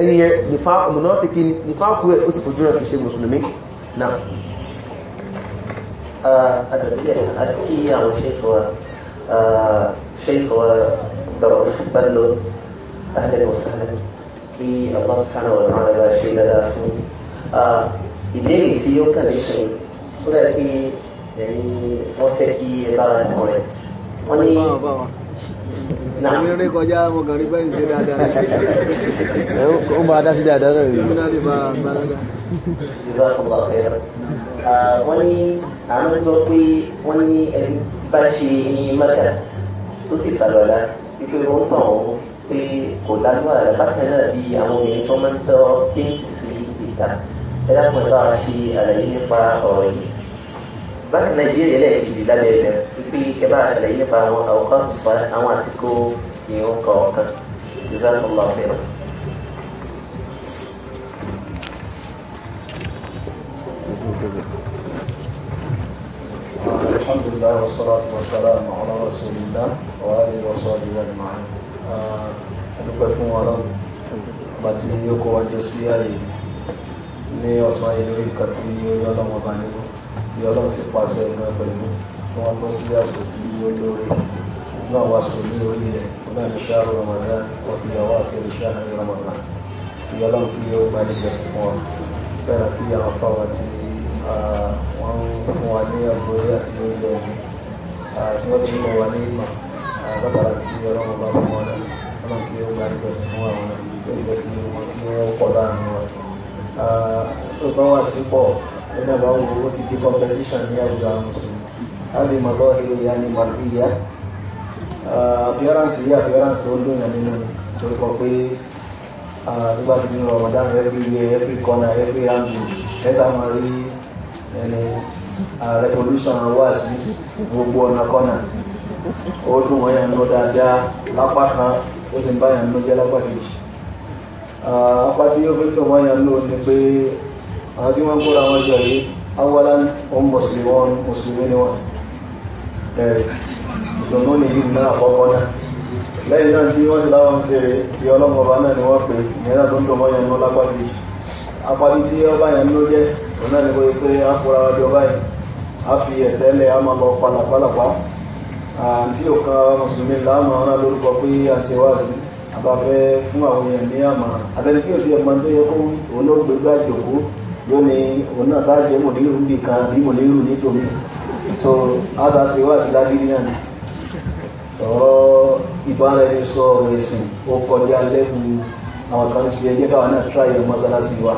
ẹni ẹ mùnáfíkì ní fáàkù ẹ̀ ó sì fojú hàn kì ṣe mùsùlùmí náà àti àwọn ṣẹ́kọ̀ọ́ bẹ̀rọ̀ bẹ̀rọ̀ أهلا وسهلا kí Allah subhanahu wa ta'ala ṣe wọ́n fẹ́ kí ẹ bá ara sọ̀rọ̀ ẹ̀. wọ́n ní èmi rí kọjá mo kàn rí bẹ́ẹ̀ ń ṣe dáadáa ẹ ó máa dá sí dáadáa náà yìí. ìmúná lè máa gbáradá. ìjọba àkọ́kọ́ ọ̀fẹ́ wọ́n ní àánú sọ pé wọ́n ní ẹni bá ṣe ní mẹ́ta tó sì sàlọ́lá wípé ọ̀rọ̀ yìí. bákan nàìjíríà lẹ́ẹ̀kejì lábẹ́ rẹ̀ wípé ẹ bá ṣàlàyé nípa àwọn àwòkán sọ àwọn àsìkò ìhun kọ̀ọ̀kan ìzákọ̀ọ́lá fẹ́ràn. الحمد لله والصلاة والسلام على رسول الله وآله وصحبه أجمعين. أدوكم فún wa lọ́wọ́ bá ti yóò kó wájú sí ààyè ní ọ̀sán ìlú ìkàtí yóò yọ́ lọ́wọ́ bá nínú. tí ọlọ́run sì pàṣẹ ẹ̀nà pẹ̀lú tí wọ́n bọ́ sí àsìkò tí ó lórí náà wá sọ ní orí ẹ̀ náà ní ṣáàrù rọmọdá wọ́n fi yàwó àkẹ́rẹ́ ṣáàrù rọmọdá tí ọlọ́run kí ó gba ní ìjọsìn fún wa bẹ́ẹ̀ kí àwọn fáwọn tí wọ́n ń fún wa ní àgbóyé àti orí ọdún tí wọ́n ti ń mọ̀ wa ní ìmọ̀ lọ́pàá tí ọlọ́run bá fún wa náà kí ó gba ní ìjọsìn fún àwọn ìgbẹ́ kí wọ́n pọ̀ láàrin wa ẹ̀nà bá wù ó ti di competition ní àwùjọ àwọn mùsùlùmí láti mọ̀ bọ́ ìlú ìyá ní màlúùyá appearance yìí appearance tó ń dùn nínú torí kọ pé nígbà tí nínú every corner every angle ẹ̀sà máa revolution wà sí gbogbo ọ̀nà kọ́nà ó dùn wọ́n yàn lọ dáadáa lápá kan ó sì ń bá yàn lọ jẹ́ lápá kejì apá tí ó fi dùn wọ́n yàn lọ ni pé àwọn tí wọ́n ń kóra wọn jọ yìí awalan wọn mùsùlùmí wọn mùsùlùmí ni wọn lọ́nà ní yìí náà àkọ́kọ́ náà lẹ́yìn náà tí wọ́n sì láwọn ń ṣeré tí ọlọ́mọba náà ni wọ́n pè ìyẹn tó ń dọ̀mọ́ yẹn ló lápàdé apàdé tí ọba yẹn ló jẹ́ òun náà ni kò yẹ pé a fura wa di ọba yẹn a fi ẹ̀tẹ́lẹ̀ a máa lọ pàlàpàlàpà àti òkan mùsùlùmí láàmà ọ̀nà lórúkọ pé yóò ní òun náà sáájú mòdìrú ń bì kan ni. mòdìrú ní tòmí so aṣa ṣe wá sí lágídí náà ni ọ̀rọ̀ So, ẹni sọ ọ̀rọ̀ ẹ̀sìn ó kọjá lẹ́bùn àwọn kan ṣe ẹjẹ́ káwọn náà tráyé mọ́sálásí wa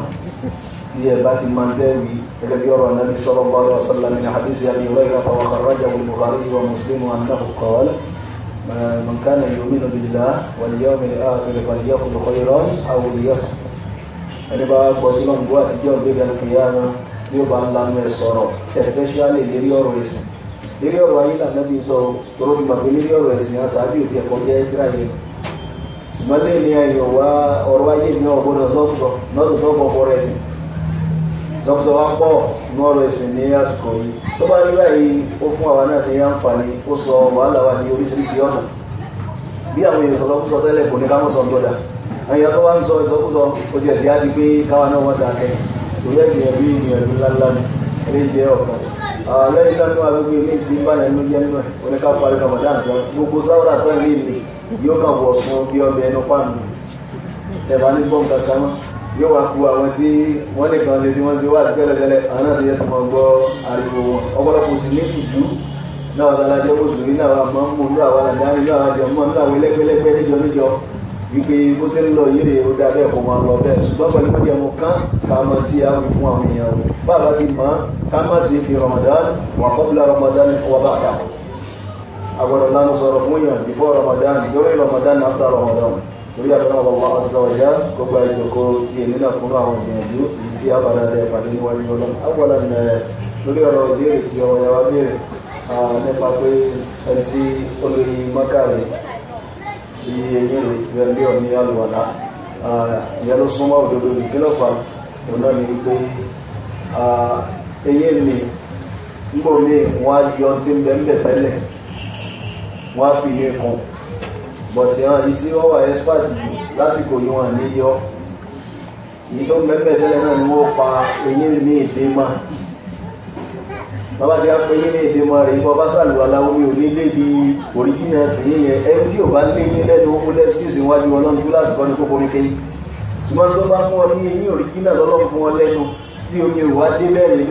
tí ẹ bá ti máa tẹ́rì gẹ́gẹ́ bí ọ̀rọ̀ Ànábì sallallahu alaihi wasallam min hadisi Abi Hurayrah wa kharrajahu al-Bukhari wa Muslim annahu qala man kana yu'minu billahi wal yawmil akhir falyaqul khayran aw liyasmut ẹni bá gbọ́ iná ìbú àti jẹ́ ògbé ìgbà lókè yára ní ó bá ń lanu ẹ̀ sọ̀rọ̀ especially lérí ọ̀rọ̀ ẹ̀sìn lérí ọ̀rọ̀ ayé là nẹ́bí sọ tóró ti gbàgbé lérí ọ̀rọ̀ ẹ̀sìn yẹn sàábì ò ti ẹ̀kọ́ jẹ́ tíra yẹn ṣùgbọ́n lé ní ẹ̀yọ̀ wá ọ̀rọ̀ ayé ní ọ̀gbọ́dọ̀ sọ́kùsọ lọ́dún tó kọ́ fọ́rọ̀ ẹ̀sìn sọ́kùsọ wá pọ̀ ní ọ̀rọ̀ ẹ̀sìn ní àsìkò yìí tó bá rí báyìí ó anya tó wá ń sọ ìsọkúsọ ó ti ẹ̀tì á di pé káwa náà wọ́n dákẹ́ torí ẹ̀gbìyàn bí ìgbìyànjú ńláńlá ni ilé jẹ́ ọ̀kan lẹ́yìn náà níwà lórí ilé tí báyẹ̀ ló jẹ́ ka ẹ̀ oníká parí ramadan tán gbogbo sáwọ́dà tán ilé mi yóò kàn wọ̀ fún bí ọbẹ̀ ẹnu pàmì ẹ̀bà ní gbọ́n kankan yóò wá ku àwọn tí wọ́n nìkan ṣe wọ́n sí wípé bó ṣe ń lọ yíre ó dá bẹ́ẹ̀ kó máa lọ bẹ́ẹ̀ ṣùgbọ́n pẹ̀lú méjì ẹ̀mú kan ká mọ tí a wí fún àwọn èèyàn o bàbá ti mọ̀ ká má ṣe fi Ramadan wà kọ́bùlà Ramadan wà bá dà agbọ́dọ̀ lánà sọ̀rọ̀ fún yàn before Ramadan during Ramadan after Ramadan torí àbúrò àwọn ọmọ ọsọ ọjà gbogbo àjòkó ti èmi náà fún àwọn ìgbìyànjú tí a bàdà rẹ pàdé níwájú Ọlọ́run agbọ́dọ̀ nà lórí ọ̀rọ̀ ìbéèrè tí ọmọ sí ìrìn ìrẹ̀lẹ́ ọ̀ní alùwàlá ìyẹ́lú súnmọ́ òdòdó ìgbélọ́fà ọ̀nà ní wípé ah, eyé mi ńgbò ní wọ́n á yọ tí ń bẹ ń bẹ̀ tẹ́lẹ̀ wọ́n á fi ilé e kan bọ̀tí hàn yìí tí wọ́n wà expert yìí lásìkò yìí wọ́n ní yọ èyí tó ń bẹ ń náà ni wọ́n pa eyín mi ìdí máa bàbá jẹ́ pé yí ní èdè mọ́ rẹ̀ ìbọn bá sàlùwà láwọ́mí ò ní lè bí orígínà tí yíyẹ ẹni tí ò bá lè ní lẹ́nu ó múlẹ̀ skills níwájú ọlọ́run tó láti kọ́ ní kókó ní kéyí ṣùgbọ́n tó bá fún ọ ní eyín orígínà tọ́lọ́run fún ọ lẹ́nu tí omi ò wá dé bẹ́ẹ̀rẹ̀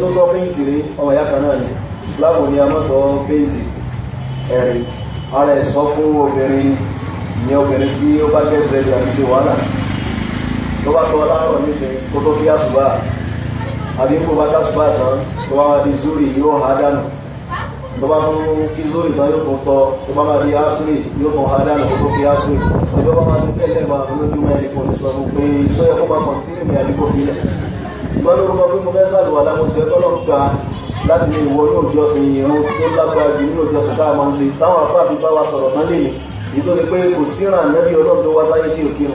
lórúkọ kó ni ìsìláàmù ni a mọ́tọ́ péǹtì ẹ̀rìn fún obìnrin ni obìnrin tí ó bá gẹ́sù ẹ̀dùn àti tó bá tọ́ láàárọ̀ nísìn kó tó kí àṣùbà àbí kó bá káṣùbà tán tó bá di zúrì yóò há dànù tó bá mú kí zúrì tán yóò tún tọ tó bá di àṣírí yóò tún há dànù kó tó kí àṣírí tó bá máa sí tẹ́lẹ̀ máa lójúmọ́ ẹni kò ní sọ fún pé tó yẹ kó máa kọ̀ntínú ní àdúgbò fílẹ̀ ṣùgbọ́n lórúkọ fún ìrún tó lágbára jù nínú ìjọsìn tá máa ń ṣe táwọn afáàfi bá wa sọ̀rọ̀ tán lè yìí pé kò síràn lẹ́bí ọlọ́run wá sáyé tí ò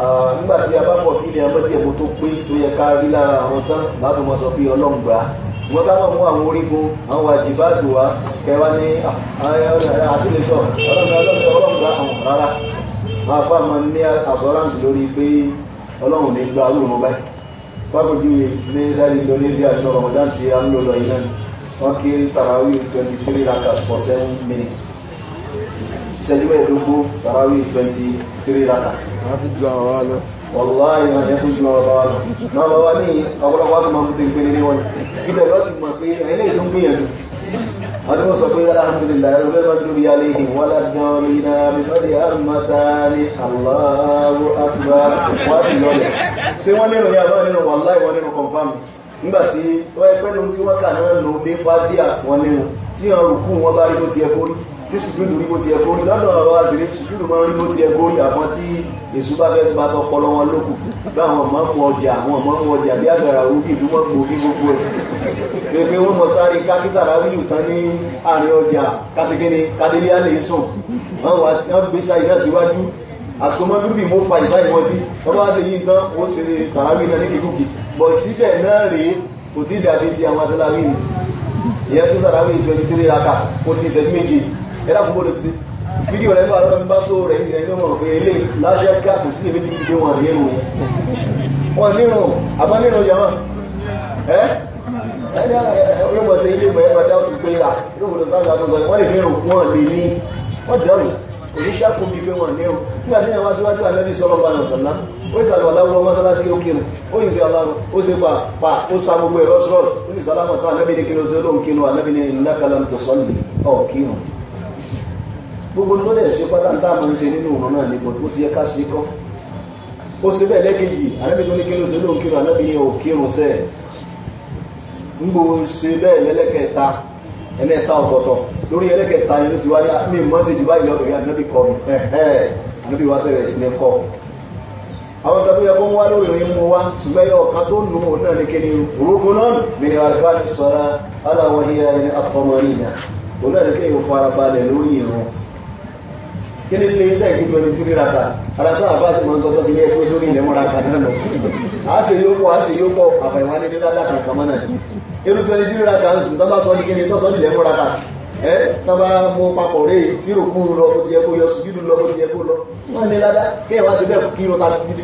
nígbà tí a bá fọ̀ fílẹ̀ amọ́jẹ̀mú tó pé tó yẹ ká rí lára àwọn tán láti mọ̀ sọ pé ọlọ́run gbà á ṣùgbọ́n ká mọ̀ mú àwọn orígun àwọn àjìbáàtì wa kẹwa ní àti lè sọ ọlọ́run gbà àwọn rárá máa fà máa ní assurance lórí pé ọlọ́run ní gba lóòrùn báyìí fábòjúwe ní sáré Indonesia ṣọ Ramadan tí a ń lò lọ iná wọn kiri tarawih twenty three rakas for seven minutes ìṣẹ́jú mẹ́ẹ̀ẹ́dógún tàràwí twenty three rakat. wọ́n ti ju àwọn wa lọ. wàláyé wọn yẹn tó ju àwọn bá wa lọ. náà bá wa ní ọ̀pọ̀lọpọ̀ àti máa ń tẹ̀ gbére wọn bá ti mọ̀ pé ẹ̀yin lè gbìyànjú. wọ́n sọ pé alhamdulilayi Allahu akbar wọ́n sì lọ́lẹ̀. ṣé wọ́n nínú ní àbá nínú wàláyé wọn nínú kọ̀ǹfàmù nígbàtí wọ́n ẹgbẹ́ tí wọ́n kà náà lò dé fàtíà wọn nínú tí wọ́n wọn bá rí bó ti ẹkọ́ rí tí sùjúdù rí bó ti ẹgbó rí lọ́dọ̀ ọ̀rọ̀ àṣírí sùjúdù máa ń rí bó ti ẹgbó rí àwọn tí èṣù bá fẹ́ gba tọpọlọ wọn lókù báwọn ọmọ mú ọjà àwọn ọmọ mú ọjà bí àgbàrá orúkì bí wọ́n gbò bí gbogbo ẹ̀ pé wọ́n mọ̀ sáré kápítà ráwíyù tán ní àárín ọjà kásìkíní kádélé á lè sùn wọ́n wá gbé sáyé náà síwájú àsìkò mọ́ bíbí mo fa ìsáyé wọn sí wọ́n wá sí yí tán ó ṣe tàràwí náà ní kìkúkì bọ̀ síbẹ̀ náà rèé kò tí dàbí ti àwọn adẹ́láwí ìyẹn tó sàràwí 23 rakas ó ní ìṣẹ́jú méje ẹ̀dá kò gbọ́dọ̀ ti fídíò rẹ̀ bá lọ́dọ̀ mi bá sóò rẹ̀ ìṣẹ̀lẹ̀ ní ọmọ pé ilé láṣẹ ká kò sí èmi níbi ìdí wọn ní ìrùn wọn nírun àbá nírun yàmà ẹ ẹni ọlọ́mọ sí ilé ìmọ̀ ẹ̀rọ dáwọ́ ti pé à yóò gbọ́dọ̀ sáà sáà lọ́sọ̀rọ̀ wọ́n lè nírun wọn lè ní wọ́n dẹ̀rù òṣìṣẹ́ kò bí pé wọn nírun nígbà tí wọ́n síwájú àlẹ́bí sọ́rọ̀ bá nàṣọ̀lá ó sì sàlọ̀ aláwọ̀ mọ́sálásí ó kírun ó yìí sí aláwọ̀ ó sì pa pa ó sa gbogbo ẹ̀rọ sọ́rọ̀ ó sì tán àlẹ́bí ní kírun sí olóhùn kírun gbogbo tó dẹ̀ ṣe pátá tá àmọ́ ṣe nínú òun náà ní gbogbo ti yẹ ká ṣe kọ́ ó ṣe bẹ́ẹ̀ lẹ́gẹ̀jì àrẹ́bí tó ní kí ló ṣe lóun kírun àlẹ́bí ní òkírun sẹ́ ń gbogbo ṣe bẹ́ẹ̀ lẹ́lẹ́kẹta ẹlẹ́ta ọ̀tọ̀ọ̀tọ̀ lórí ẹlẹ́kẹta yẹn ti wáyé ah, mi mọ́ àwọn wá lórí ìrìn mú wá ṣùgbọ́n tó nù ún náà ní náà ní sọ́ra kí ní lè tẹ́ kí twenty three raka ara tó àbá sì máa ń sọ tó fi lé ẹgbẹ́ sórí ilẹ̀ mọ́ra kan náà lọ a sì yóò pọ̀ a sì yóò pọ̀ àfàìwá ní nílá dàkà kan mọ́nà irú twenty three raka ń sìn tọ́ba sọ ní kíni tọ́sọ ilẹ̀ mọ́ra kan ẹ tọ́ba mú papọ̀ rè tí rògbò lọ bó ti yẹ kó yọ sùjúdù lọ bó ti yẹ kó lọ wọ́n ní ládá kí ìwá sí bẹ́ẹ̀ kí irun thirty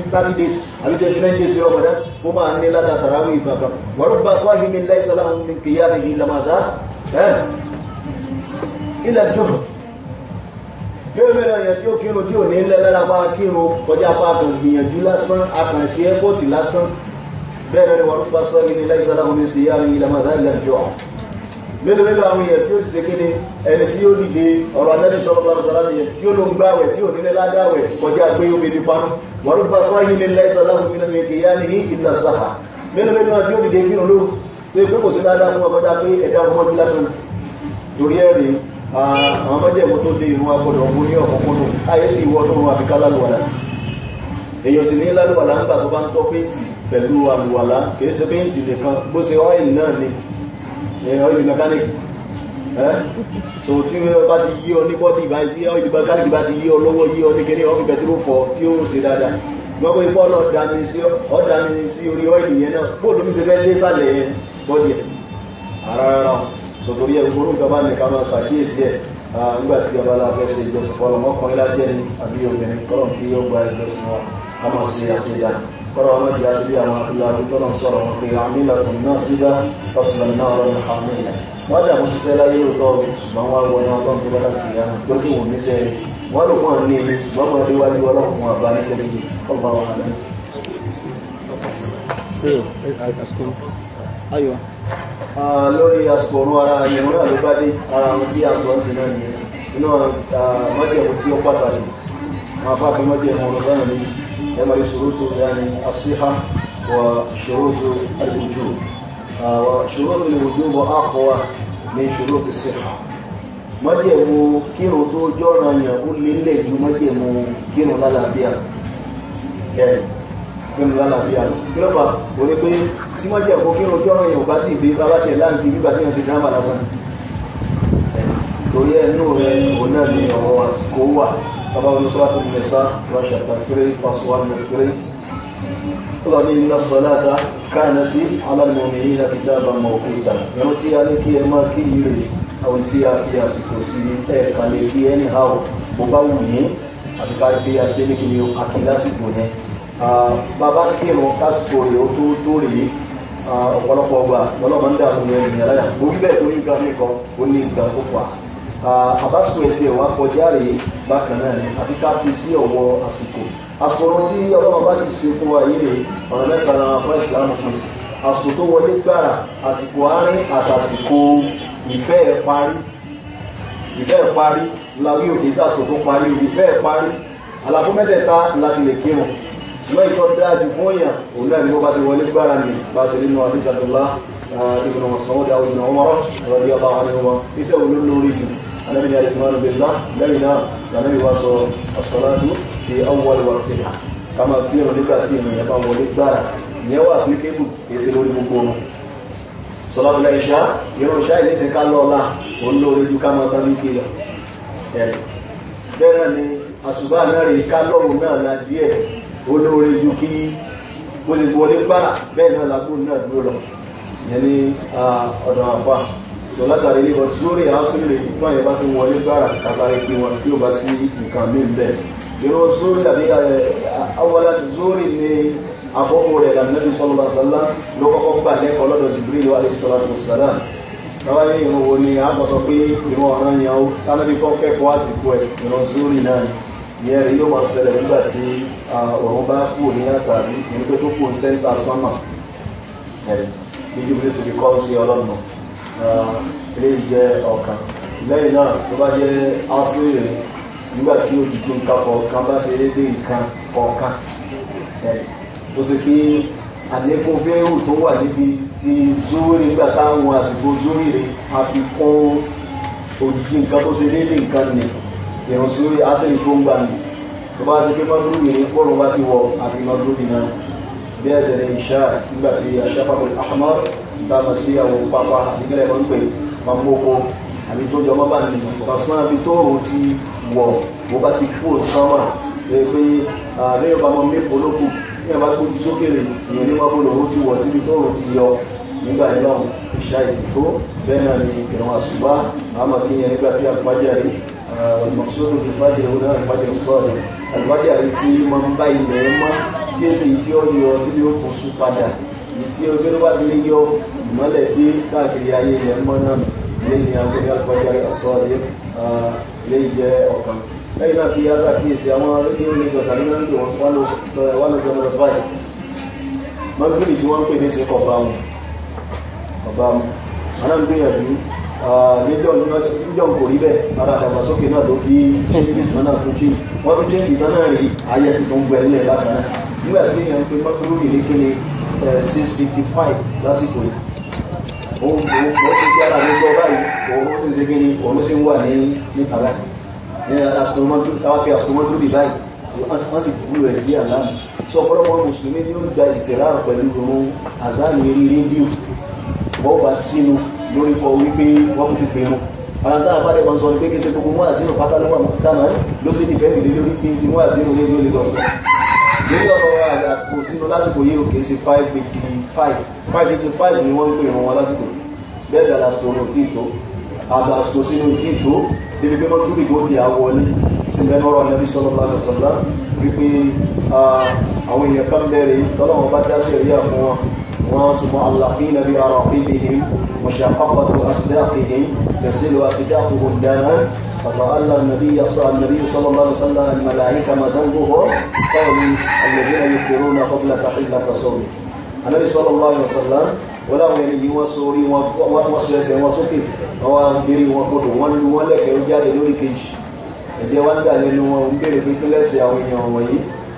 days àbí twenty nine days yọmọ dá ó máa ní ládá tàràwí ìbàbà wọ́n bá kọ́ àhìmí láìsàlámù ní kìyàmì ìlàmàdá ilẹ̀ jùlọ mélòó mélòó èèyàn tí ó kírun tí ò ní lẹ́lẹ́ra pa kírun kọjá pa kò gbìyànjú lásán akàn sí ẹ́fọ́ọ̀tì lásán bẹ́ẹ̀ náà ni wọ́n rúpa sọ ní láìsára omi sí yá ní ilẹ̀ mọ̀tá ilẹ̀ jọ mélòó mélòó àwọn èèyàn tí ó sì ṣe kéde ẹni tí ó dìde ọ̀rọ̀ anẹ́lì sọ́lọ́ bá sọ́lá nìyẹn tí ó ló ń gbáwẹ̀ tí ò ní lẹ́lá dáwẹ̀ kọjá pé ó bèèrè panu wọ́n rúpa kọ́ yìí ní láìsára omi ní sí ládàá fún ọkọjá Ah, àwọn mẹ́jẹ̀mú tó dé ìrún agbọ́dọ̀ mú ní ọ̀pọ̀pọ̀nù ayé sí ìwọ́dún àbíká lálùwàlá èyàn sì ní lálùwàlá ń gbà tó bá ń tọ́ péǹtì pẹ̀lú àlùwàlá kìí ṣe péǹtì nìkan bó ṣe ọ́ìlì náà ni ọ́ìlì mẹkáníkì so tí ó bá ti yí ọ ní bọ́dì báyìí ọ́ìlì mẹkáníkì bá ti yí ọ lọ́wọ́ yí ọ ní kíní ọ́fì pẹ̀tírò fọ tí ó ṣe dáadáa gbọ́gbọ́ ipò ọ̀dà mi sí orí ọ́ìlì yẹn náà bóòlù mi ṣe fẹ́ dé sálẹ̀ sọ̀tòrí ẹ̀ gbogbo nǹkan bá ní ká máa ṣàkíyèsí ẹ̀ nígbà tí abala fẹ́ ṣe mọ́kànlá lájẹ́ ni àbí obìnrin kọ́lọ̀ kí ó gba ìjọsìn wọn a máa ṣe àṣeyà kọ́lọ̀ wọn di aṣíbí àwọn àtúnyà àdúgbọ́lọ̀ sọ̀rọ̀ wọn pé àmìlẹ̀kùn náà síbá ọ̀sùnlẹ̀ náà lọ́nà àmìlẹ̀ wọ́n dàmú ṣiṣẹ́ láyé òótọ́ ṣùgbọ́n wọ́n wọ náà lọ́nà tó bá dàbí ìyá tó kí wọ́n níṣẹ́ wọ́n lò wọ́n ní ibi ayo. wọ́n dé wájú ọlọ́run wọn bá níṣẹ́ níbi ọba wọn àlẹ́. Ayiwa. Ah, lórí àsìkò òun ara ìrún náà ló bá dé ara àwọn tí a sọ ti náà nìyẹn inú ah, mọ́jẹ̀mú tí ó pàtàkì máa bá bí mọ́jẹ̀mú ọ̀rọ̀ sọ́nà ní ẹmọ̀rí ṣòrótò yàní asíhá wà ṣòrótò alìwòjò ah, wà ṣòrótò alìwòjò wọ ákọwà ní ṣòrótò síhá mọ́jẹ̀mú kírun tó jọ́ràn yàn ó lélẹ̀ ju mọ́jẹ̀mú kírun lálàáfíà ẹ̀rìn nínú lálàáfíà rẹ̀ kí lọ́pàá kò ní pé tí wọ́n jẹ́ ọ̀pọ̀ kírun kírun yìí ò bá ti dé bàbá tiẹ̀ láǹkì nígbà tí wọ́n ṣe dáhàmà lásán torí ẹnu rẹ̀ òun náà ni ọ̀rọ̀ àsìkò wà bàbá olùsọ́lá tó mẹ́sà rọ́ṣà tàfẹ́rẹ́ fásitì wà mẹ́fẹ́rẹ́ tọ́lá ní iná sọ́láta káàná tí alámọ̀mí ní kìtàbà mọ̀kúta ẹ̀rọ tí a ní kí ẹ máa kí ìrè àwọn tí a fi àsìkò sí ẹ̀ẹ̀kan lè kí anyhow bó bá wù ní àbíká bí a bàbá kírun kásìkò rẹ̀ ó tó tó rèé ọ̀pọ̀lọpọ̀ ọgbà lọ́lọ́mọ ń dààmú rẹ̀ nìyẹn láyà ó rí bẹ́ẹ̀ tó ní nǹkan nìkan ó ní nǹkan tó fà àbásìkò ẹ̀sìn ẹ̀wà kọjá rèé bákan náà ni àfi ká fi sí ọ̀wọ́ àsìkò àsìkò ọ̀rọ̀ tí ọlọ́mọ bá sì ṣe fún wa yìí ọ̀rọ̀ mẹ́ta náà fún ìsìlámù fún ìsìn àsìkò tó wọlé gbára àsìkò àárín àtàsìkò ìfẹ́ parí ìfẹ́ parí láwí òkè sí àsìkò tó parí ìfẹ́ parí àlàfo mẹ́tẹ̀ẹ̀ta láti lè kírun ṣùgbọ́n ìtọ́ dájú fún èèyàn òun náà ni wọ́n bá ṣe wọlé gbára ní bá ṣe nínú àdúgbò àdúgbò ibùdó ọ̀sánwó dáwọ́ ìnà ọmọ rọ́dí ọba àwọn ọmọ iṣẹ́ wo ló lórí jù anábì ní alẹ́ ìmọ̀ràn bẹ̀rẹ̀ náà lẹ́yìn náà lànàbì wá sọ ọ̀sánlájú ti awọ́lẹ̀ wà ti hà ká máa bí ẹ̀rọ nígbà tí ènìyàn bá wọlé gbára ìyẹn wà ní kébù èsì lórí gbogbo ọ̀nà sọlọ́bìlẹ̀ ìṣá ìrún ìṣá ká lọ́ọ̀lá òun lórí ju ká máa bá ní kéèyàn bẹ́ẹ̀ náà ni àṣùgbà náà rí ká lọ́rùn náà la díẹ̀ olóore ju kí ó lè wọlé gbára bẹ́ẹ̀ náà lábú náà dúró lọ ìyẹn ní ọ̀dọ̀ àpá tó látàrí ilé ọtí lórí àásùn lè nígbà yẹn bá sí wọlé gbára kásáré kí wọn tí ó bá sí nǹkan mí bẹ́ẹ̀ ìrọ̀ sórí àbí awọ́lá sórí ni àkọ́kọ́ rẹ̀ lànàbí sọ́lọ́lá sọ́lá ló kọ́kọ́ gbà lẹ́kọ̀ọ́ lọ́dọ̀ Jibril wà lẹ́bí sọ́lá tó sọ́lá bàbá ní ìrun wo ni a kọ́ sọ pé ìrun ọ̀ràn yẹn ó tánàbí kọ́ kẹ́kọ̀ọ́ àsìkò ẹ̀ ìrọ̀ sórí náà ìyẹn rẹ̀ yóò máa ṣẹlẹ̀ nígbà tí ọ̀run bá kú ní àtàrí ní pé tó kú sẹ́ńtà sánmà gbígbé sí kọ́ sí ọlọ́nà ilé ìjẹ ọ̀kan lẹ́yìn náà tó bá jẹ́ asúrè nígbà tí òjìjú nǹkan kọ̀ọ̀kan bá ṣe dédé nǹkan kọ̀ọ̀kan tó sì pé àlékún fẹ́rù tó wà níbi ti zúrí nígbà táwọn àsìkò zúrí àfikún òjìjú nǹkan tó ṣe dédé nǹkan ni ìrùn asẹ́yìn tó ń gbà nìyí tó bá ṣe pé mọ́dúrú yìí kọ́rùn bá ti wọ àbí mọ́dúrú náà bí ẹ̀jẹ̀ ní ìṣá nígbà tí aṣáfàbọ̀ ahmar dáàmà sí àwọn pápá nígbẹ̀rẹ̀ mọ́ ń pè mamoko àbí tó jọmọ́ bá ní tasman àbí tó rò ti wọ̀ bó bá ti kú sọ́mà pé àárẹ̀ ọba mọ́ mẹ́fọ́ lókù ní ẹ̀bá gbójú sókè rè ìyẹn ní wọ́n bó ti wọ̀ síbi tó rò ti yọ nígbà náà ìṣá ìtìtó bẹ́ẹ̀ náà ni ìrìn àṣùgbá àmọ́ kí yẹn nígbà tí àfájà rí المقصود بالفجر هنا الفجر الصادق àlùbájà rí tí máa ń bá ilẹ̀ mọ́ tí ó sì tí ó yọ tí ó tún sún padà èyí tí ó gbẹ́rú bá ti lè yọ ìmọ́lẹ̀ dé káàkiri ayé ilẹ̀ mọ́ náà ilé ni agbẹ́rẹ́ àlùbájà rí sọ ilé ìjẹ́ ọ̀kan lẹ́yìn náà fi yáza kíyèsí àwọn rédíò lagos níjọ́n kò rí bẹ́ẹ̀ ara àdàgbàsókè náà ló bí changes náà tó change wọ́n tó change ìtàn náà rí ayé sí tó ń gbẹ̀lẹ̀ lára náà nígbà tí èèyàn pe mọ́kúrú ní ní kíni 655 eh, lásìkò yìí òun ló ti tí ara ló gbọ́ báyìí òun ló ti ṣe kíni òun ló ṣe ń wà ní níta báyìí ní astrometry astrometry bí báyìí wọ́n sì kúrú ẹ̀ sí àlá sọ ọ̀pọ̀lọpọ̀ mùsùlùmí ni ó ń gba ìtẹ̀rá pẹ̀lú òun àzáàlì rédíò bọ́ọ̀bà sínú lórí kọ wípé wọ́n ti pè wọn àwọn táwọn afárẹ́ kan sọ ní pé kí ṣe gbogbo mú àṣírò pátá ló wà táwọn ló sì dìbẹ́ nìlé lórí pé ti mú àṣírò lé lórí lọ lórí ọ̀rọ̀ àsìkò sínú lásìkò yìí òkè sí five fifty five five fifty five ni wọ́n ń pè wọn lásìkò bẹ́ẹ̀ dà lásìkò ní òtí ìtó àbà àsìkò sínú òtí ìtó débi pé wọ́n dúbìgbò ti àwọ̀ ní sí mẹ́nu ọ̀rọ̀ nẹ́bí sọ́lọ́ bá lọ́sọ̀lá wípé ah, àwọn èèyàn kan bẹ̀rẹ̀ tọ́lọ́wọ́n bá dáṣẹ̀ rí àfún wọn وانس معلقين بأراقبهم وشقفة أصداقهم يصل أصداقهم دما فسأل النبي صلى النبي صلى الله عليه وسلم الملائكة ما ذنبهم قالوا الذين يفطرون قبل تحلة صومه النبي صلى الله عليه وسلم ولا يري وسوري وسوس وسوكي هو بيري وكود وان ولا كيوجاد لوري كيش ẹjẹ wá ń dà lẹ́nu wọn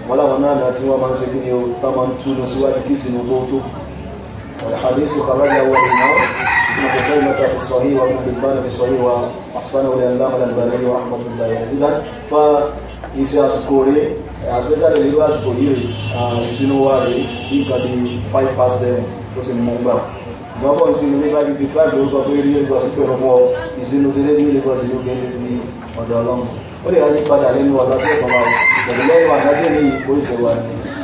wọ́n láwọn náà náà tí wọ́n máa ń ṣe kí ni ó tá máa ń túnú síwájú kí sínú tó tó الحديث خرجه الإمام ابن خزيمة في الصحيح وابن حبان في الصحيح وأصفانه الإعلام الألباني ورحمة الله إذا فإيسي أسكوري àṣẹ́jáde ìlú àṣìkò yìí ìsinú wà rí ìgbà bí 5% tó sì mú gbà gbọ́gbọ́ ìsinú ní 555 lórúkọ pé rí ẹgbà sí pẹ̀lú fún ọ ìsinú tó lé ní ẹgbà sí lókè sí ti ọ̀dọ̀ ọlọ́run ó lè rájí padà nínú ọ̀dá sí ẹ̀kọ́ máa pẹ̀lú lẹ́yìn àdásẹ́ ní ìpòlìṣẹ̀wà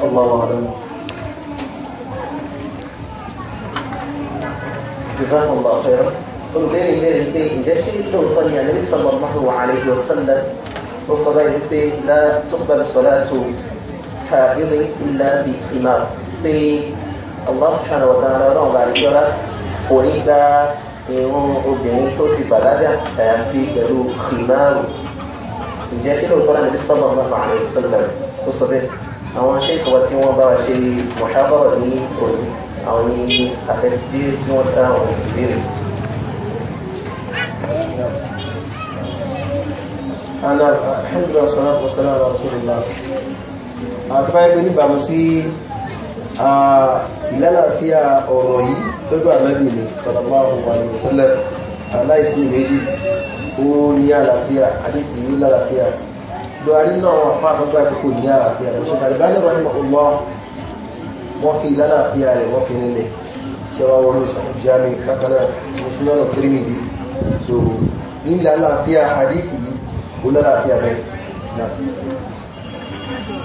ọlọ́run جزاهم الله خيرا قلتني غير البيت الجشي تلقني أن لسه الله عليه وسلم وصلاة البيت لا تقبل صلاة حائض إلا بالخمار في الله سبحانه وتعالى رغم ذلك يرى وإذا يوم أبنيته في بلادة كان في جلو خمار الجشي تلقني أن لسه الله عليه وسلم وصلاة أول شيء قواتي وضع شيء محاضرة دي àwọn ní afẹ́sí tí wọ́n dá àwọn ìbéèrè. alhamdulilah salatu wa salam ala rasulillah àtúbá ẹgbẹ́ níbàmú sí ìlàlàáfíà ọ̀rọ̀ yìí lọ́dọ̀ ànábì ni sallallahu alaihi wasallam aláìsí méjì ó ní àlàáfíà àdísì yìí lálàáfíà lọ́wọ́ àrí náà wà fún àtúgbà kò ní àlàáfíà lọ́sọ̀tà ìbánirọ̀ ní ọlọ́ wọ́n fi lálàáfíà rẹ̀ wọ́n fi nílẹ̀ tí wọ́n wọ́n ní sàmìjámi kákanáà ní súnmọ́nà kírímìdì so ní lálàáfíà hadith yìí ó lálàáfíà bẹ́ẹ̀ náà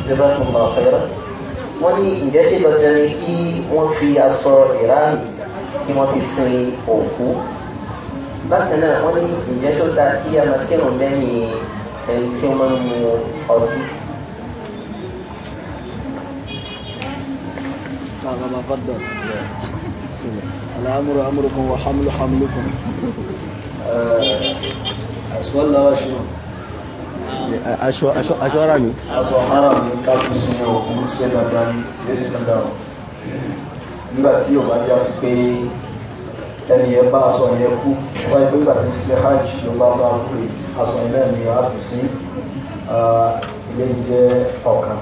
jazakumullahu khairan wọ́n ní ìjẹ́ sí dandan ni kí wọ́n fi aṣọ ìráàmì kí wọ́n fi sin òkú bákan náà wọ́n ní ìjẹ́ tó dáa kí a máa kírun lẹ́yìn ẹni tí wọ́n máa ń mu ọtí كما قدر بسم الله الامر امركم وحمل حملكم السؤال لا شنو aṣọ aṣọ aṣọ ara mi aṣọ ara mi káàkiri sínú ọkùnrin sí ẹ̀dà dání lẹ́sẹ̀ tẹ́lá ọ̀ nígbàtí ò bá já sí pé ẹni ẹ bá aṣọ yẹn kú wáyé pé nígbàtí ṣiṣẹ́ hajj ló bá bá pè aṣọ yẹn náà ni a fi sí ilé jẹ́ ọ̀kan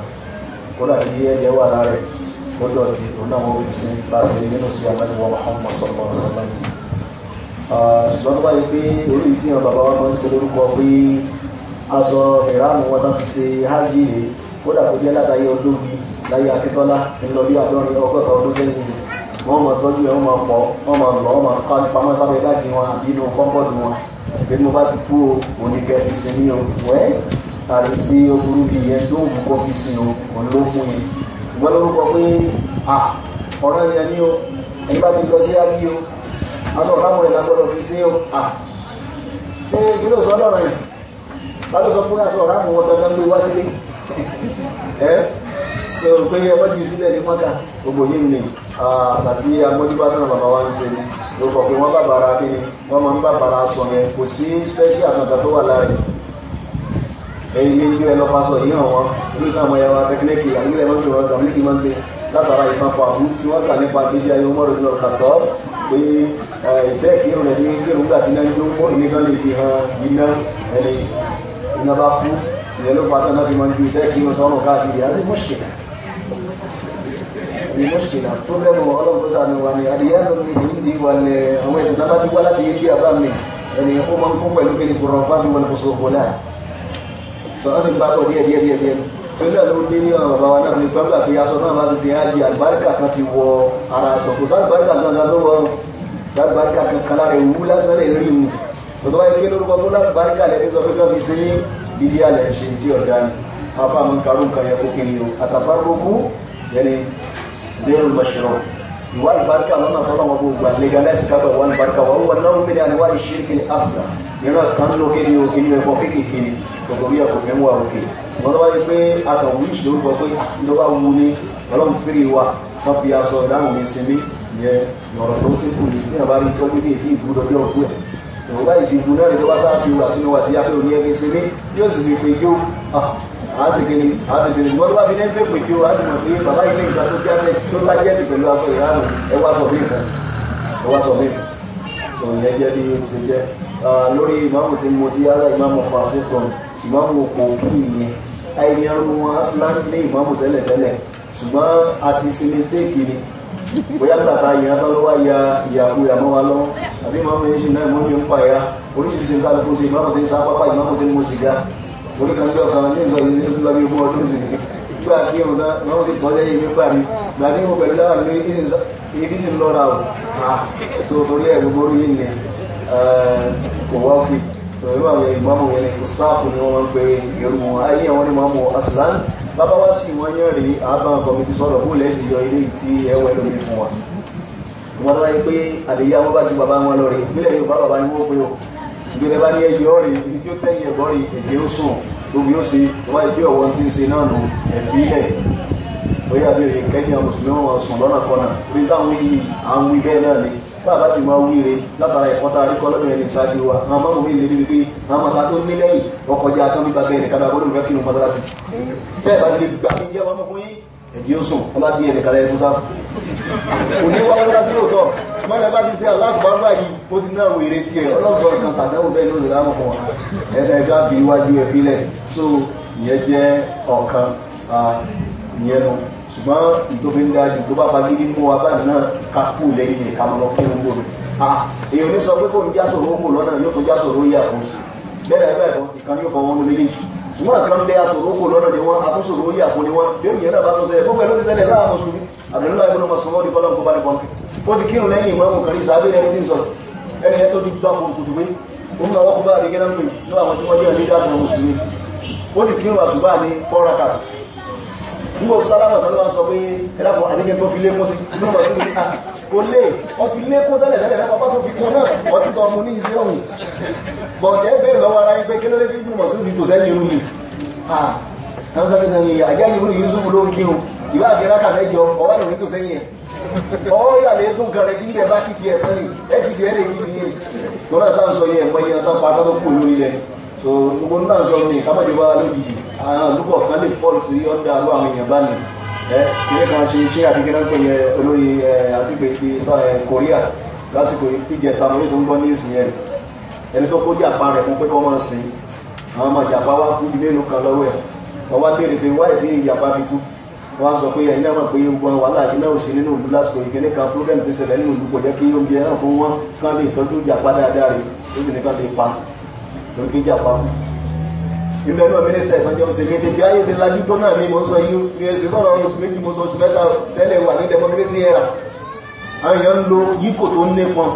kódà kí ẹ̀jẹ̀ wà lára ẹ̀ lọ́dọ̀ tí onáwọn orí sí bá ṣe rí nínú sí ọmọdé wọn Muhammad sọ̀rọ̀ sọ̀rọ̀ ṣùgbọ́n tó bá yí pé orí tí wọn bàbá wa máa ń ṣe lórúkọ pé aṣọ ìránù wọn náà fi ṣe hajj rèé ó dàbò jẹ́ látàyé ọdún bíi láyé Akíntọ́lá ńlọdí àdọ́rin ọgọ́ta ọdún sẹ́yìn sí wọ́n mọ̀ tọ́jú ẹ̀ wọ́n máa fọ́ wọ́n máa lọ́ wọ́n máa kọ́ pamọ́ sábẹ́ láti wọn àbí inú kọ́ńbọ̀dù wọn pé mo bá ti kú o oníkẹ́ fi sin ní o wẹ́ àrùn tí ó burú bíi yẹn tó ń kọ́ fi sin òun ló fún yẹn wọ́n lórúkọ pé ọ̀rọ̀ ẹ̀yà ní o ẹni bá ti lọ sí yá ní o aṣọ ọ̀láwọ̀ ẹ̀lá gbọ́dọ̀ fi sí o ṣe kí ló sọ lọ́rọ̀ yẹn bá ló sọ fún aṣọ ọ̀ráàmù wọn dandan gbé wá sílé lọ́rọ̀ pé ju sílẹ̀ ní mọ́ta gbogbo yìí ni bàbá wa ń ṣe ni lórúkọ pé wọ́n bàbára kí ni wọ́n máa ń bàbára sọ ẹ̀yìn kí ẹ lọ fásọ yìí hàn wọn nígbà àwọn ẹ̀yà wa tẹkínẹ́kì àgbẹ̀lẹ̀ mọ́tò wọn tàbí kí máa ń ṣe látara ìfapọ̀ àbú tí wọ́n kà nípa gbèsè ayé ọmọ rẹ̀ lọ kàtọ́ pé ìfẹ́ kírun rẹ̀ ní kírun gbà tí náà ń jó nìkan lè fi hàn iná ẹni iná bá kú ìyẹn ló fata náà fi máa ń ju ìfẹ́ kírun sọ́run káàkiri àti mọ́ṣkìlà ní mọ́ṣkìlà tó lẹ́nu ọlọ́gbọ́sà ni wà ní adìyẹ lórí ni kùrọ̀ fásitì wọn kò sọ wọn sì dia, dia, dia, dia. díẹ̀ díẹ̀ tó náà ló ní ní ọ̀rọ̀ bàbá náà ní gbàgbà pé aṣọ náà máa fi ṣe ájì àlùbáríkà kan ti wọ ara aṣọ kò sálùbáríkà kankan tó wọrùn sálùbáríkà kankan lára ewu lásán lè rí mi tọ́tọ́ báyìí pé lórúkọ tó lálùbáríkà lẹ́ni sọ pé kán fi ṣe ilé alẹ̀ ṣe tí ọ̀dà ni àwọn fáwọn ìwà ìbáríkà lọ́nà tọ́lọ́ wọn gbogbo àlegalẹ́sì kábẹ̀ wọn ìbáríkà wọn wọn náà mílíọ̀nù àníwá ìṣirikì asìlá ìran kan ló kéde òkè ní ẹ̀kọ́ kéékèèké ni gbogbo bí ẹ̀kọ́ fẹ́ ń wà òkè ṣùgbọ́n lọ́wọ́ pé àtàwọn wíṣì lórúkọ pé lọ́wọ́ wu ni ọlọ́run fèrè wa wọ́n ah, fi aṣọ ìdáhùn mi sinmi yẹn lọ́rọ̀ tó sínkù ni bí àbá rí tọ́ pé kí ètí ìbúdọ̀ bí ọ̀kú ẹ̀ òwúrọ̀ ìdìbò náà lè lọ́wọ́ sáà fi wà sínú wa sí yá pé òní ẹbí sinmi tí ó sì fi pe yóò àásìkiri àbìsìrì mọ́tò bá fi ní fẹ́ pèké o láti mọ̀ pé bàbá yìí ní nǹkan tó jáde tó lájẹ́tì pẹ̀lú aṣọ ìyáàrùn ẹ wá sọ bíi kan ẹ wá sọ bíi kan sọ ìyẹn jẹ́ bí ti jẹ́ lórí ìmáàmù tí mo ti yára ìmáàmù fasikan ìmáàmù kò kú ìyẹn àìyànrú wọn aslan ní ìmáàmù tẹ́lẹ̀ tẹ́lẹ̀ ṣùgbọ́n a ti ṣe mistake ni bóyá bàtà ìyá tó lọ́wọ́ ya ìyàkú ìyàmọ́ wa lọ́wọ́ àbí ìmáàmù yẹn ṣì náà ìmọ̀ mi ń pa ìyá oríṣiríṣi nǹkan ló kó ṣe ìmáàmù tí ń sá pápá ìmáàmù tí ń mú sìgá olùkànjọ́ kan ní ìlọ yìí ní lọ́bí ogún ọdún sí gbà kí o dá wọ́n ti kọ́lé ibi gbà mí gbà ní o pẹ̀lú láwà ní ibi sí lọ́ra o tó torí ẹ̀ gbogbo orí yìí ni kò wá fi tó irú àwọn ìmọ̀mù yẹn kò sáàpù ni wọ́n pe èrú wọn ayé àwọn ni mọ̀mù asìlán bàbá wá sí wọ́n yẹn rí àbá kọ̀mìtì sọ̀rọ̀ bó lẹ́sìn yọ ilé tí ẹwẹ́ lórí fún wọn. ìmọ̀tara yìí pé àdéyé àwọn bá ju bàbá wọn lọ rí ìpínlẹ̀ Yorùbá bàbá ni wọ́n pe o ìgbèrè bá ní ẹyẹ ọ̀rẹ́ ibi tí ó tẹ́yìn ẹ̀bọ́ rí ẹ̀jẹ̀ ó sùn lóbi ó ṣe wáyé bí ọ̀wọ́ tí ń ṣe náà nù ẹ̀bí ilẹ̀ bóyá abẹ́rẹ́ kẹ́yìn àwọn mùsùlùmí wọn sùn lọ́nà kọ́nà bí táwọn yìí à ń wí bẹ́ẹ̀ náà ni bá a bá sì máa wí re látara ẹ̀kọ́ tá a rí kọ́lọ́dọ̀ ẹni ṣáájú wa àwọn máa mú mi lè débi pé àwọn màtá tó ní lẹ́yìn ọkọjá tó ní gbàgbẹ́ ẹ̀ka ẹ̀jẹ̀ ó sùn ọlá bí ẹ̀dẹ̀ kàrẹ́ tó sáà òní wá wọ́n lásìkò lóòótọ́ ṣùgbọ́n ẹ̀bá ti ṣe aláàkùbárúbá yìí ó ti náà wèrè tí ẹ̀ ọlọ́gbọ̀n kan sàdẹ́wò bẹ́ẹ̀ ní òṣèlú àwọn ọmọ ẹ̀ka ẹ̀ka fi iwájú ẹ̀ fílẹ̀ so ìyẹn jẹ́ ọ̀kan ìyẹn nu ṣùgbọ́n ìtòfin dájú tó bá fagídí mú wa báyìí náà ká kú lẹ́yìn ẹ̀ka lọ kí n gbòmí ní sọ pé kò ń jásòrò ó kò lọ́nà yóò tó jásòrò yà fún bẹ́ẹ̀ ṣùgbọ́n kan bẹ aṣòro kò lọ́nà ni wọ́n àtúnṣòro yà kò ní wọ́n bẹ́rù yẹn náà bá tó sẹ́yẹ gbogbo ẹ̀lú ti ṣẹlẹ̀ láàrín mùsùlùmí àbẹ̀lúlá ìbúnà mọ̀sánwọ́ di kọ́lọ̀ kó bá ní pọ́nkì ó ti kírun lẹ́yìn ìmọ̀ ọmọkàn ní sàábẹ̀ ẹni tí ń sọ̀rọ̀ ẹni ẹ tó ti gbá kùtù pé òun àwọn kúbá àti gẹ́nà pé ní àwọn tí wọ́n jẹ́ ẹni dáṣà mùsùlùmí ó ti kírun àṣùbà ní fọ́rakas nígbò sálámà tó lọ́wọ́ sọ pé ẹlẹ́kùn àdígẹ́ tó fi lé mọ́ sí nígbà tó ní kò lè ọtí lé kó tẹ́lẹ̀ tẹ́lẹ̀ náà pápá tó fi kún náà ọtí tọ́ mu ní iṣẹ́ òun bọ̀dẹ́ bẹ́ẹ̀ lọ́wọ́ ara yín pé kí ló lé fi gbùmọ̀ sí fi tò sẹ́yìn irú yìí àwọn sọ pé sẹ́yìn yìí àjẹ́ ìwúrú yìí zúwú ló ń kí o ìwé àgbẹ̀rá kà mẹ́jọ ọwọ́ rẹ̀ tó sẹ́yìn ẹ̀ ọwọ́ yà lè dùn kan rẹ̀ kí níbẹ̀ bá kì tiẹ̀ tán ni ẹ kì tiẹ̀ lè kì tiẹ̀ lọ́nà tá ń sọ yẹ ẹ̀mọ yẹn tó pa tó kù so gbogbo náà sọ ní kámọ́jọba lójijì àwọn àdúgbò kan lè pọ̀ sí ọ́dà lọ́ àwọn kìí kan ṣe ṣé àbíkẹ́ náà pẹ̀lú olóyè àti pé ibi Korea lásìkò ìjẹta mọ́ ètò ń gbọ́ news yẹn ẹni tó kó jàpá rẹ̀ fún pé kọ́ máa sin àwọn ọmọ jàpá wá kú mélòó kan lọ́wọ́ ẹ̀ wọ́n wá béèrè pé wáyé tí ìjàpá fi kú wọ́n sọ pé ẹ̀yin náà mọ̀ pé gbọ́n wà láàyè náà ò sí nínú ìlú lásìkò ìkíní kan program ti ṣẹlẹ̀ nínú ìlú kò jẹ́ kí oúnjẹ náà fún wọn kán lè tọ́jú ìjàpá dáadáa rẹ̀ ó sì ní kán lè pa lórí ìjàpá kú ìbẹ̀ náà mínísítà ìpàjẹ́ òsè ní ti bí ayé ṣe lajú tó náà ní mo sọ yí ìsọ̀rọ̀ oṣù méjì mo sọ oṣù mẹ́ta tẹ́lẹ̀ wà ní democracy era àwọn èèyàn ń lo yíkò tó ní pọn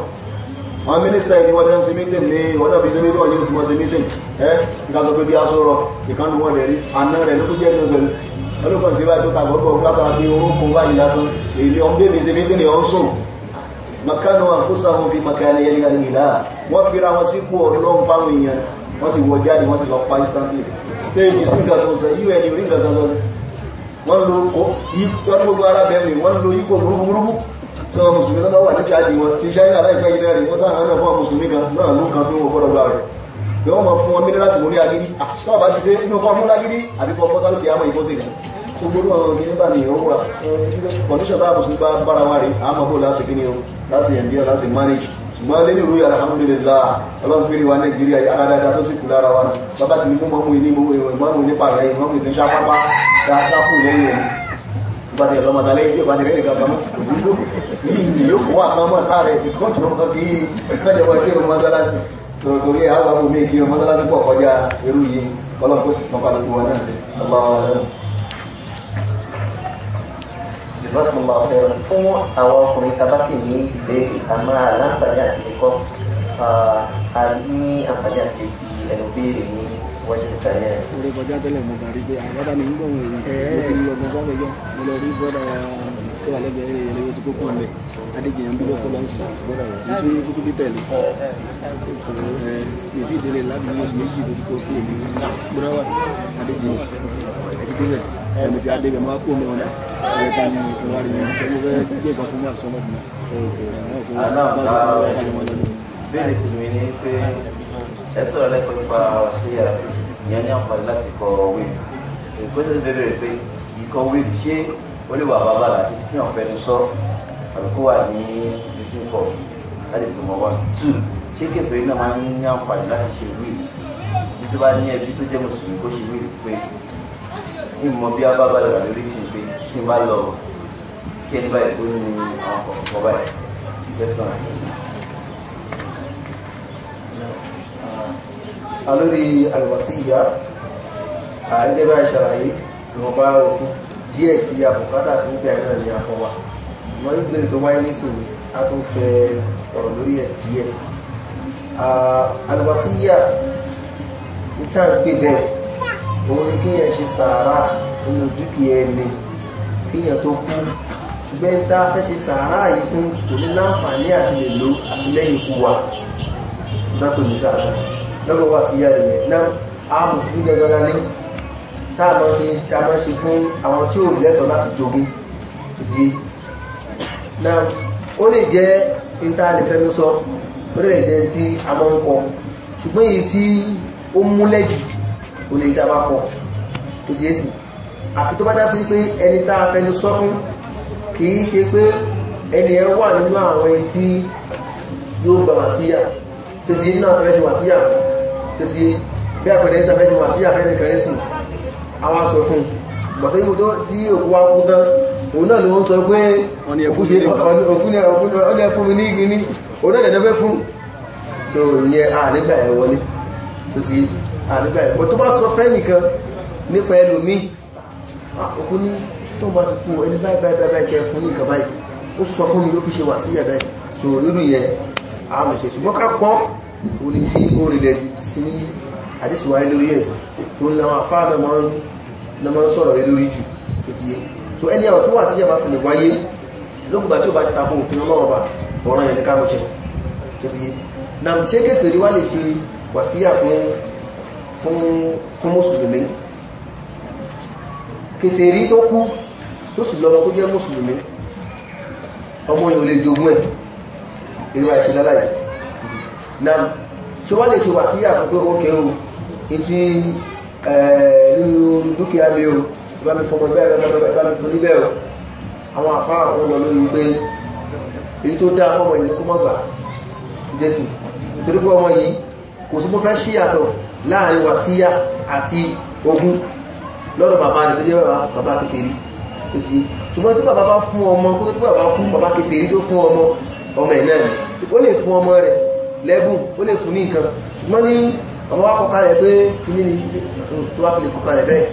àwọn mínísítà ìní wọ́n ṣe mítìn ní ọ̀dọ̀ bí lórí ọ̀yẹ́ tí wọ́n ṣe mítìn ẹ́ ìkàtọ̀ pé bí a sọ̀rọ̀ ìkànnì wọn rẹ̀ rí àná rẹ̀ ló tó jẹ́ ẹgbẹ̀rún pẹ̀lú ọlọ́pàá sí wáyé tó tàbọ̀bọ̀ látara pé orókùn wáyé lásán èlé ọmọdé mi ṣe mítìn ní ọ̀ṣùn makánà àfúsàwọn fi makánà yẹn ní ìlà wọ́n fira wọn sípò ọlọ́run fáwọn èèyàn wọ́n sì wọ jáde wọ́n sì lọ pa instantly kéèkì sí nǹkan tó sọ un rí nǹkan tó sọ wọ́n lo wọ́n gbogbo ara bẹ̀rẹ̀ wọ́n lo ikọ̀ burúburú tí wọ́n mùsùlùmí lọ́dọ̀ wà ní chadi wọn ti ṣáínà láìpẹ́ iná rí wọ́n sáà náà fún mùsùlùmí kan náà ló kan tó gbọ́dọ̀ gbà rẹ̀ bí wọ́n mọ̀ fún wọn mílẹ̀ láti mórí agídí àtúntò ah, bá ti ṣe inú kan mú lágídí àbíkọ́ fọ́sálùkì àmọ́ ìbọ́sẹ̀ tó gbórú àwọn ọmọ nígbà ní owó wa kọ̀ndíṣọ̀ tá a mùsùlùmí bá bára wa rí àmọ́ bó láti kí ṣùgbọ́n lé nìrú yàrá alhamdulillah ọlọ́run fèrè wa nàìjíríà aládáadáa tó sì kú lára wa bàbá ti ní mú mọ́mú ilé mọ́mú nípa rẹ̀ mọ́mú ìtẹ́ sápápá dá sápù lẹ́yìn ẹ̀ ìbàdàn ọlọ́mọdà lẹ́yìn tí ìbàdàn rẹ̀ nìkan bàmú yìí ni yóò wà kan mọ́ tá rẹ̀ ìkọ́tù lọ́kàn bí ìfẹ́jọba kí ọmọ mọ́sálásì torí àwọn ọmọ mi kí ọmọ mọ́sálásì pọ̀ kọjá irú yìí ọlọ́run kó ìsọ́dọ̀mọ̀ ọ̀fẹ́rọ̀ fún awal komunitas tàbá sì ní ìbéèrè ká máa láǹfààní àti ẹ̀kọ́ a ní àǹfààní àti ìfi ẹnu béèrè ní wọ́jú ìtàlẹ́ rẹ̀. orí kọjá tẹ́lẹ̀ mo bá rí pé àbádá ni ń gbọ̀n èyí mo ti lọ gbọ́n sọ́kọ̀ tó wà lẹ́gbẹ̀ẹ́ ẹ̀rẹ́ ẹ̀rẹ́ tó kókó mẹ́ adéjìyàn bí lọ́kọ́ lọ́n sí gbọ́dọ̀ ètò kókó bí tẹ̀lé ètò ìdílé láti ní oṣù méjì lójú kókó mi gbọ́dọ̀ wà adéjìyàn ẹ̀tí débẹ̀ ẹ̀mí ti adébẹ̀ máa kó mi ọ̀nà ẹ̀rẹ́ kan ní ìwà rẹ̀ yẹn ṣe mo fẹ́ gbé ìkan fún mi àbísọ́mọ́dún ẹ sọ̀rọ̀ lẹ́kọ̀ọ́ nípa ṣé àfihàn ní àǹfààní láti kọ wíìlì ìpínlẹ̀ bẹ̀rẹ̀ pé ìkọ wíìlì ṣé ó lè wà bàbá àti kí wọ́n fẹnu sọ àbí kó wà ní meeting hall láti fi mọ́ one two ṣé kẹfẹ́ náà máa ń ní àǹfààní láti ṣe wíìlì bí tó bá ní ẹbí tó jẹ́ mùsùlùmí kó ṣe wíìlì pé ní mọ bí abábá lọ lórí tí n pé kí n bá lọ kí ẹni báyìí kó ní àwọn kọ̀ọ̀kan báyìí ìjẹ́sán àti alórí àlùwàsí ìyá àìjẹ́ bá ìṣàlàyé ìwọ̀nba òfin díẹ̀ tí a bùkátà sí nígbà náà ni a fọ́ wa wọ́n ń gbèrè tó wáyé nísìnyí a tún fẹ́ ọ̀rọ̀ lórí ẹ̀ díẹ̀ alùwàsíyà níta bẹ́ẹ̀ òun ni kéèyàn ṣe sàárà nínú dúkìá ẹni kéèyàn tó kú ṣùgbẹ́ tá a fẹ́ ṣe sàárà yìí fún kò ní láǹfààní àti lè lo àti lẹ́yìn ikú wa dákò sàárà lọ́gbọ̀n wá sí rẹ̀ náà a mùsùlùmí gẹ́gẹ́ tá a máa ṣe fún àwọn tí ò lẹ́tọ̀ọ́ láti jogún títí náà ó lè jẹ́ ìtàlẹ̀fẹ́nu sọ ó lè jẹ́ tí a máa ń kọ ṣùgbọ́n èyí tí ó múlẹ̀ jù ó lè dábàá kọ títí èsì àfi tó bá dá sí pé ẹni tá a fẹnu sọ fún kì í ṣe pé ẹni ẹ wà nínú àwọn ẹni tí yóò gba wàsíyà títí náà tó fẹ́ ṣe wàsíyà títí bí àpẹẹrẹ ń sàfẹ́ ṣe wàsíyà fẹ́ àwọn aṣọ fún bọ̀tẹ́ yóò tó tí òkú wá kú tán òun náà ló ń sọ pé òkú ní fún mi ní igi ní òun náà dẹ̀dẹ̀ fẹ́ fún so ìyẹn ànígbà ẹ̀ wọlé tó ti ànígbà ẹ̀ bọ̀ tó bá sọ fẹ́ nìkan nípa ẹlòmí òkú ní tó bá ti kú ẹni báyìí báyìí báyìí kẹ fún ní nǹkan báyìí ó sọ fún mi ló fi ṣe wà sí ẹ̀bẹ̀ so irú yẹn àmì ṣe ṣùgbọ́n ká kọ́ òní àdísì wáyé lórí ẹ̀sìn tó ń láwọn afá náà máa ń sọ̀rọ̀ rẹ lórí jù tó ti yé so ẹni àwọn tó wà sí yàmá fìlẹ̀ wáyé lókùgbà tí ó bá ti tako òfin ọlọ́wọ́ bá ọ̀ràn ẹ̀ní káàmù ṣe tó ti yé na ṣe kéfèrí wá lè ṣe wàsíyà fún mùsùlùmí kéfèrí tó kú tó sì lọ́mọ tó jẹ́ mùsùlùmí ọmọ yìí ò lè jogún ẹ̀ irú àìṣe ṣe wọ́n lè ṣe wà sí àtún pé ókè o ìtí nínú dúkìá mi o bá mi fọmọ bẹ́ẹ̀ bẹ́ẹ̀ bá mi fún níbẹ̀ o àwọn àfáà àwọn lọ lórí pé èyí tó dá fọmọ ìlú kó mọ́ gbà jésì torí pé ọmọ yìí kò sí mọ́ fẹ́ ṣí àtọ̀ láàrin wàsíyà àti ogún lọ́dọ̀ bàbá rẹ̀ tó jẹ́ bàbá kékeré òsì ṣùgbọ́n tí bàbá bá fún ọmọ kó tó bàbá kú bàbá kékeré tó fún ọmọ ọmọ ẹ̀ náà ó lè fún ọmọ rẹ̀ lẹ́bùn ó lè fún ní nǹkan ṣùgbọ́n ní ọmọ wa rẹ̀ pé kíní ni tó wá fi lè kọ̀ọ̀ká rẹ̀ bẹ́ẹ̀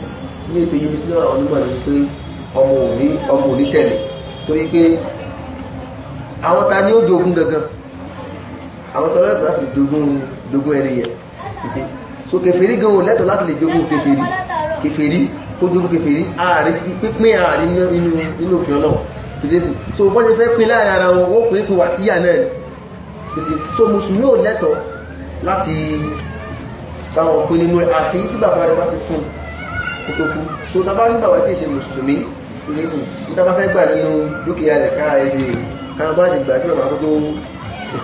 ní ètò yìí sí ọ̀rọ̀ onímọ̀ ni pé ọmọ òní ọmọ òní tẹ̀lé torí pé àwọn ta ni ó jogún gangan àwọn tọ́lá lẹ́tọ̀ láti lè jogún jogún ẹni yẹn so kèfèrí gan o lẹ́tọ̀ láti lè jogún kèfèrí kèfèrí kó jogún kèfèrí ààrin pínpín ààrin nínú òfin ọlọ́run so bọ́n ṣe fẹ́ pín láàrin ara wọn ó pín pín wàsíyà náà títí so mùsùlùmí ò lẹ́tọ̀ọ́ láti báwọn pín nínú àfi tí bàbá rẹ̀ bá ti fún kótókú so tàbá ní bàbá tí ì ṣe mùsùlùmí ìrẹsìn ní tàbá fẹ́ gbà nínú dúkìá rẹ̀ ká èdè ká bá ṣe gbà kílọ̀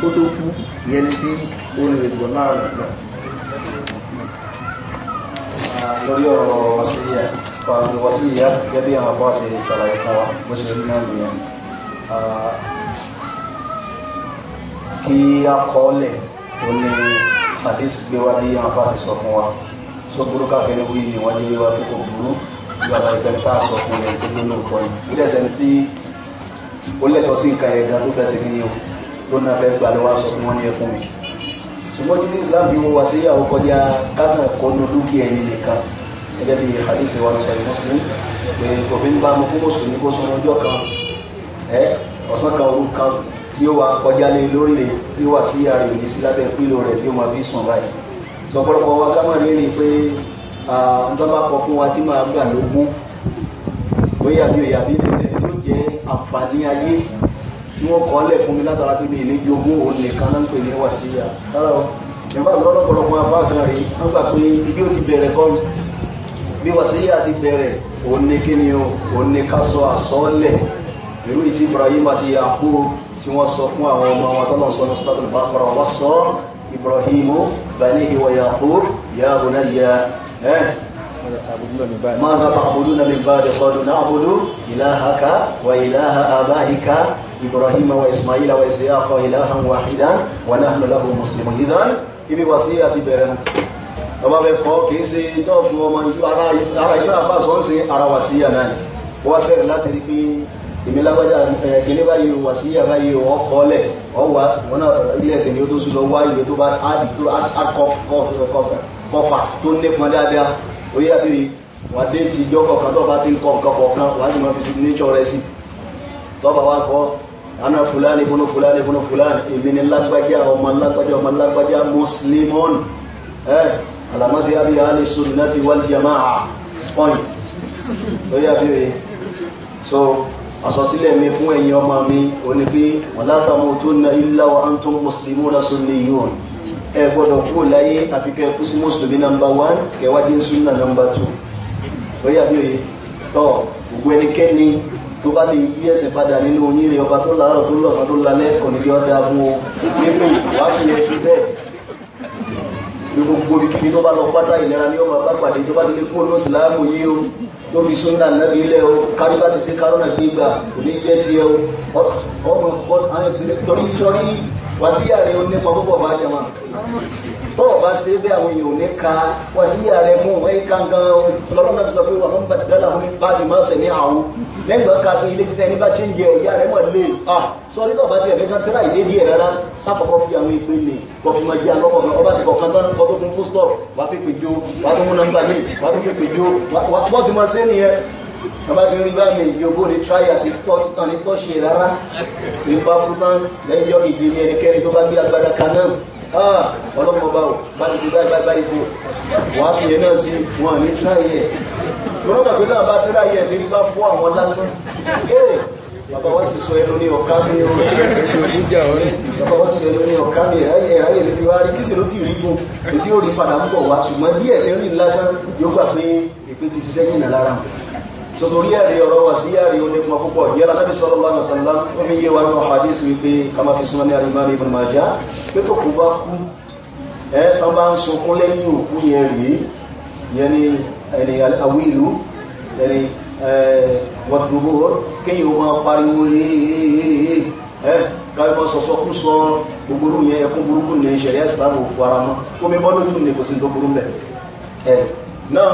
kó tó kú ìyẹn ni tí ó ní rẹ̀ dùgbọ̀ láàrín náà lórí ọ̀rọ̀ wàsíyà pàdé wàsíyà gẹ́gẹ́ bí àwọn àpá ṣe ṣàlàyé fún bó ṣe rí náà nìyẹn kí a kọ́ lẹ̀ ó ní àdéhùn gbé wá bí àwọn afáàṣì sọ fún wa tó burú káfíń wí ni wọ́n yé wa tó kò burú ìjọba ìfẹ́ tá a sọ fún yẹn tó gbóná nǹkan yìí ilé ẹ̀sẹ̀ ni tí ó lẹ́tọ̀ọ́ sí nǹkan yẹn gan tó fẹsẹ̀ kí ni o tó náà fẹ́ gbà lọ́wọ́ sọ fún wọn ní ẹ fún mi ṣùgbọ́n títí Islam fi wọ́n wá sí ìyàwó kọjá kánà kọ́nu dúkìá ẹni nìkan gẹ́gẹ́ bí àdéhùn wa sọ ìmọ̀sùlùmí pé kò fi ń bá mu fún mùsùlùmí tí ó wà kọjá lé lórí rẹ̀ tí ó wà sí ààrẹ ìdí sí lábẹ́ pílò rẹ̀ tí ó máa fi sùn báyìí sọ̀pọ̀lọpọ̀ wa ká mọ̀ rírì pé nǹkan bá kọ fún wa tí máa gbà lógún bóyá bí òyà bí tètè tí ó jẹ́ àǹfààní ayé tí wọ́n kọ́ lẹ̀ fún mi látara pé mi ìlé jogún òun nìkan náà ń pè ní wàsíyà rárá o ìgbà lọ́pọ̀lọpọ̀ apá kan rèé wọ́n gbà pé ibi ó ti bẹ̀rẹ̀ kọ́ bí wàsíyà ti bẹ̀rẹ̀ òun ní kíni o òun ní ká sọ àsọ́ọ́lẹ̀ irú ìtì Ibrahim àti Yakub tí wọ́n sọ fún àwọn ọmọ wọn tọ́lọ̀ sọ lọ́sọ́ tó bá fọ́rọ̀ wọ́n sọ Ibrahim banihi wa Yaqub ya bunayya ẹ́ ماذا تعبدون من بعد قالوا نعبد إلهك وإله آبائك إبراهيم وإسماعيل وإسحاق إلها واحدا ونحن له مسلمون إذا ibi wàsíyà ti bẹ̀rẹ̀ náà ọba bẹ fọ́ kìí ṣe tọ́ fún ọmọ ara ìjọ àbá sọ ń ṣe ara wàsíyà náà wọ́n bẹ̀rẹ̀ láti rí pé èmi lágbájá kìnní báyìí wà sí ìyá báyìí wọ́n kọ́lẹ̀ ọwà wọn náà ilé tèmi ó tó sùn lọ wá ilé tó bá áàdì tó kọfà tó nípọn dáadáa oyé àbíyí wà dé ti ìjọ kọ̀ọ̀kan tó bá ti ń kọ nǹkan kọ̀ọ̀kan wà sí mọ́ fi nature rẹ̀ sí tọ́ba wá kọ́ ana fulani bunu fulani bunu fulani èmi ni lágbájá ọmọ lágbájá ọmọ lágbájá muslimon eh alamadi abi ali sunnati wal jamaa point oyé àbíyí so àsọsílẹ̀ mi fún ẹ̀yin ọmọ mi ò ní pé wala tamutunna illa wa antum muslimuna sunniyun ẹ gbọ́dọ̀ kú láyé àfikẹ́ kú sí mùsùlùmí nàmbà wán kẹwàá dín súnà nàmbà tù lóyà bí òye tọ́ gbogbo ẹnikẹ́ni tó bá lè yí ẹsẹ̀ padà nínú oníire ọba tó láàárọ̀ tó lọ̀sán tó lálẹ́ kò ní kí ọ́ dáa fún o nínú ìwà fi bẹ́ẹ̀ ní gbogbo ibi tó bá lọ pátá ìlera ní ọmọ àpapàdé tó bá ti lè kó ní ìsìláàmù yìí o tó fi súnà nàbí ilẹ̀ o kárí bá ti ṣe kárọ̀nà gbígbà kò ní jẹ́ tiẹ̀ o ọmọ ọmọ torí torí wàsíyà rẹ̀ onípa púpọ̀ bá jẹmọ́ tó o bá ṣe bí àwọn èèyàn ní ka wàsíyà rẹ̀ mú ẹ̀ kankan lọ́lọ́nà sọ pé wà fún bàdàlà fún bá di máa sẹ̀mí àwọn lẹ́gbẹ̀ẹ́ ọ̀ka sí ilé títẹ́ ní bá ṣe ń jẹ ìyá rẹ̀ mọ̀ lé à sọrí tó o bá ti ẹ̀mí kan tíra ìdé díẹ̀ rárá sákòókò fi àwọn ìpè lè kò fi máa jẹ alọ́kọ̀ kan ọba ti kọ̀ kan tán kọ́ tó fún fústọ̀ wà fi tọ́ba ti rí bá mi ìjọba ní tíráyà ti tọ́ títàn ní tọ́ṣe rárá nípa kútán lẹ́yìn yọ ìdí ní ẹnikẹ́ni tó bá gbé agbada kan náà ọlọ́mọba ò bá ti ṣe báyìí báyìí fún wàá fi yẹn náà sí wọn ní tíráyà rọ́bà pé náà bá tíráyà ní bá fún àwọn lásán bàbá wá sì sọ ẹnu ní ọ̀ká mi ó bàbá wá sì sọ ẹnu ní ọ̀ká mi ẹ̀yẹ ayé lè fi wá rí kíṣe ló ti rí fún ètí ó rí padà ń bọ̀ wá ṣùgbọ́n díẹ̀ tí ń rí lásán yóò gbà pé èpè ti ṣiṣẹ́ yìnà lára sotori ẹ̀rí ọ̀rọ̀ wà sí ẹ̀rí onígun púpọ̀ yẹ́lá náà bí sọ́rọ̀ lọ́nà sàlá ó fi yé wa nínú hadith wípé ká máa fi súnmọ́ ní àríwá ní ibùdó máa já pé tó kú bá kú ẹ tán bá ń sunkún lẹ́yìn òkú yẹn rí yẹn ni ẹni àwílù ẹni wàtúbò kéyìn ó máa pariwo ẹ káyọ̀ máa sọ̀sọ́ kú sọ gbogbo yẹn ẹkún burúkú ní ìṣẹ̀lẹ̀ ìsìlámù òfu ara mọ́ omi bọ́ lójú ní kò sí tó burú mẹ́ ẹ náà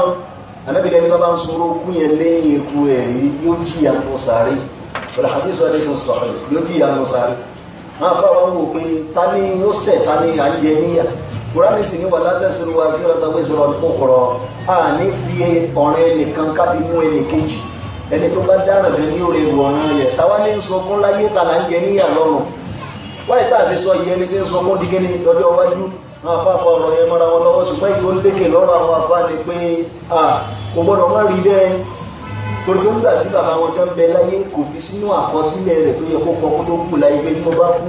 anábìlẹ̀ ní bábá ń sọ̀rọ̀ kú yẹn lẹ́yìn ikú ẹ̀ rí yóò jìyà mọ́ sáré pẹ̀lú àdísù ẹlẹ́sìn sọ̀rọ̀ yóò jìyà mọ́ sáré máa fọ́ àwọn wò pé ta ni ó sẹ̀ ta ni à ń jẹ níyà kúránì sì ní wà látẹ̀sọ̀rọ̀ wa sí ọ̀tọ̀ wẹ́sọ̀rọ̀ kòkòrò a ní fi ọ̀rẹ́ nìkan kábi mú ẹnì kejì ẹni tó bá dáràn bẹ ní òrè ìwọ̀nà rẹ̀ táwa ní sọkún láyé ta là ń jẹ níyà lọ́rùn wáyé àwọn afáfà ọ̀rọ̀ yẹn mọ́ra wọn lọ́wọ́ ṣùgbọ́n èyí tó ń lékè lọ́rọ̀ àwọn afá ni pé kò gbọ́dọ̀ má rí bẹ́ẹ̀ torí pé nígbà tí bàbá wọn jọ ń bẹ láyé kò fi sínú àkọsílẹ̀ rẹ̀ tó yẹ kó fọ kó tó kù láyé pé ní mo bá kú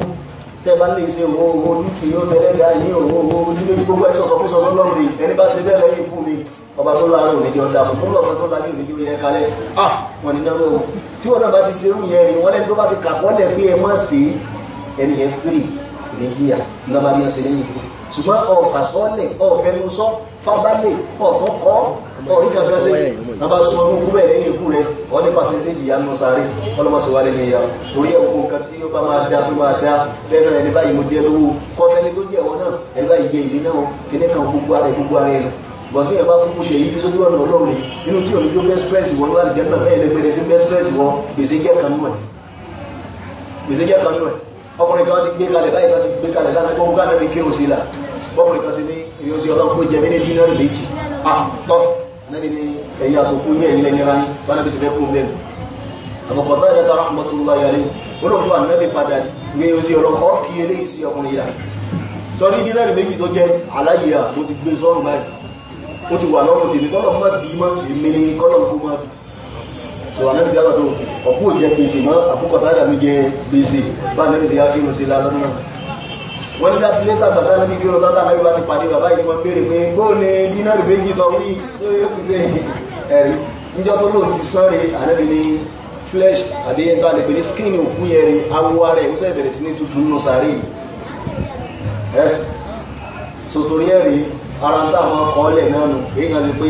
tẹ́ bá lè ṣe òun owó nítì yóò tẹ́lẹ̀ dá yí òun owó nílé gbogbo ẹ̀ṣọ́ sọ fún sọ lọ́rùn rẹ̀ ẹni bá ṣe bẹ́ẹ̀ lẹ́yìn ikú mi ọba tó láàrin òní jọ dáàbò tó lọ́ọ̀fẹ́ tó láàrin òní jọ yẹn kalẹ̀ ah wọn ni náà lọ́wọ́ tí wọn náà bá ti ṣe irú yẹn rìn wọn lẹ́ni tó bá ti kàkọ́ lẹ̀ pé ẹ má ṣe ẹni yẹn fírì ìrìn jìyà náà bá ní ọ̀sẹ̀ nínú ìlú ṣùgbọ́n ọ̀sàsọ́ọ̀lẹ̀ ọ̀fẹnusọ́ fábálẹ̀ ọ̀tọ́kọ́ ọ̀ríkàfẹ́sẹ̀ bàbá sọ ọdún kúrẹ̀ lẹ́yìn ikú rẹ̀ ọ ní pàṣẹ déjì ya nọ́sàárì ọlọ́mọsíwárí ní ìyá orí ẹ̀kọ́ nǹkan tí ó bá máa dá tó máa dá lẹ́nu ẹni báyìí mo jẹ́ lówó kọ́tẹ́lẹ́ tó jẹ́ wọn náà ẹni báyìí jẹ́ ìbí náà kíní kan gbogbo ara gbogbo ara ẹ̀ bọ̀sùn yẹn bá kúkú ṣe yí sójú ọ̀nà ọlọ́run nínú tí òní jó best press wọn ló àdìjẹ́ náà bẹ́ẹ̀ lẹ́gbẹ̀rẹ́ sí best press wọn gbèsè jẹ́ kan nù ẹ̀ gbèsè jẹ́ kan nù ọkùnrin kan ti gbé kalẹ̀ báyìí kan ti gbé kalẹ̀ lánàá gbọ́n gánà bí kírun sí la ọkùnrin kan sí ní ìyọ́ sí ọlọ́run kó jẹ mí ní dínárì méjì àtọ́ anábì ní ẹ̀yà àtòkú ní ẹ̀yìn lẹ́ni ra báná bí sì fẹ́ kún bẹ́ẹ̀ àbùkọ̀ báyìí lẹ́ta rahmatulahi alayhi olóòtú anábì padà gbé yóò sí ọlọ́run ọ́ kí eléyìí sí ọkùnrin yìí la sọrí dínárì méjì tó jẹ aláyè sọ̀rọ̀ anẹ́bí tí a lọ́dún ọ̀pù jẹ́ gbèsè mọ́ àbúkọ̀tà àdàmì jẹ gbèsè bá anẹ́bí sí yáfí ìrọsí lálọ́dún náà wọ́n ní láti lẹ́tà bàtà anẹ́bí bí ọlọ́dún anẹ́bí bá ti pàdé bàbá yìí wọ́n béèrè pé bó ni dínárì méjì tọ́ wí só yóò ti ṣe ẹ̀rí níjọ́ tó lóun ti sọ́ọ̀rẹ́ anẹ́bí ní flesh àbí ẹ̀ntọ́ àdẹ̀bí ní skin òkú yẹn rí awọ rẹ̀ ó sẹ́ bẹ̀rẹ̀ sí ní tuntun nù sàárè ẹ̀ sòtòrí ẹ̀rí ara ń táwọn ọkọ̀ ọ̀lẹ̀ náà nù èyí kan ti pé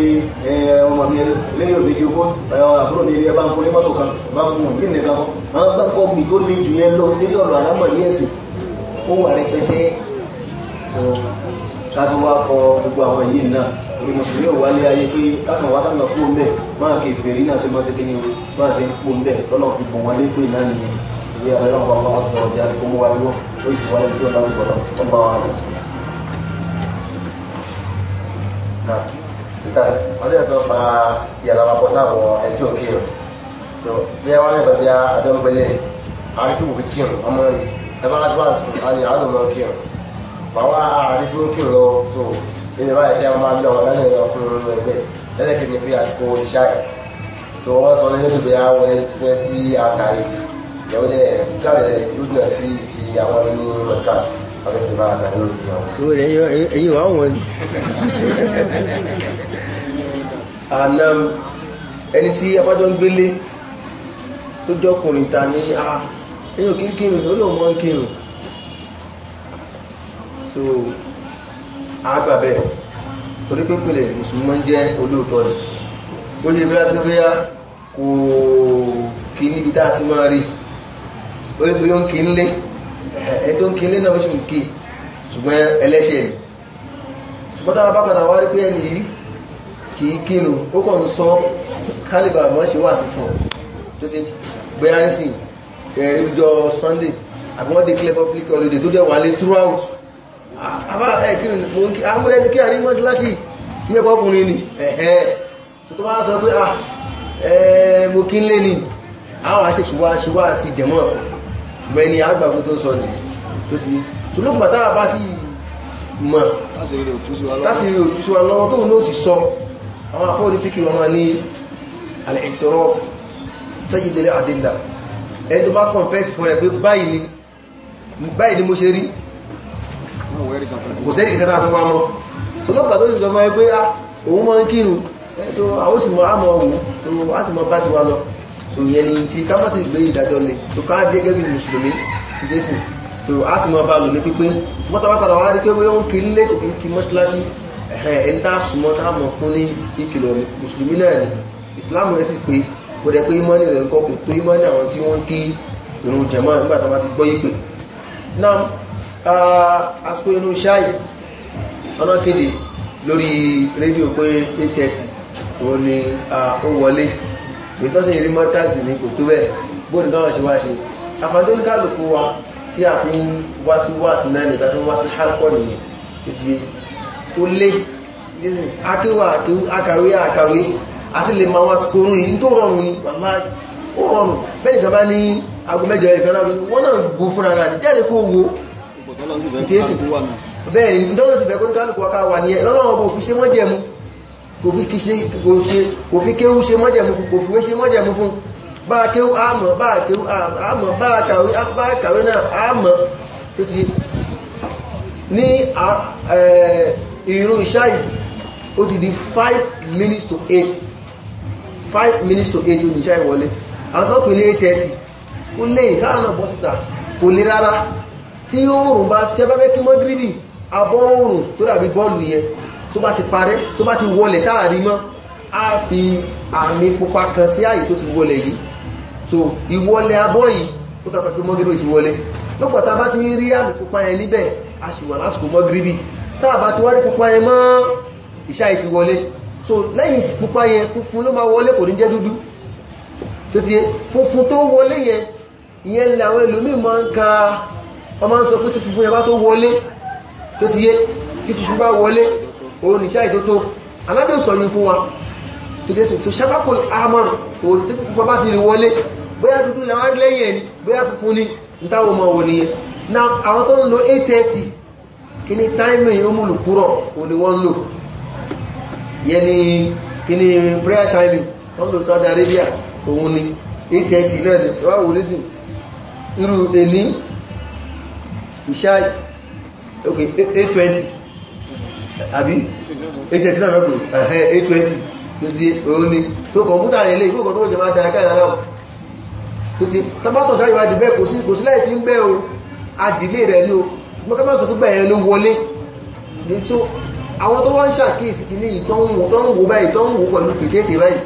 ọmọ mi lẹ́yìn òbí ju kó àbúrò mi rí ẹ bá ń fún ní mọ́tò kan bá fún wọn kí nìkan kọ́ àwọn bá kọ́ mi tó le jù yẹn lọ nílé ọ̀rọ̀ àlámọ̀ yẹn sì ó wà rẹpẹtẹ káàtó wá kọ gbogbo àwọn yìí náà orí mùsùlùmí ò wálé ayé pé káàkàn wá káàkàn kú mbẹ máa kè fèrè náà ṣe máa ṣe kíni o máa ṣe ń kú mbẹ lọ́nà fi bùn wọn lépè náà nìyẹn ìyá ọlọ́run bá wọn sọ ọjà kó mú ó sì wọlé tí ó dáwọ́ gbọ́dọ̀ tó bá wà lọ náà títà wọ́n tẹ̀ tó fa ìyàrá wa bọ́ sáwọn ẹtí òkè rẹ̀ so bí wọ́n lè bẹ̀rẹ̀ bí adé ń gbélé àrídùn òfin kírun ọmọ rẹ̀ ẹ bá advance kò ká ní àádùn mọ́ kírun bàbá àrídùn kírun lọ so ilé bá ẹsẹ̀ máa lọ lẹ́yìn lọ fún un ẹgbẹ́ lẹ́lẹ́kì ní bí àsìkò iṣẹ́ rẹ̀ so wọ́n sọ ní lóṣù bíi àwọn ẹgbẹ́ tí a kà yìí lọ́wọ́ dẹ̀ káàrẹ̀ ìdúnà sí ti àwọn ẹni èyí wà wọ́n ni àna ẹni tí abájọ́ ń gbélé tó jọkùnrin ta ní a ah, èyí ò kí kírun ó lóun mọ́ ń kírun so àgbà bẹ́ẹ̀ torí pé pèlè mùsùlùmọ́ jẹ́ olóòtọ́ ni ó yẹ bí láti bóyá kò kí níbi tá a ti máa rí ó yẹ bí ó ń kí ń lé ẹ̀ẹ́dọ́ ń kílé náà ó sì ń kí ṣùgbọ́n ẹlẹ́ṣẹ̀ ni ṣùgbọ́n táwọn bá padà wá rí pé ẹni yìí kì í kínu ó kàn ń sọ kálíbà mọ́ ṣe wà sí fún ọ tó ṣe bóyá ń sìn ẹ̀ẹ́dọ́ Sunday àbí wọ́n declare public holiday tó dẹ̀ wà lé throughout àbá ẹ̀kínu mo ń kí amúlẹ̀ ti kí àrí mọ́ síláṣì ní ẹ̀kọ́ ọkùnrin ni ẹ̀ẹ́ tó tó bá sọ pé ah ẹ̀ẹ́ mo kí ń lé ni àwọn àṣeṣùwà ṣe wá sí jẹ̀mọ́ ṣùgbọ́n ẹni àgbàgbó tó sọ ní tó ti ṣùgbọ́n pàtàkì bá ti mọ̀ tásìrí òtúsíwá lọ́wọ́ tó ní ó sì sọ àwọn afọ́rí fíkì wọn ní alẹ́tọ́rọ̀ sẹ́yìnlẹ̀ àdílà ẹni tó bá confess fún rẹ̀ pé báyìí ni mo ṣe rí kò sẹ́rì kẹta tó máa mọ́ so lọ́pàá tó sì sọ fún ẹ pé ah, òun mọ́ ń kírun ẹ̀ tó àwọn sì mọ́ àmọ́ òun láti mọ́ bá ti wá lọ so yẹn ni ti ká má ti gbé ìdájọ́ lé so ká gẹ́gẹ́ bí mùsùlùmí jésù so a sì máa bá lò ní pípé mọ́tàbá padà wá rí pé wọ́n ń kiri lé kò kí ń kí mọ́ṣíláṣí ẹni tá a súnmọ́ tá a mọ̀ fún ní ìkìlọ̀ ní mùsùlùmí náà ni islam rẹ̀ sì pé kò dẹ̀ pé ìmọ̀ni rẹ̀ nǹkan kò tó ìmọ̀ni àwọn tí wọ́n kí irun jẹ̀mọ́ nígbà tó bá ti gbọ́ ìpè náà àsìkò ṣe tó sì rí mọ́kàsì ní kò tó bẹ́ẹ̀ bóòdì náà ṣe wá ṣe àfàdóníkàlùkù wa tí a fi ń wá sí wá sí náà nìta tó wá sí hálpọ̀ nìyẹn ìtì tó lé akéwà akàwé akàwé a sì lè máa wá sí korún yìí tó rọrùn ni wàlá ó rọrùn bẹ́ẹ̀ nìkan bá ní aago mẹ́jọ ìkan lágbo wọ́n náà gbó fúnra rà ní jáde kó wo ìtì èsì bẹ́ẹ̀ ni dọ́lọ́sì fẹ́ kó ní kálùkù wa ká wà ní ẹ̀ lọ́lọ́wọ́ kò fi kí ṣe kò fi kéwú ṣe fún kò fi wé ṣe fún bá kéwú àmọ́ bá kéwú àmọ́ bá kàwé bá kàwé náà àmọ́ tó ti ní ìrún ìṣá yìí ó ti di 5 minutes to eight. Five minutes to 8 olùṣá ìwọlé àwọn tó pèlé 8:30 ó lè káàrùn náà bọ́sítà kò lè rárá tí oòrùn bá tẹ́bẹ́bẹ́ kí mọ́gírìdì abọ́ oòrùn tó dàbí bọ́ọ̀lù yẹn tó bá ti parẹ́ tó bá ti wọlẹ̀ táàrí mọ́ á fi àmì pupa kan sí ààyè tó ti wọlẹ̀ yìí so ìwọlẹ̀ abọ́ yìí tó tàbí pé mọ́gírò ti wọlé lọ́pọ̀ta bá ti rí àmì pupa yẹn níbẹ̀ a sì wà lásìkò mọ́gírìbì táà bá ti wá pupa yẹn mọ́ ìṣá yìí ti wọlé so lẹ́yìn pupa yẹn funfun ló máa wọlé kò ní jẹ́ dúdú tó ti yẹ funfun tó wọlé yẹn ìyẹn ni àwọn ẹlòmíì máa ń ka ọmọ ń sọ pé tí funfun yẹn bá tó wọlé tó ti yẹ tí funfun bá wọlé òun ní iṣẹ́ ìtótó aládùn sọ̀yún fún wa tòdẹ́sì tó ṣẹ́fàkò àmọ́rù òun tí púpọ̀ bá ti rí wọlé bóyá dúdú ní àwọn lẹ́yìn ẹni bóyá funfun ní ìtawọ̀ ọmọ wò nìyẹn na àwọn tó ń lo 830 kí ni táìmì òun ni wọ́n lò yẹ ni kí ni prayer time wọ́n lò Saudi Arabia òun ni 830 náà ni wò nísìn irú èní ìṣá 820 àbí 830 náà pè ẹ̀hẹ́ 820 tó sí òun ni so kọ̀mpútà rẹ̀ lè ìgbókọ̀ tó ṣe máa dáa káyà náà tó sí tọ́bọ́sọ̀ ṣáyọ̀ adì bẹ́ẹ̀ kò sí láì fi ń bẹ́ o adìlé rẹ̀ ní o ṣùgbọ́n kọ́mọ́sọ̀ tó bẹ̀yẹn ló wọlé so àwọn tó wọ́n ṣàkíyèsí ti ní ìtọ́nwò báyìí tọ́nwò pẹ̀lú fìtẹ́tẹ̀ báyìí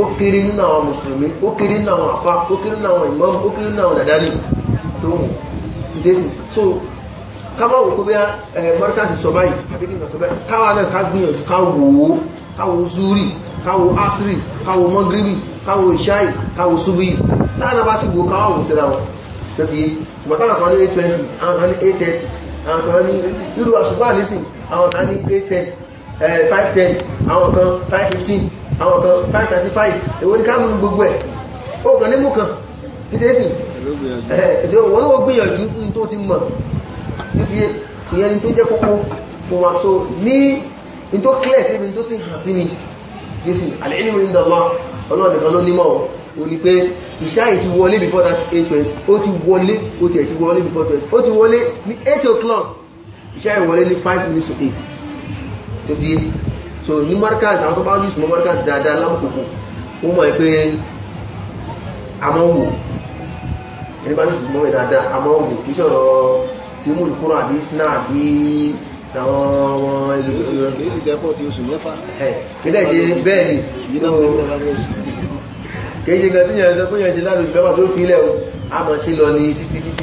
ó kéré nínú àwọn mùsùlùmí ó kéré nínú àwọn àpá ó kéré nínú àwọn ìmọ̀ ó kéré nínú àwọn dàdánì tó wù ìfẹ́sì so ká má wò pé bí mọ́ríkàsì sọ báyìí àbí kí n sọ báyìí káwa náà ká gbìyànjú ká wò ó káwo zúrì káwo asiri káwo mọ́gírìbì káwo ìṣáì káwo súbì láàrín àbá ti wò káwa wò síra wọn tó ti yé ìgbàtàwà kan ní 820 àwọn kan ní 830 àwọn kan ní irú àṣùgbà nísìn àwọn kan ní 810 510 àwọn kan 515 àwọn kan 535 èwo ní ká mú gbogbo ẹ̀ títí ìyẹn ni tó jẹ́ kókó fún wa so ní in tó clear sí mi tó sì hàn sí mi jésì al-ilmu inda Allah ọlọ́run nìkan ló nímọ̀ o ní pé ìṣáì ti wọlé before that 8:20 ó ti wọlé ó ti ẹ̀ ti wọlé before 20 ó ti wọlé ní 8 o'clock ìṣáì wọlé ní 5 minutes to 8 tó sí so ní markers. àwọn tó bá ní ìsúnmọ́ markers. dáadáa lámùkòkò ó mọ̀ pé àmọ́ wò ẹni bá ní ìsúnmọ́ dáadáa àmọ́ wò kìí sọ̀rọ̀ tí mú ìkúrò àbí sná àbí àwọn ìlúkúrò kìí sì sẹ́pọ̀ tí oṣù mẹ́fà ẹ̀ ilẹ̀ ṣe bẹ́ẹ̀ ni kìí ṣe gan tí yẹn sọ fúnyẹ̀ ṣe láàrin ìgbẹ́wà tó fi ilẹ̀ a mọ̀ sí lọ ní títí títí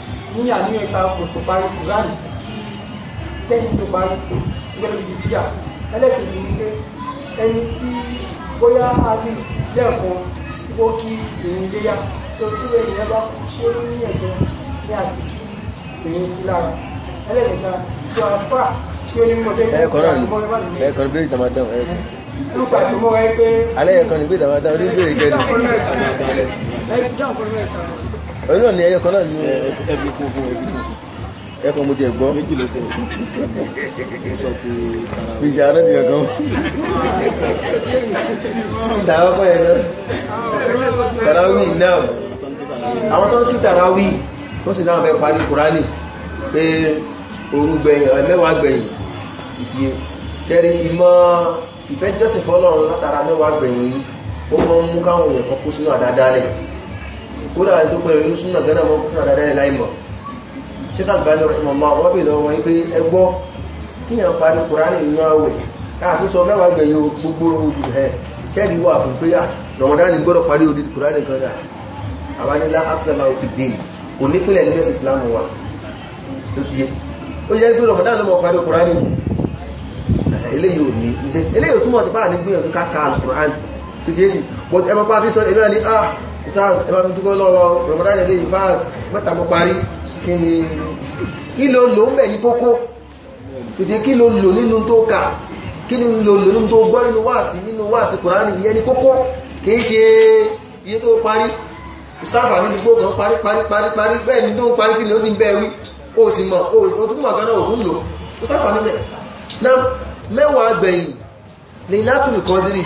ní àníyàn ìta kò tó parí kùránì lẹ́yìn tó parí gbẹ́rù ibi bíyà ẹlẹ́kẹ̀ẹ́ ní pé ẹni tí bóyá a lè lẹ́ẹ̀kan wó kí èyí léyà tó tí ènìyàn bá kú ṣé ó ní ẹ̀jẹ̀ ní àsìkò èyí sí lára ẹlẹ́kẹ̀ẹ́ta tó afá tí ó ní mọ̀tẹ́ ẹ̀kọ́ náà ní ìtàmádà ẹ̀kọ́ nípa ìtumọ̀ ẹ pé alẹ́ ẹ̀kan ní ìgbé ìtàmádà orí ìbéèrè kẹ́ni ọ̀rẹ́ náà ni ẹyọ kan náà ni ẹbí funfun ẹbí funfun ẹkọ mo ti ẹgbọ́ méjì ló tẹ̀ sọ ti tara ìjà rẹ ti kankan tara ọkọ yẹn náà tarawí náà àwọn tó ń kí tarawí tó sì náà fẹ́ parí kùránì pé òru gbẹ̀yìn mẹ́wàá gbẹ̀yìn ìtìyẹ kẹrin ìmọ̀ ìfẹ́ jọ́sìn látara mẹ́wàá gbẹ̀yìn ó mọ́ mú káwọn èèyàn kan kó sínú àdádálẹ̀ kódà tó pẹ̀lú ní súnà gánà mọ́ fún àdáda ẹ̀ láì mọ̀ ṣé kàlùbáni ọmọ wọn bè lọ́wọ́ yín pé ẹ gbọ́ kí yàn parí kùránì nínú àwẹ̀ káàtún sọ mẹ́wàá gbẹ̀yìn gbogbo ojú ẹ̀ ṣẹ́ẹ̀dì wà fún pé ah, rọmọdánì gbọ́dọ̀ parí odi kùránì kan dà àbánilá asìlámà òfin dèlì kò nípìnlẹ̀ nínú islam wa tó ti yé ó yẹ pé rọmọdánì ló mọ̀ parí kùránì eléyìí ò ní eléyìí ò túmọ̀ sí báà ní gbìyànjú ká ka alukùránì tó ti yé sí but ẹ sáà ẹ bá mi dúpẹ́ lọ́wọ́ rọ̀mọ́dá nílé ìfáàtì mẹ́ta mo parí kí ni kí ló lò ń bẹ̀ ní kókó ìtì kí ló lò nínú tó kà kí ni lò lò nínú tó gbọ́ nínú wáàsí nínú wáàsí kùránì ìyẹn ní kókó kìí ṣe iye tó parí sáfà ní gbogbo kan parí parí parí parí bẹ́ẹ̀ ni tó parí sí ni ó sì ń bẹ́ẹ̀ wí ó sì mọ̀ ó tún mọ̀ gánà ó tún lò ó sáfà nílẹ̀ náà mẹ́wàá gbẹ̀yìn Laylatul Qadri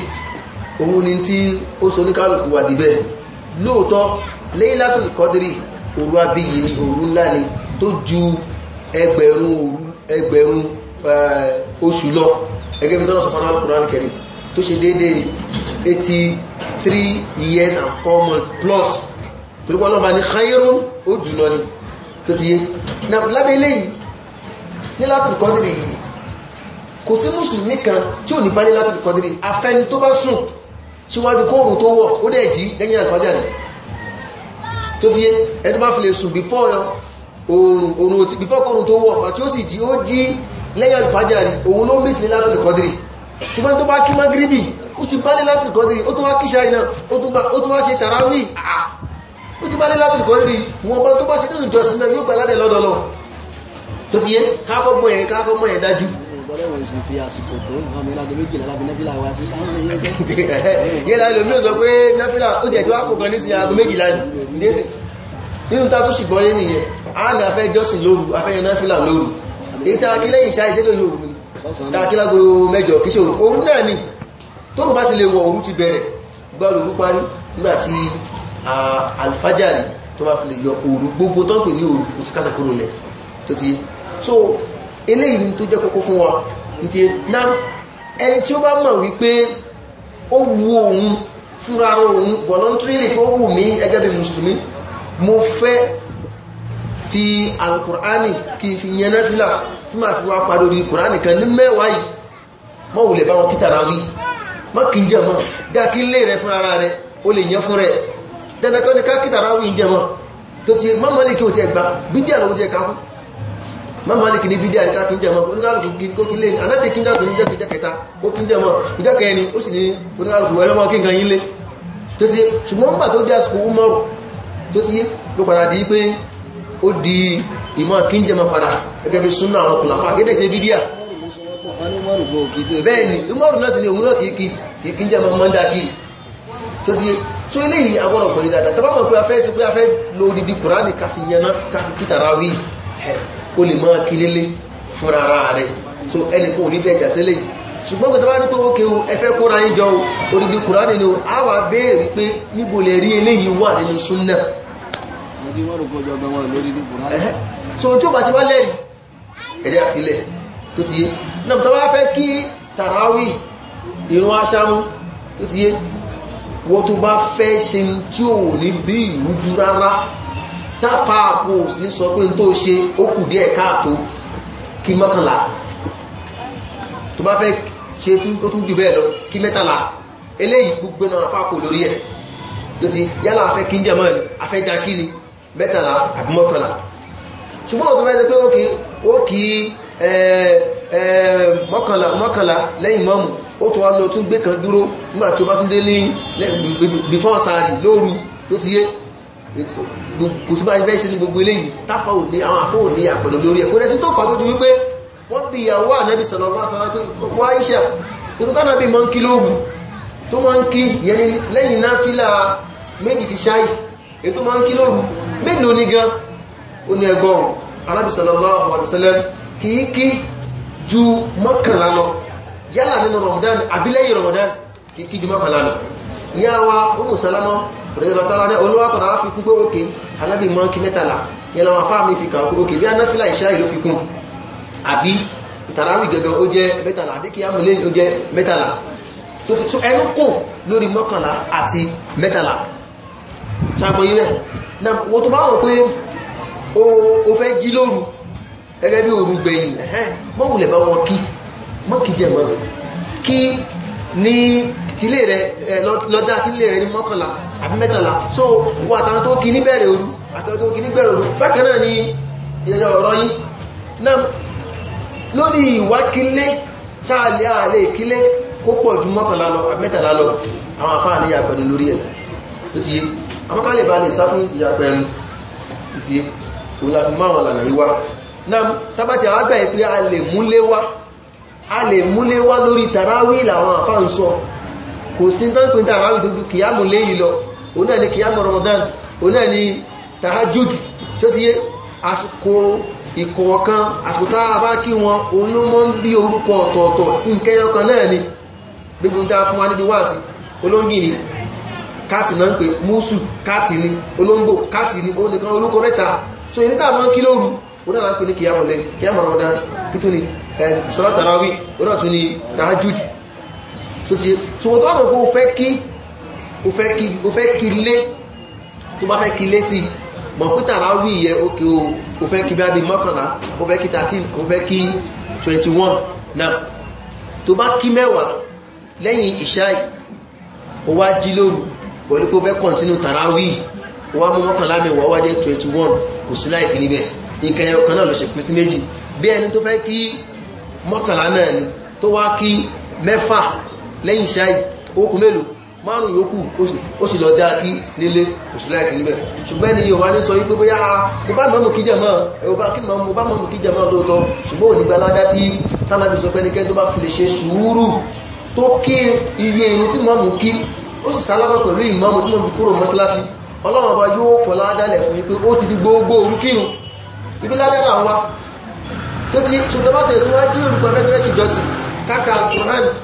òun ni tí ó so oníkálùkù wà dìbẹ̀ lóòótọ́ Laylatul Qadri òru abiyì ni òru ńlá ni tó ju ẹgbẹ̀rún òru ẹgbẹ̀rún eh, oṣù lọ ẹgbẹ́ mi tọ́lọ̀ sọ fún Al-Qur'an Karim tó ṣe déédéé ni eighty three years and four months plus torí pọ́ lọ́ba ní khayrun ó jù lọ ni tó ti yé lábẹ́ eléyìí Laylatul Qadri yìí kò sí mùsùlùmí kan tí ò ní bá Laylatul Qadri afẹ́ni tó bá sùn síwájú kóòrùn tó wọ̀ ó dẹ̀ jí lẹ́yìn àlùfájà rẹ̀ tó ti yé ẹni bá fi lè sùn bífọ́ oòrùn bífọ́ kóòrùn tó wọ̀ àti ó sì jí ó jí lẹ́yìn àlùfájà rẹ̀ òun ló mìsì ní látòlè kọ́dìrì ṣùgbọ́n tó bá kí magribi ó ti bá ní látòlè kọ́dìrì ó tó wá kíṣà iná ó tó wá ṣe tàràwì ó ti bá ní látòlè kọ́dìrì wọn bá tó bá ṣe tó ìjọsìn náà yóò gbà ládẹ̀ lọ́dọ̀ lọ tó ti yé káàkọ́ mọ̀ yẹn káàkọ́ mọ̀ yẹn dájú ọlẹ́wọ̀n sì fi àsìkò tó nǹkan mi láti méjìlá láti nẹ́fílà wá sí yẹ́lá ilẹ̀ mìíràn sọ pé nẹ́fílà ó jẹ́ tí wá kò kan ní sí aago méjìlá nínú tá tó sì gbọ́ yé nìyẹn a ní afẹ́ jọ́sìn lóru afẹ́ yẹn nẹ́fílà lóru èyí tá kí lẹ́yìn ṣáà ìṣẹ́jọ́ yóò rú ni tá kí lágo mẹ́jọ kí ṣe òru náà ni tó kò bá ti lè wọ òru ti bẹ̀rẹ̀ gbá lòru parí nígbàtí alfajari tó bá fi lè yọ òru gbogbo tó ń pè ní òru òtúkásàkúrò lẹ̀ tó ti so eléyìí ni tó jẹ́ kókó fún wa nke na ẹni tí ó bá mọ̀ wípé ó wu òun fúnra òun voluntarily pé wù mí gẹ́gẹ́ bí mùsùlùmí mo fẹ́ fi alukur'ani kí n fi yẹn náfìlà tí máa fi wá parí orí kan ní mẹ́wàá yìí mọ́ wùlẹ̀ bá wọn kí tàràwí mọ́ kí n jẹ̀mọ́ dáa kí lè rẹ fúnra rẹ o lè yẹn fún rẹ dandan kan ka ká kí tàràwí jẹ̀mọ́ tó ti mọ́mọ́lì kí o ti ẹ̀gbá lọ́wọ́ jẹ́ mọ́mọ́lìkì ní bídíà ká kí n jẹmọ́ oníkàlùkù kó kí lè anáde kí n jáde ní jẹ́ kẹta ó kí n jẹmọ́ ìjọ́ kẹni ó sì ní oníkàlùkù ẹlọ́mọ́ kí n kan yínlé tó sí ṣùgbọ́n mọ́ tó jẹ́ àsìkò umaru tó sí ló padà di pé ó di ìmọ̀ kí n jẹmọ́ padà gẹ́gẹ́ bí súnà àwọn kùlàfà gẹ́gẹ́ sí bídíà bẹ́ẹ̀ni umaru náà sì ni òun náà kìí kí n jẹmọ́ mọ́ndà kìí tó ti so eléyìí agbọ́dọ̀ gbọ́ yìí dáadáa tàbá mọ̀ pé afẹ́ sí pé afẹ́ lo odidi kùránì káfí yẹn náà káfí kítàrà wí o lè máa kí fúnra ara rẹ̀ so ẹnìkan ò ní bẹ́ẹ̀ jà sílẹ̀ ṣùgbọ́n pẹ̀tẹ́ bá ní pé ókè o ẹfẹ́ kóra yín jọ orígi kùránì ni o a wà wípé níbo lè rí eléyìí wà nínú súnnà so tí ó bá ti wá lẹ́rìí ẹ̀dẹ́ àfilẹ̀ tó ti yé náà tó bá fẹ́ kí tàràwì ìrún aṣámú tó ti yé wọ́n tó bá fẹ́ ṣe tí ò ní bí ìrújú rárá táfà àpò ní sọ pé tó ṣe ó díẹ̀ káàtó kí mọ́kànlá tó bá fẹ́ ṣe tó tún jù bẹ́ẹ̀ lọ kí mẹ́tàlá eléyìí gbogbo náà afá kò lórí ẹ̀ tó ti yálà afẹ́ kí ń jẹ mọ́ ni afẹ́ kí ni mẹ́tàlá àbí mọ́kànlá ṣùgbọ́n pé ó mọ́kànlá mọ́kànlá lẹ́yìn mọ́mù ó tó wá lọ tún kò sí bá ẹgbẹ́ ṣe ní gbogbo eléyìí táfà ò ní àwọn àfọ́ ò ní àpẹẹrẹ lórí ẹ̀ kò rẹ̀ sí tó fà tó ju wípé wọ́n bí ìyàwó ànábì sallallahu alaihi wasallam pé wọ́n á ṣe ìlú tánàbí mọ́ ń kí lóru tó mọ́ ń kí yẹn lẹ́yìn náfílà ju mọ́kànlá lọ yálà nínú Ramadan àbí lẹ́yìn Ramadan kì í kí ju ìyá wa Umu Salama rẹ̀dọ̀tọ́lá ní olúwàkọ̀dá wá fi kún pé òkè alábì mọ́ kí mẹ́tàlá yẹn lọ́wọ́ fáàmì fi kà òkè bí anáfíà ìṣá ìlú fi kún àbí ìtàràwì gẹ̀gẹ̀ ó jẹ́ mẹ́tàlá àbí kí ámúlé ó jẹ́ mẹ́tàlá so ẹnu kò lórí mọ́kànlá àti mẹ́tàlá ṣàgbọ́n yìí náà wọ́n tó bá wọ̀ pé o fẹ́ jí lóru gẹ́gẹ́ bí òru gbẹ̀yìn mọ́wùlẹ̀ bá wọn kí mọ́kì jẹ̀ mọ́ kí ní tílé rẹ̀ lọ́dá tílé rẹ̀ ní mọ́kànlá àbí mẹ́tàlá so wà tàbí tó kí ní bẹ̀rẹ̀ òru àtàwọn tó kí ní bẹ̀rẹ̀ òru bákan náà ni ìyẹ̀yẹ̀ ọ̀rọ̀ yìí náà lórí ìwà kílé sáàlì ààlè kílé kó pọ̀ ju mọ́kànlá lọ àbí mẹ́tàlá lọ àwọn àfáà ní ìyàpẹ̀nu lórí ẹ̀ tó ti yé àwọn ká lè ba lè sá fún ìyàpẹ̀nu tó ti yé òun la fi mọ́ àwọn àlàyé wa náà tábàtì àwọn àgbà yìí pé a lè múlé wá a lè múlé wá lórí tàráwí làwọn àfáà ń sọ kò sí tó ń pè ní tàràwì tó ju kìyàmù léyìí lọ òun náà ni kìyàmù Ramadan òun náà ni tahajjud tó ti yé àsìkò ìkọ̀ọ̀kan àsìkò tá a bá kí wọn òun ló mọ́ ń bí orúkọ ọ̀tọ̀ọ̀tọ̀ nkẹyọkan náà ni gbogbo tá a fún wa níbi wáàsí olóńgì ni káàtì náà ń pè mùsù káàtì ni olóńgbò káàtì ni òun nìkan olóko mẹ́ta so èyí tá a kí lóru òun náà ń pè ní kìyàmù lẹ́yìn kìyàmù Ramadan kí tó ni sọ́lá tàràwí òun tó ti ṣùgbọ́n tó àwọn òfẹ́ kí òfẹ́ kí lé tó bá fẹ́ kí lé sí mọ̀ pé tàrà wí yẹ òkè òfẹ́ kí bí mọ́kànlá òfẹ́ kí 13 òfẹ́ kí 21 náà tó bá kí mẹ́wàá lẹ́yìn ìṣáì ó wá jí lóru pẹ̀lú pé ó fẹ́ kọ̀ntínú tàrà wí ó wá mú mọ́kànlá mẹ́wàá wá dé 21 kò sí láì níbẹ̀ nǹkan ẹ̀yọ̀ kan náà lọ ṣe pín sí méjì bí ẹni tó fẹ́ kí mọ́kànlá náà ni tó wá kí mẹ́fà lẹ́yìn ṣáì okùn mélòó márùn yòókù ó sì lọ dá kí nílé kò sí láìkì níbẹ̀ ṣùgbọ́n ni yóò wá ní sọ wípé bóyá mo bá mọ́mù kí jẹ̀mọ́ mo bá mọ́mù kí jẹ̀mọ́ lóòótọ́ ṣùgbọ́n òní gbalada tí tánàbí sọ pé ní kẹ́ni tó bá fi lè ṣe sùúrù tó kí iye irun tí mọ́mù gbogbo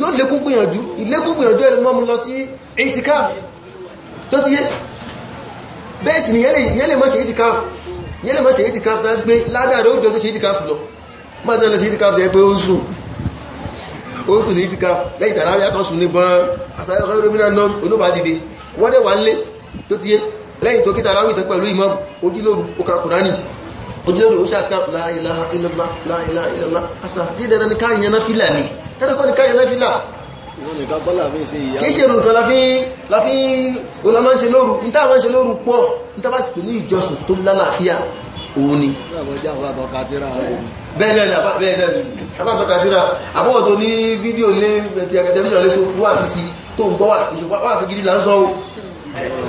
yóò lékún gbìyànjú ìlékún gbìyànjú ẹni mọ́ mú lọ sí itikaf tó ti yé bẹ́ẹ̀ sì ni yẹ́lẹ̀ mọ́ ṣe itikaf yẹ́lẹ̀ mọ́ ṣe itikaf tán sí pé ládàrẹ́ òjò tó ṣe itikaf lọ máa tẹ́lọ ṣe itikaf tẹ́ pé ó ń sùn ó ń sùn ní itikaf lẹ́yìn tàrà wíyá kan sùn níbọn àsáyọ́kọ́ ìròmìnà náà onúbà dìde ojúlórí ó ṣàṣíká la ilaha illallah la ilaha illallah àṣà tí ìdẹ̀rẹ̀ ní káàrin yẹn náfílà ní tẹ́lẹ̀kọ́ ní káàrin náfílà kìí ṣe nǹkan láfí olamá ń ṣe lóru níta máa ń ṣe lóru pọ̀ níta bá sì pè ní ìjọsùn tó lálàáfíà òun ni àbọ̀tọ̀ ní fídíò lé ẹ̀tì akadẹ́mìnà lé tó fún àṣìṣì tó ń gbọ́ wà sí gidi là ń sọ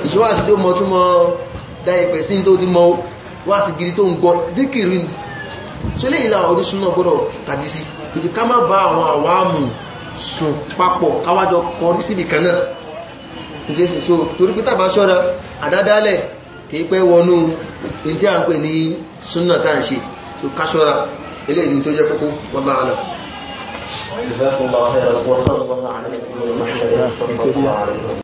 ìṣọ́wàṣì tó mọ̀ túnmọ̀ dáyẹ̀pẹ̀ sí tó ti mọ́ wá sí gidi tó ń gbọ́ díkìrì ni so lè ìlà orísun náà gbọ́dọ̀ tàbí sí ìdí ká má bá àwọn àwámù sùn papọ̀ káwájọ kọrí síbi kan náà jésù so torí pé tàbá ṣọ́ra àdádálẹ̀ kìí pẹ́ wọnú ní tí a ń pè ní súnà tá ń ṣe so ká ṣọ́ra eléyìí tó jẹ́ kókó wọ́n bá lọ جزاكم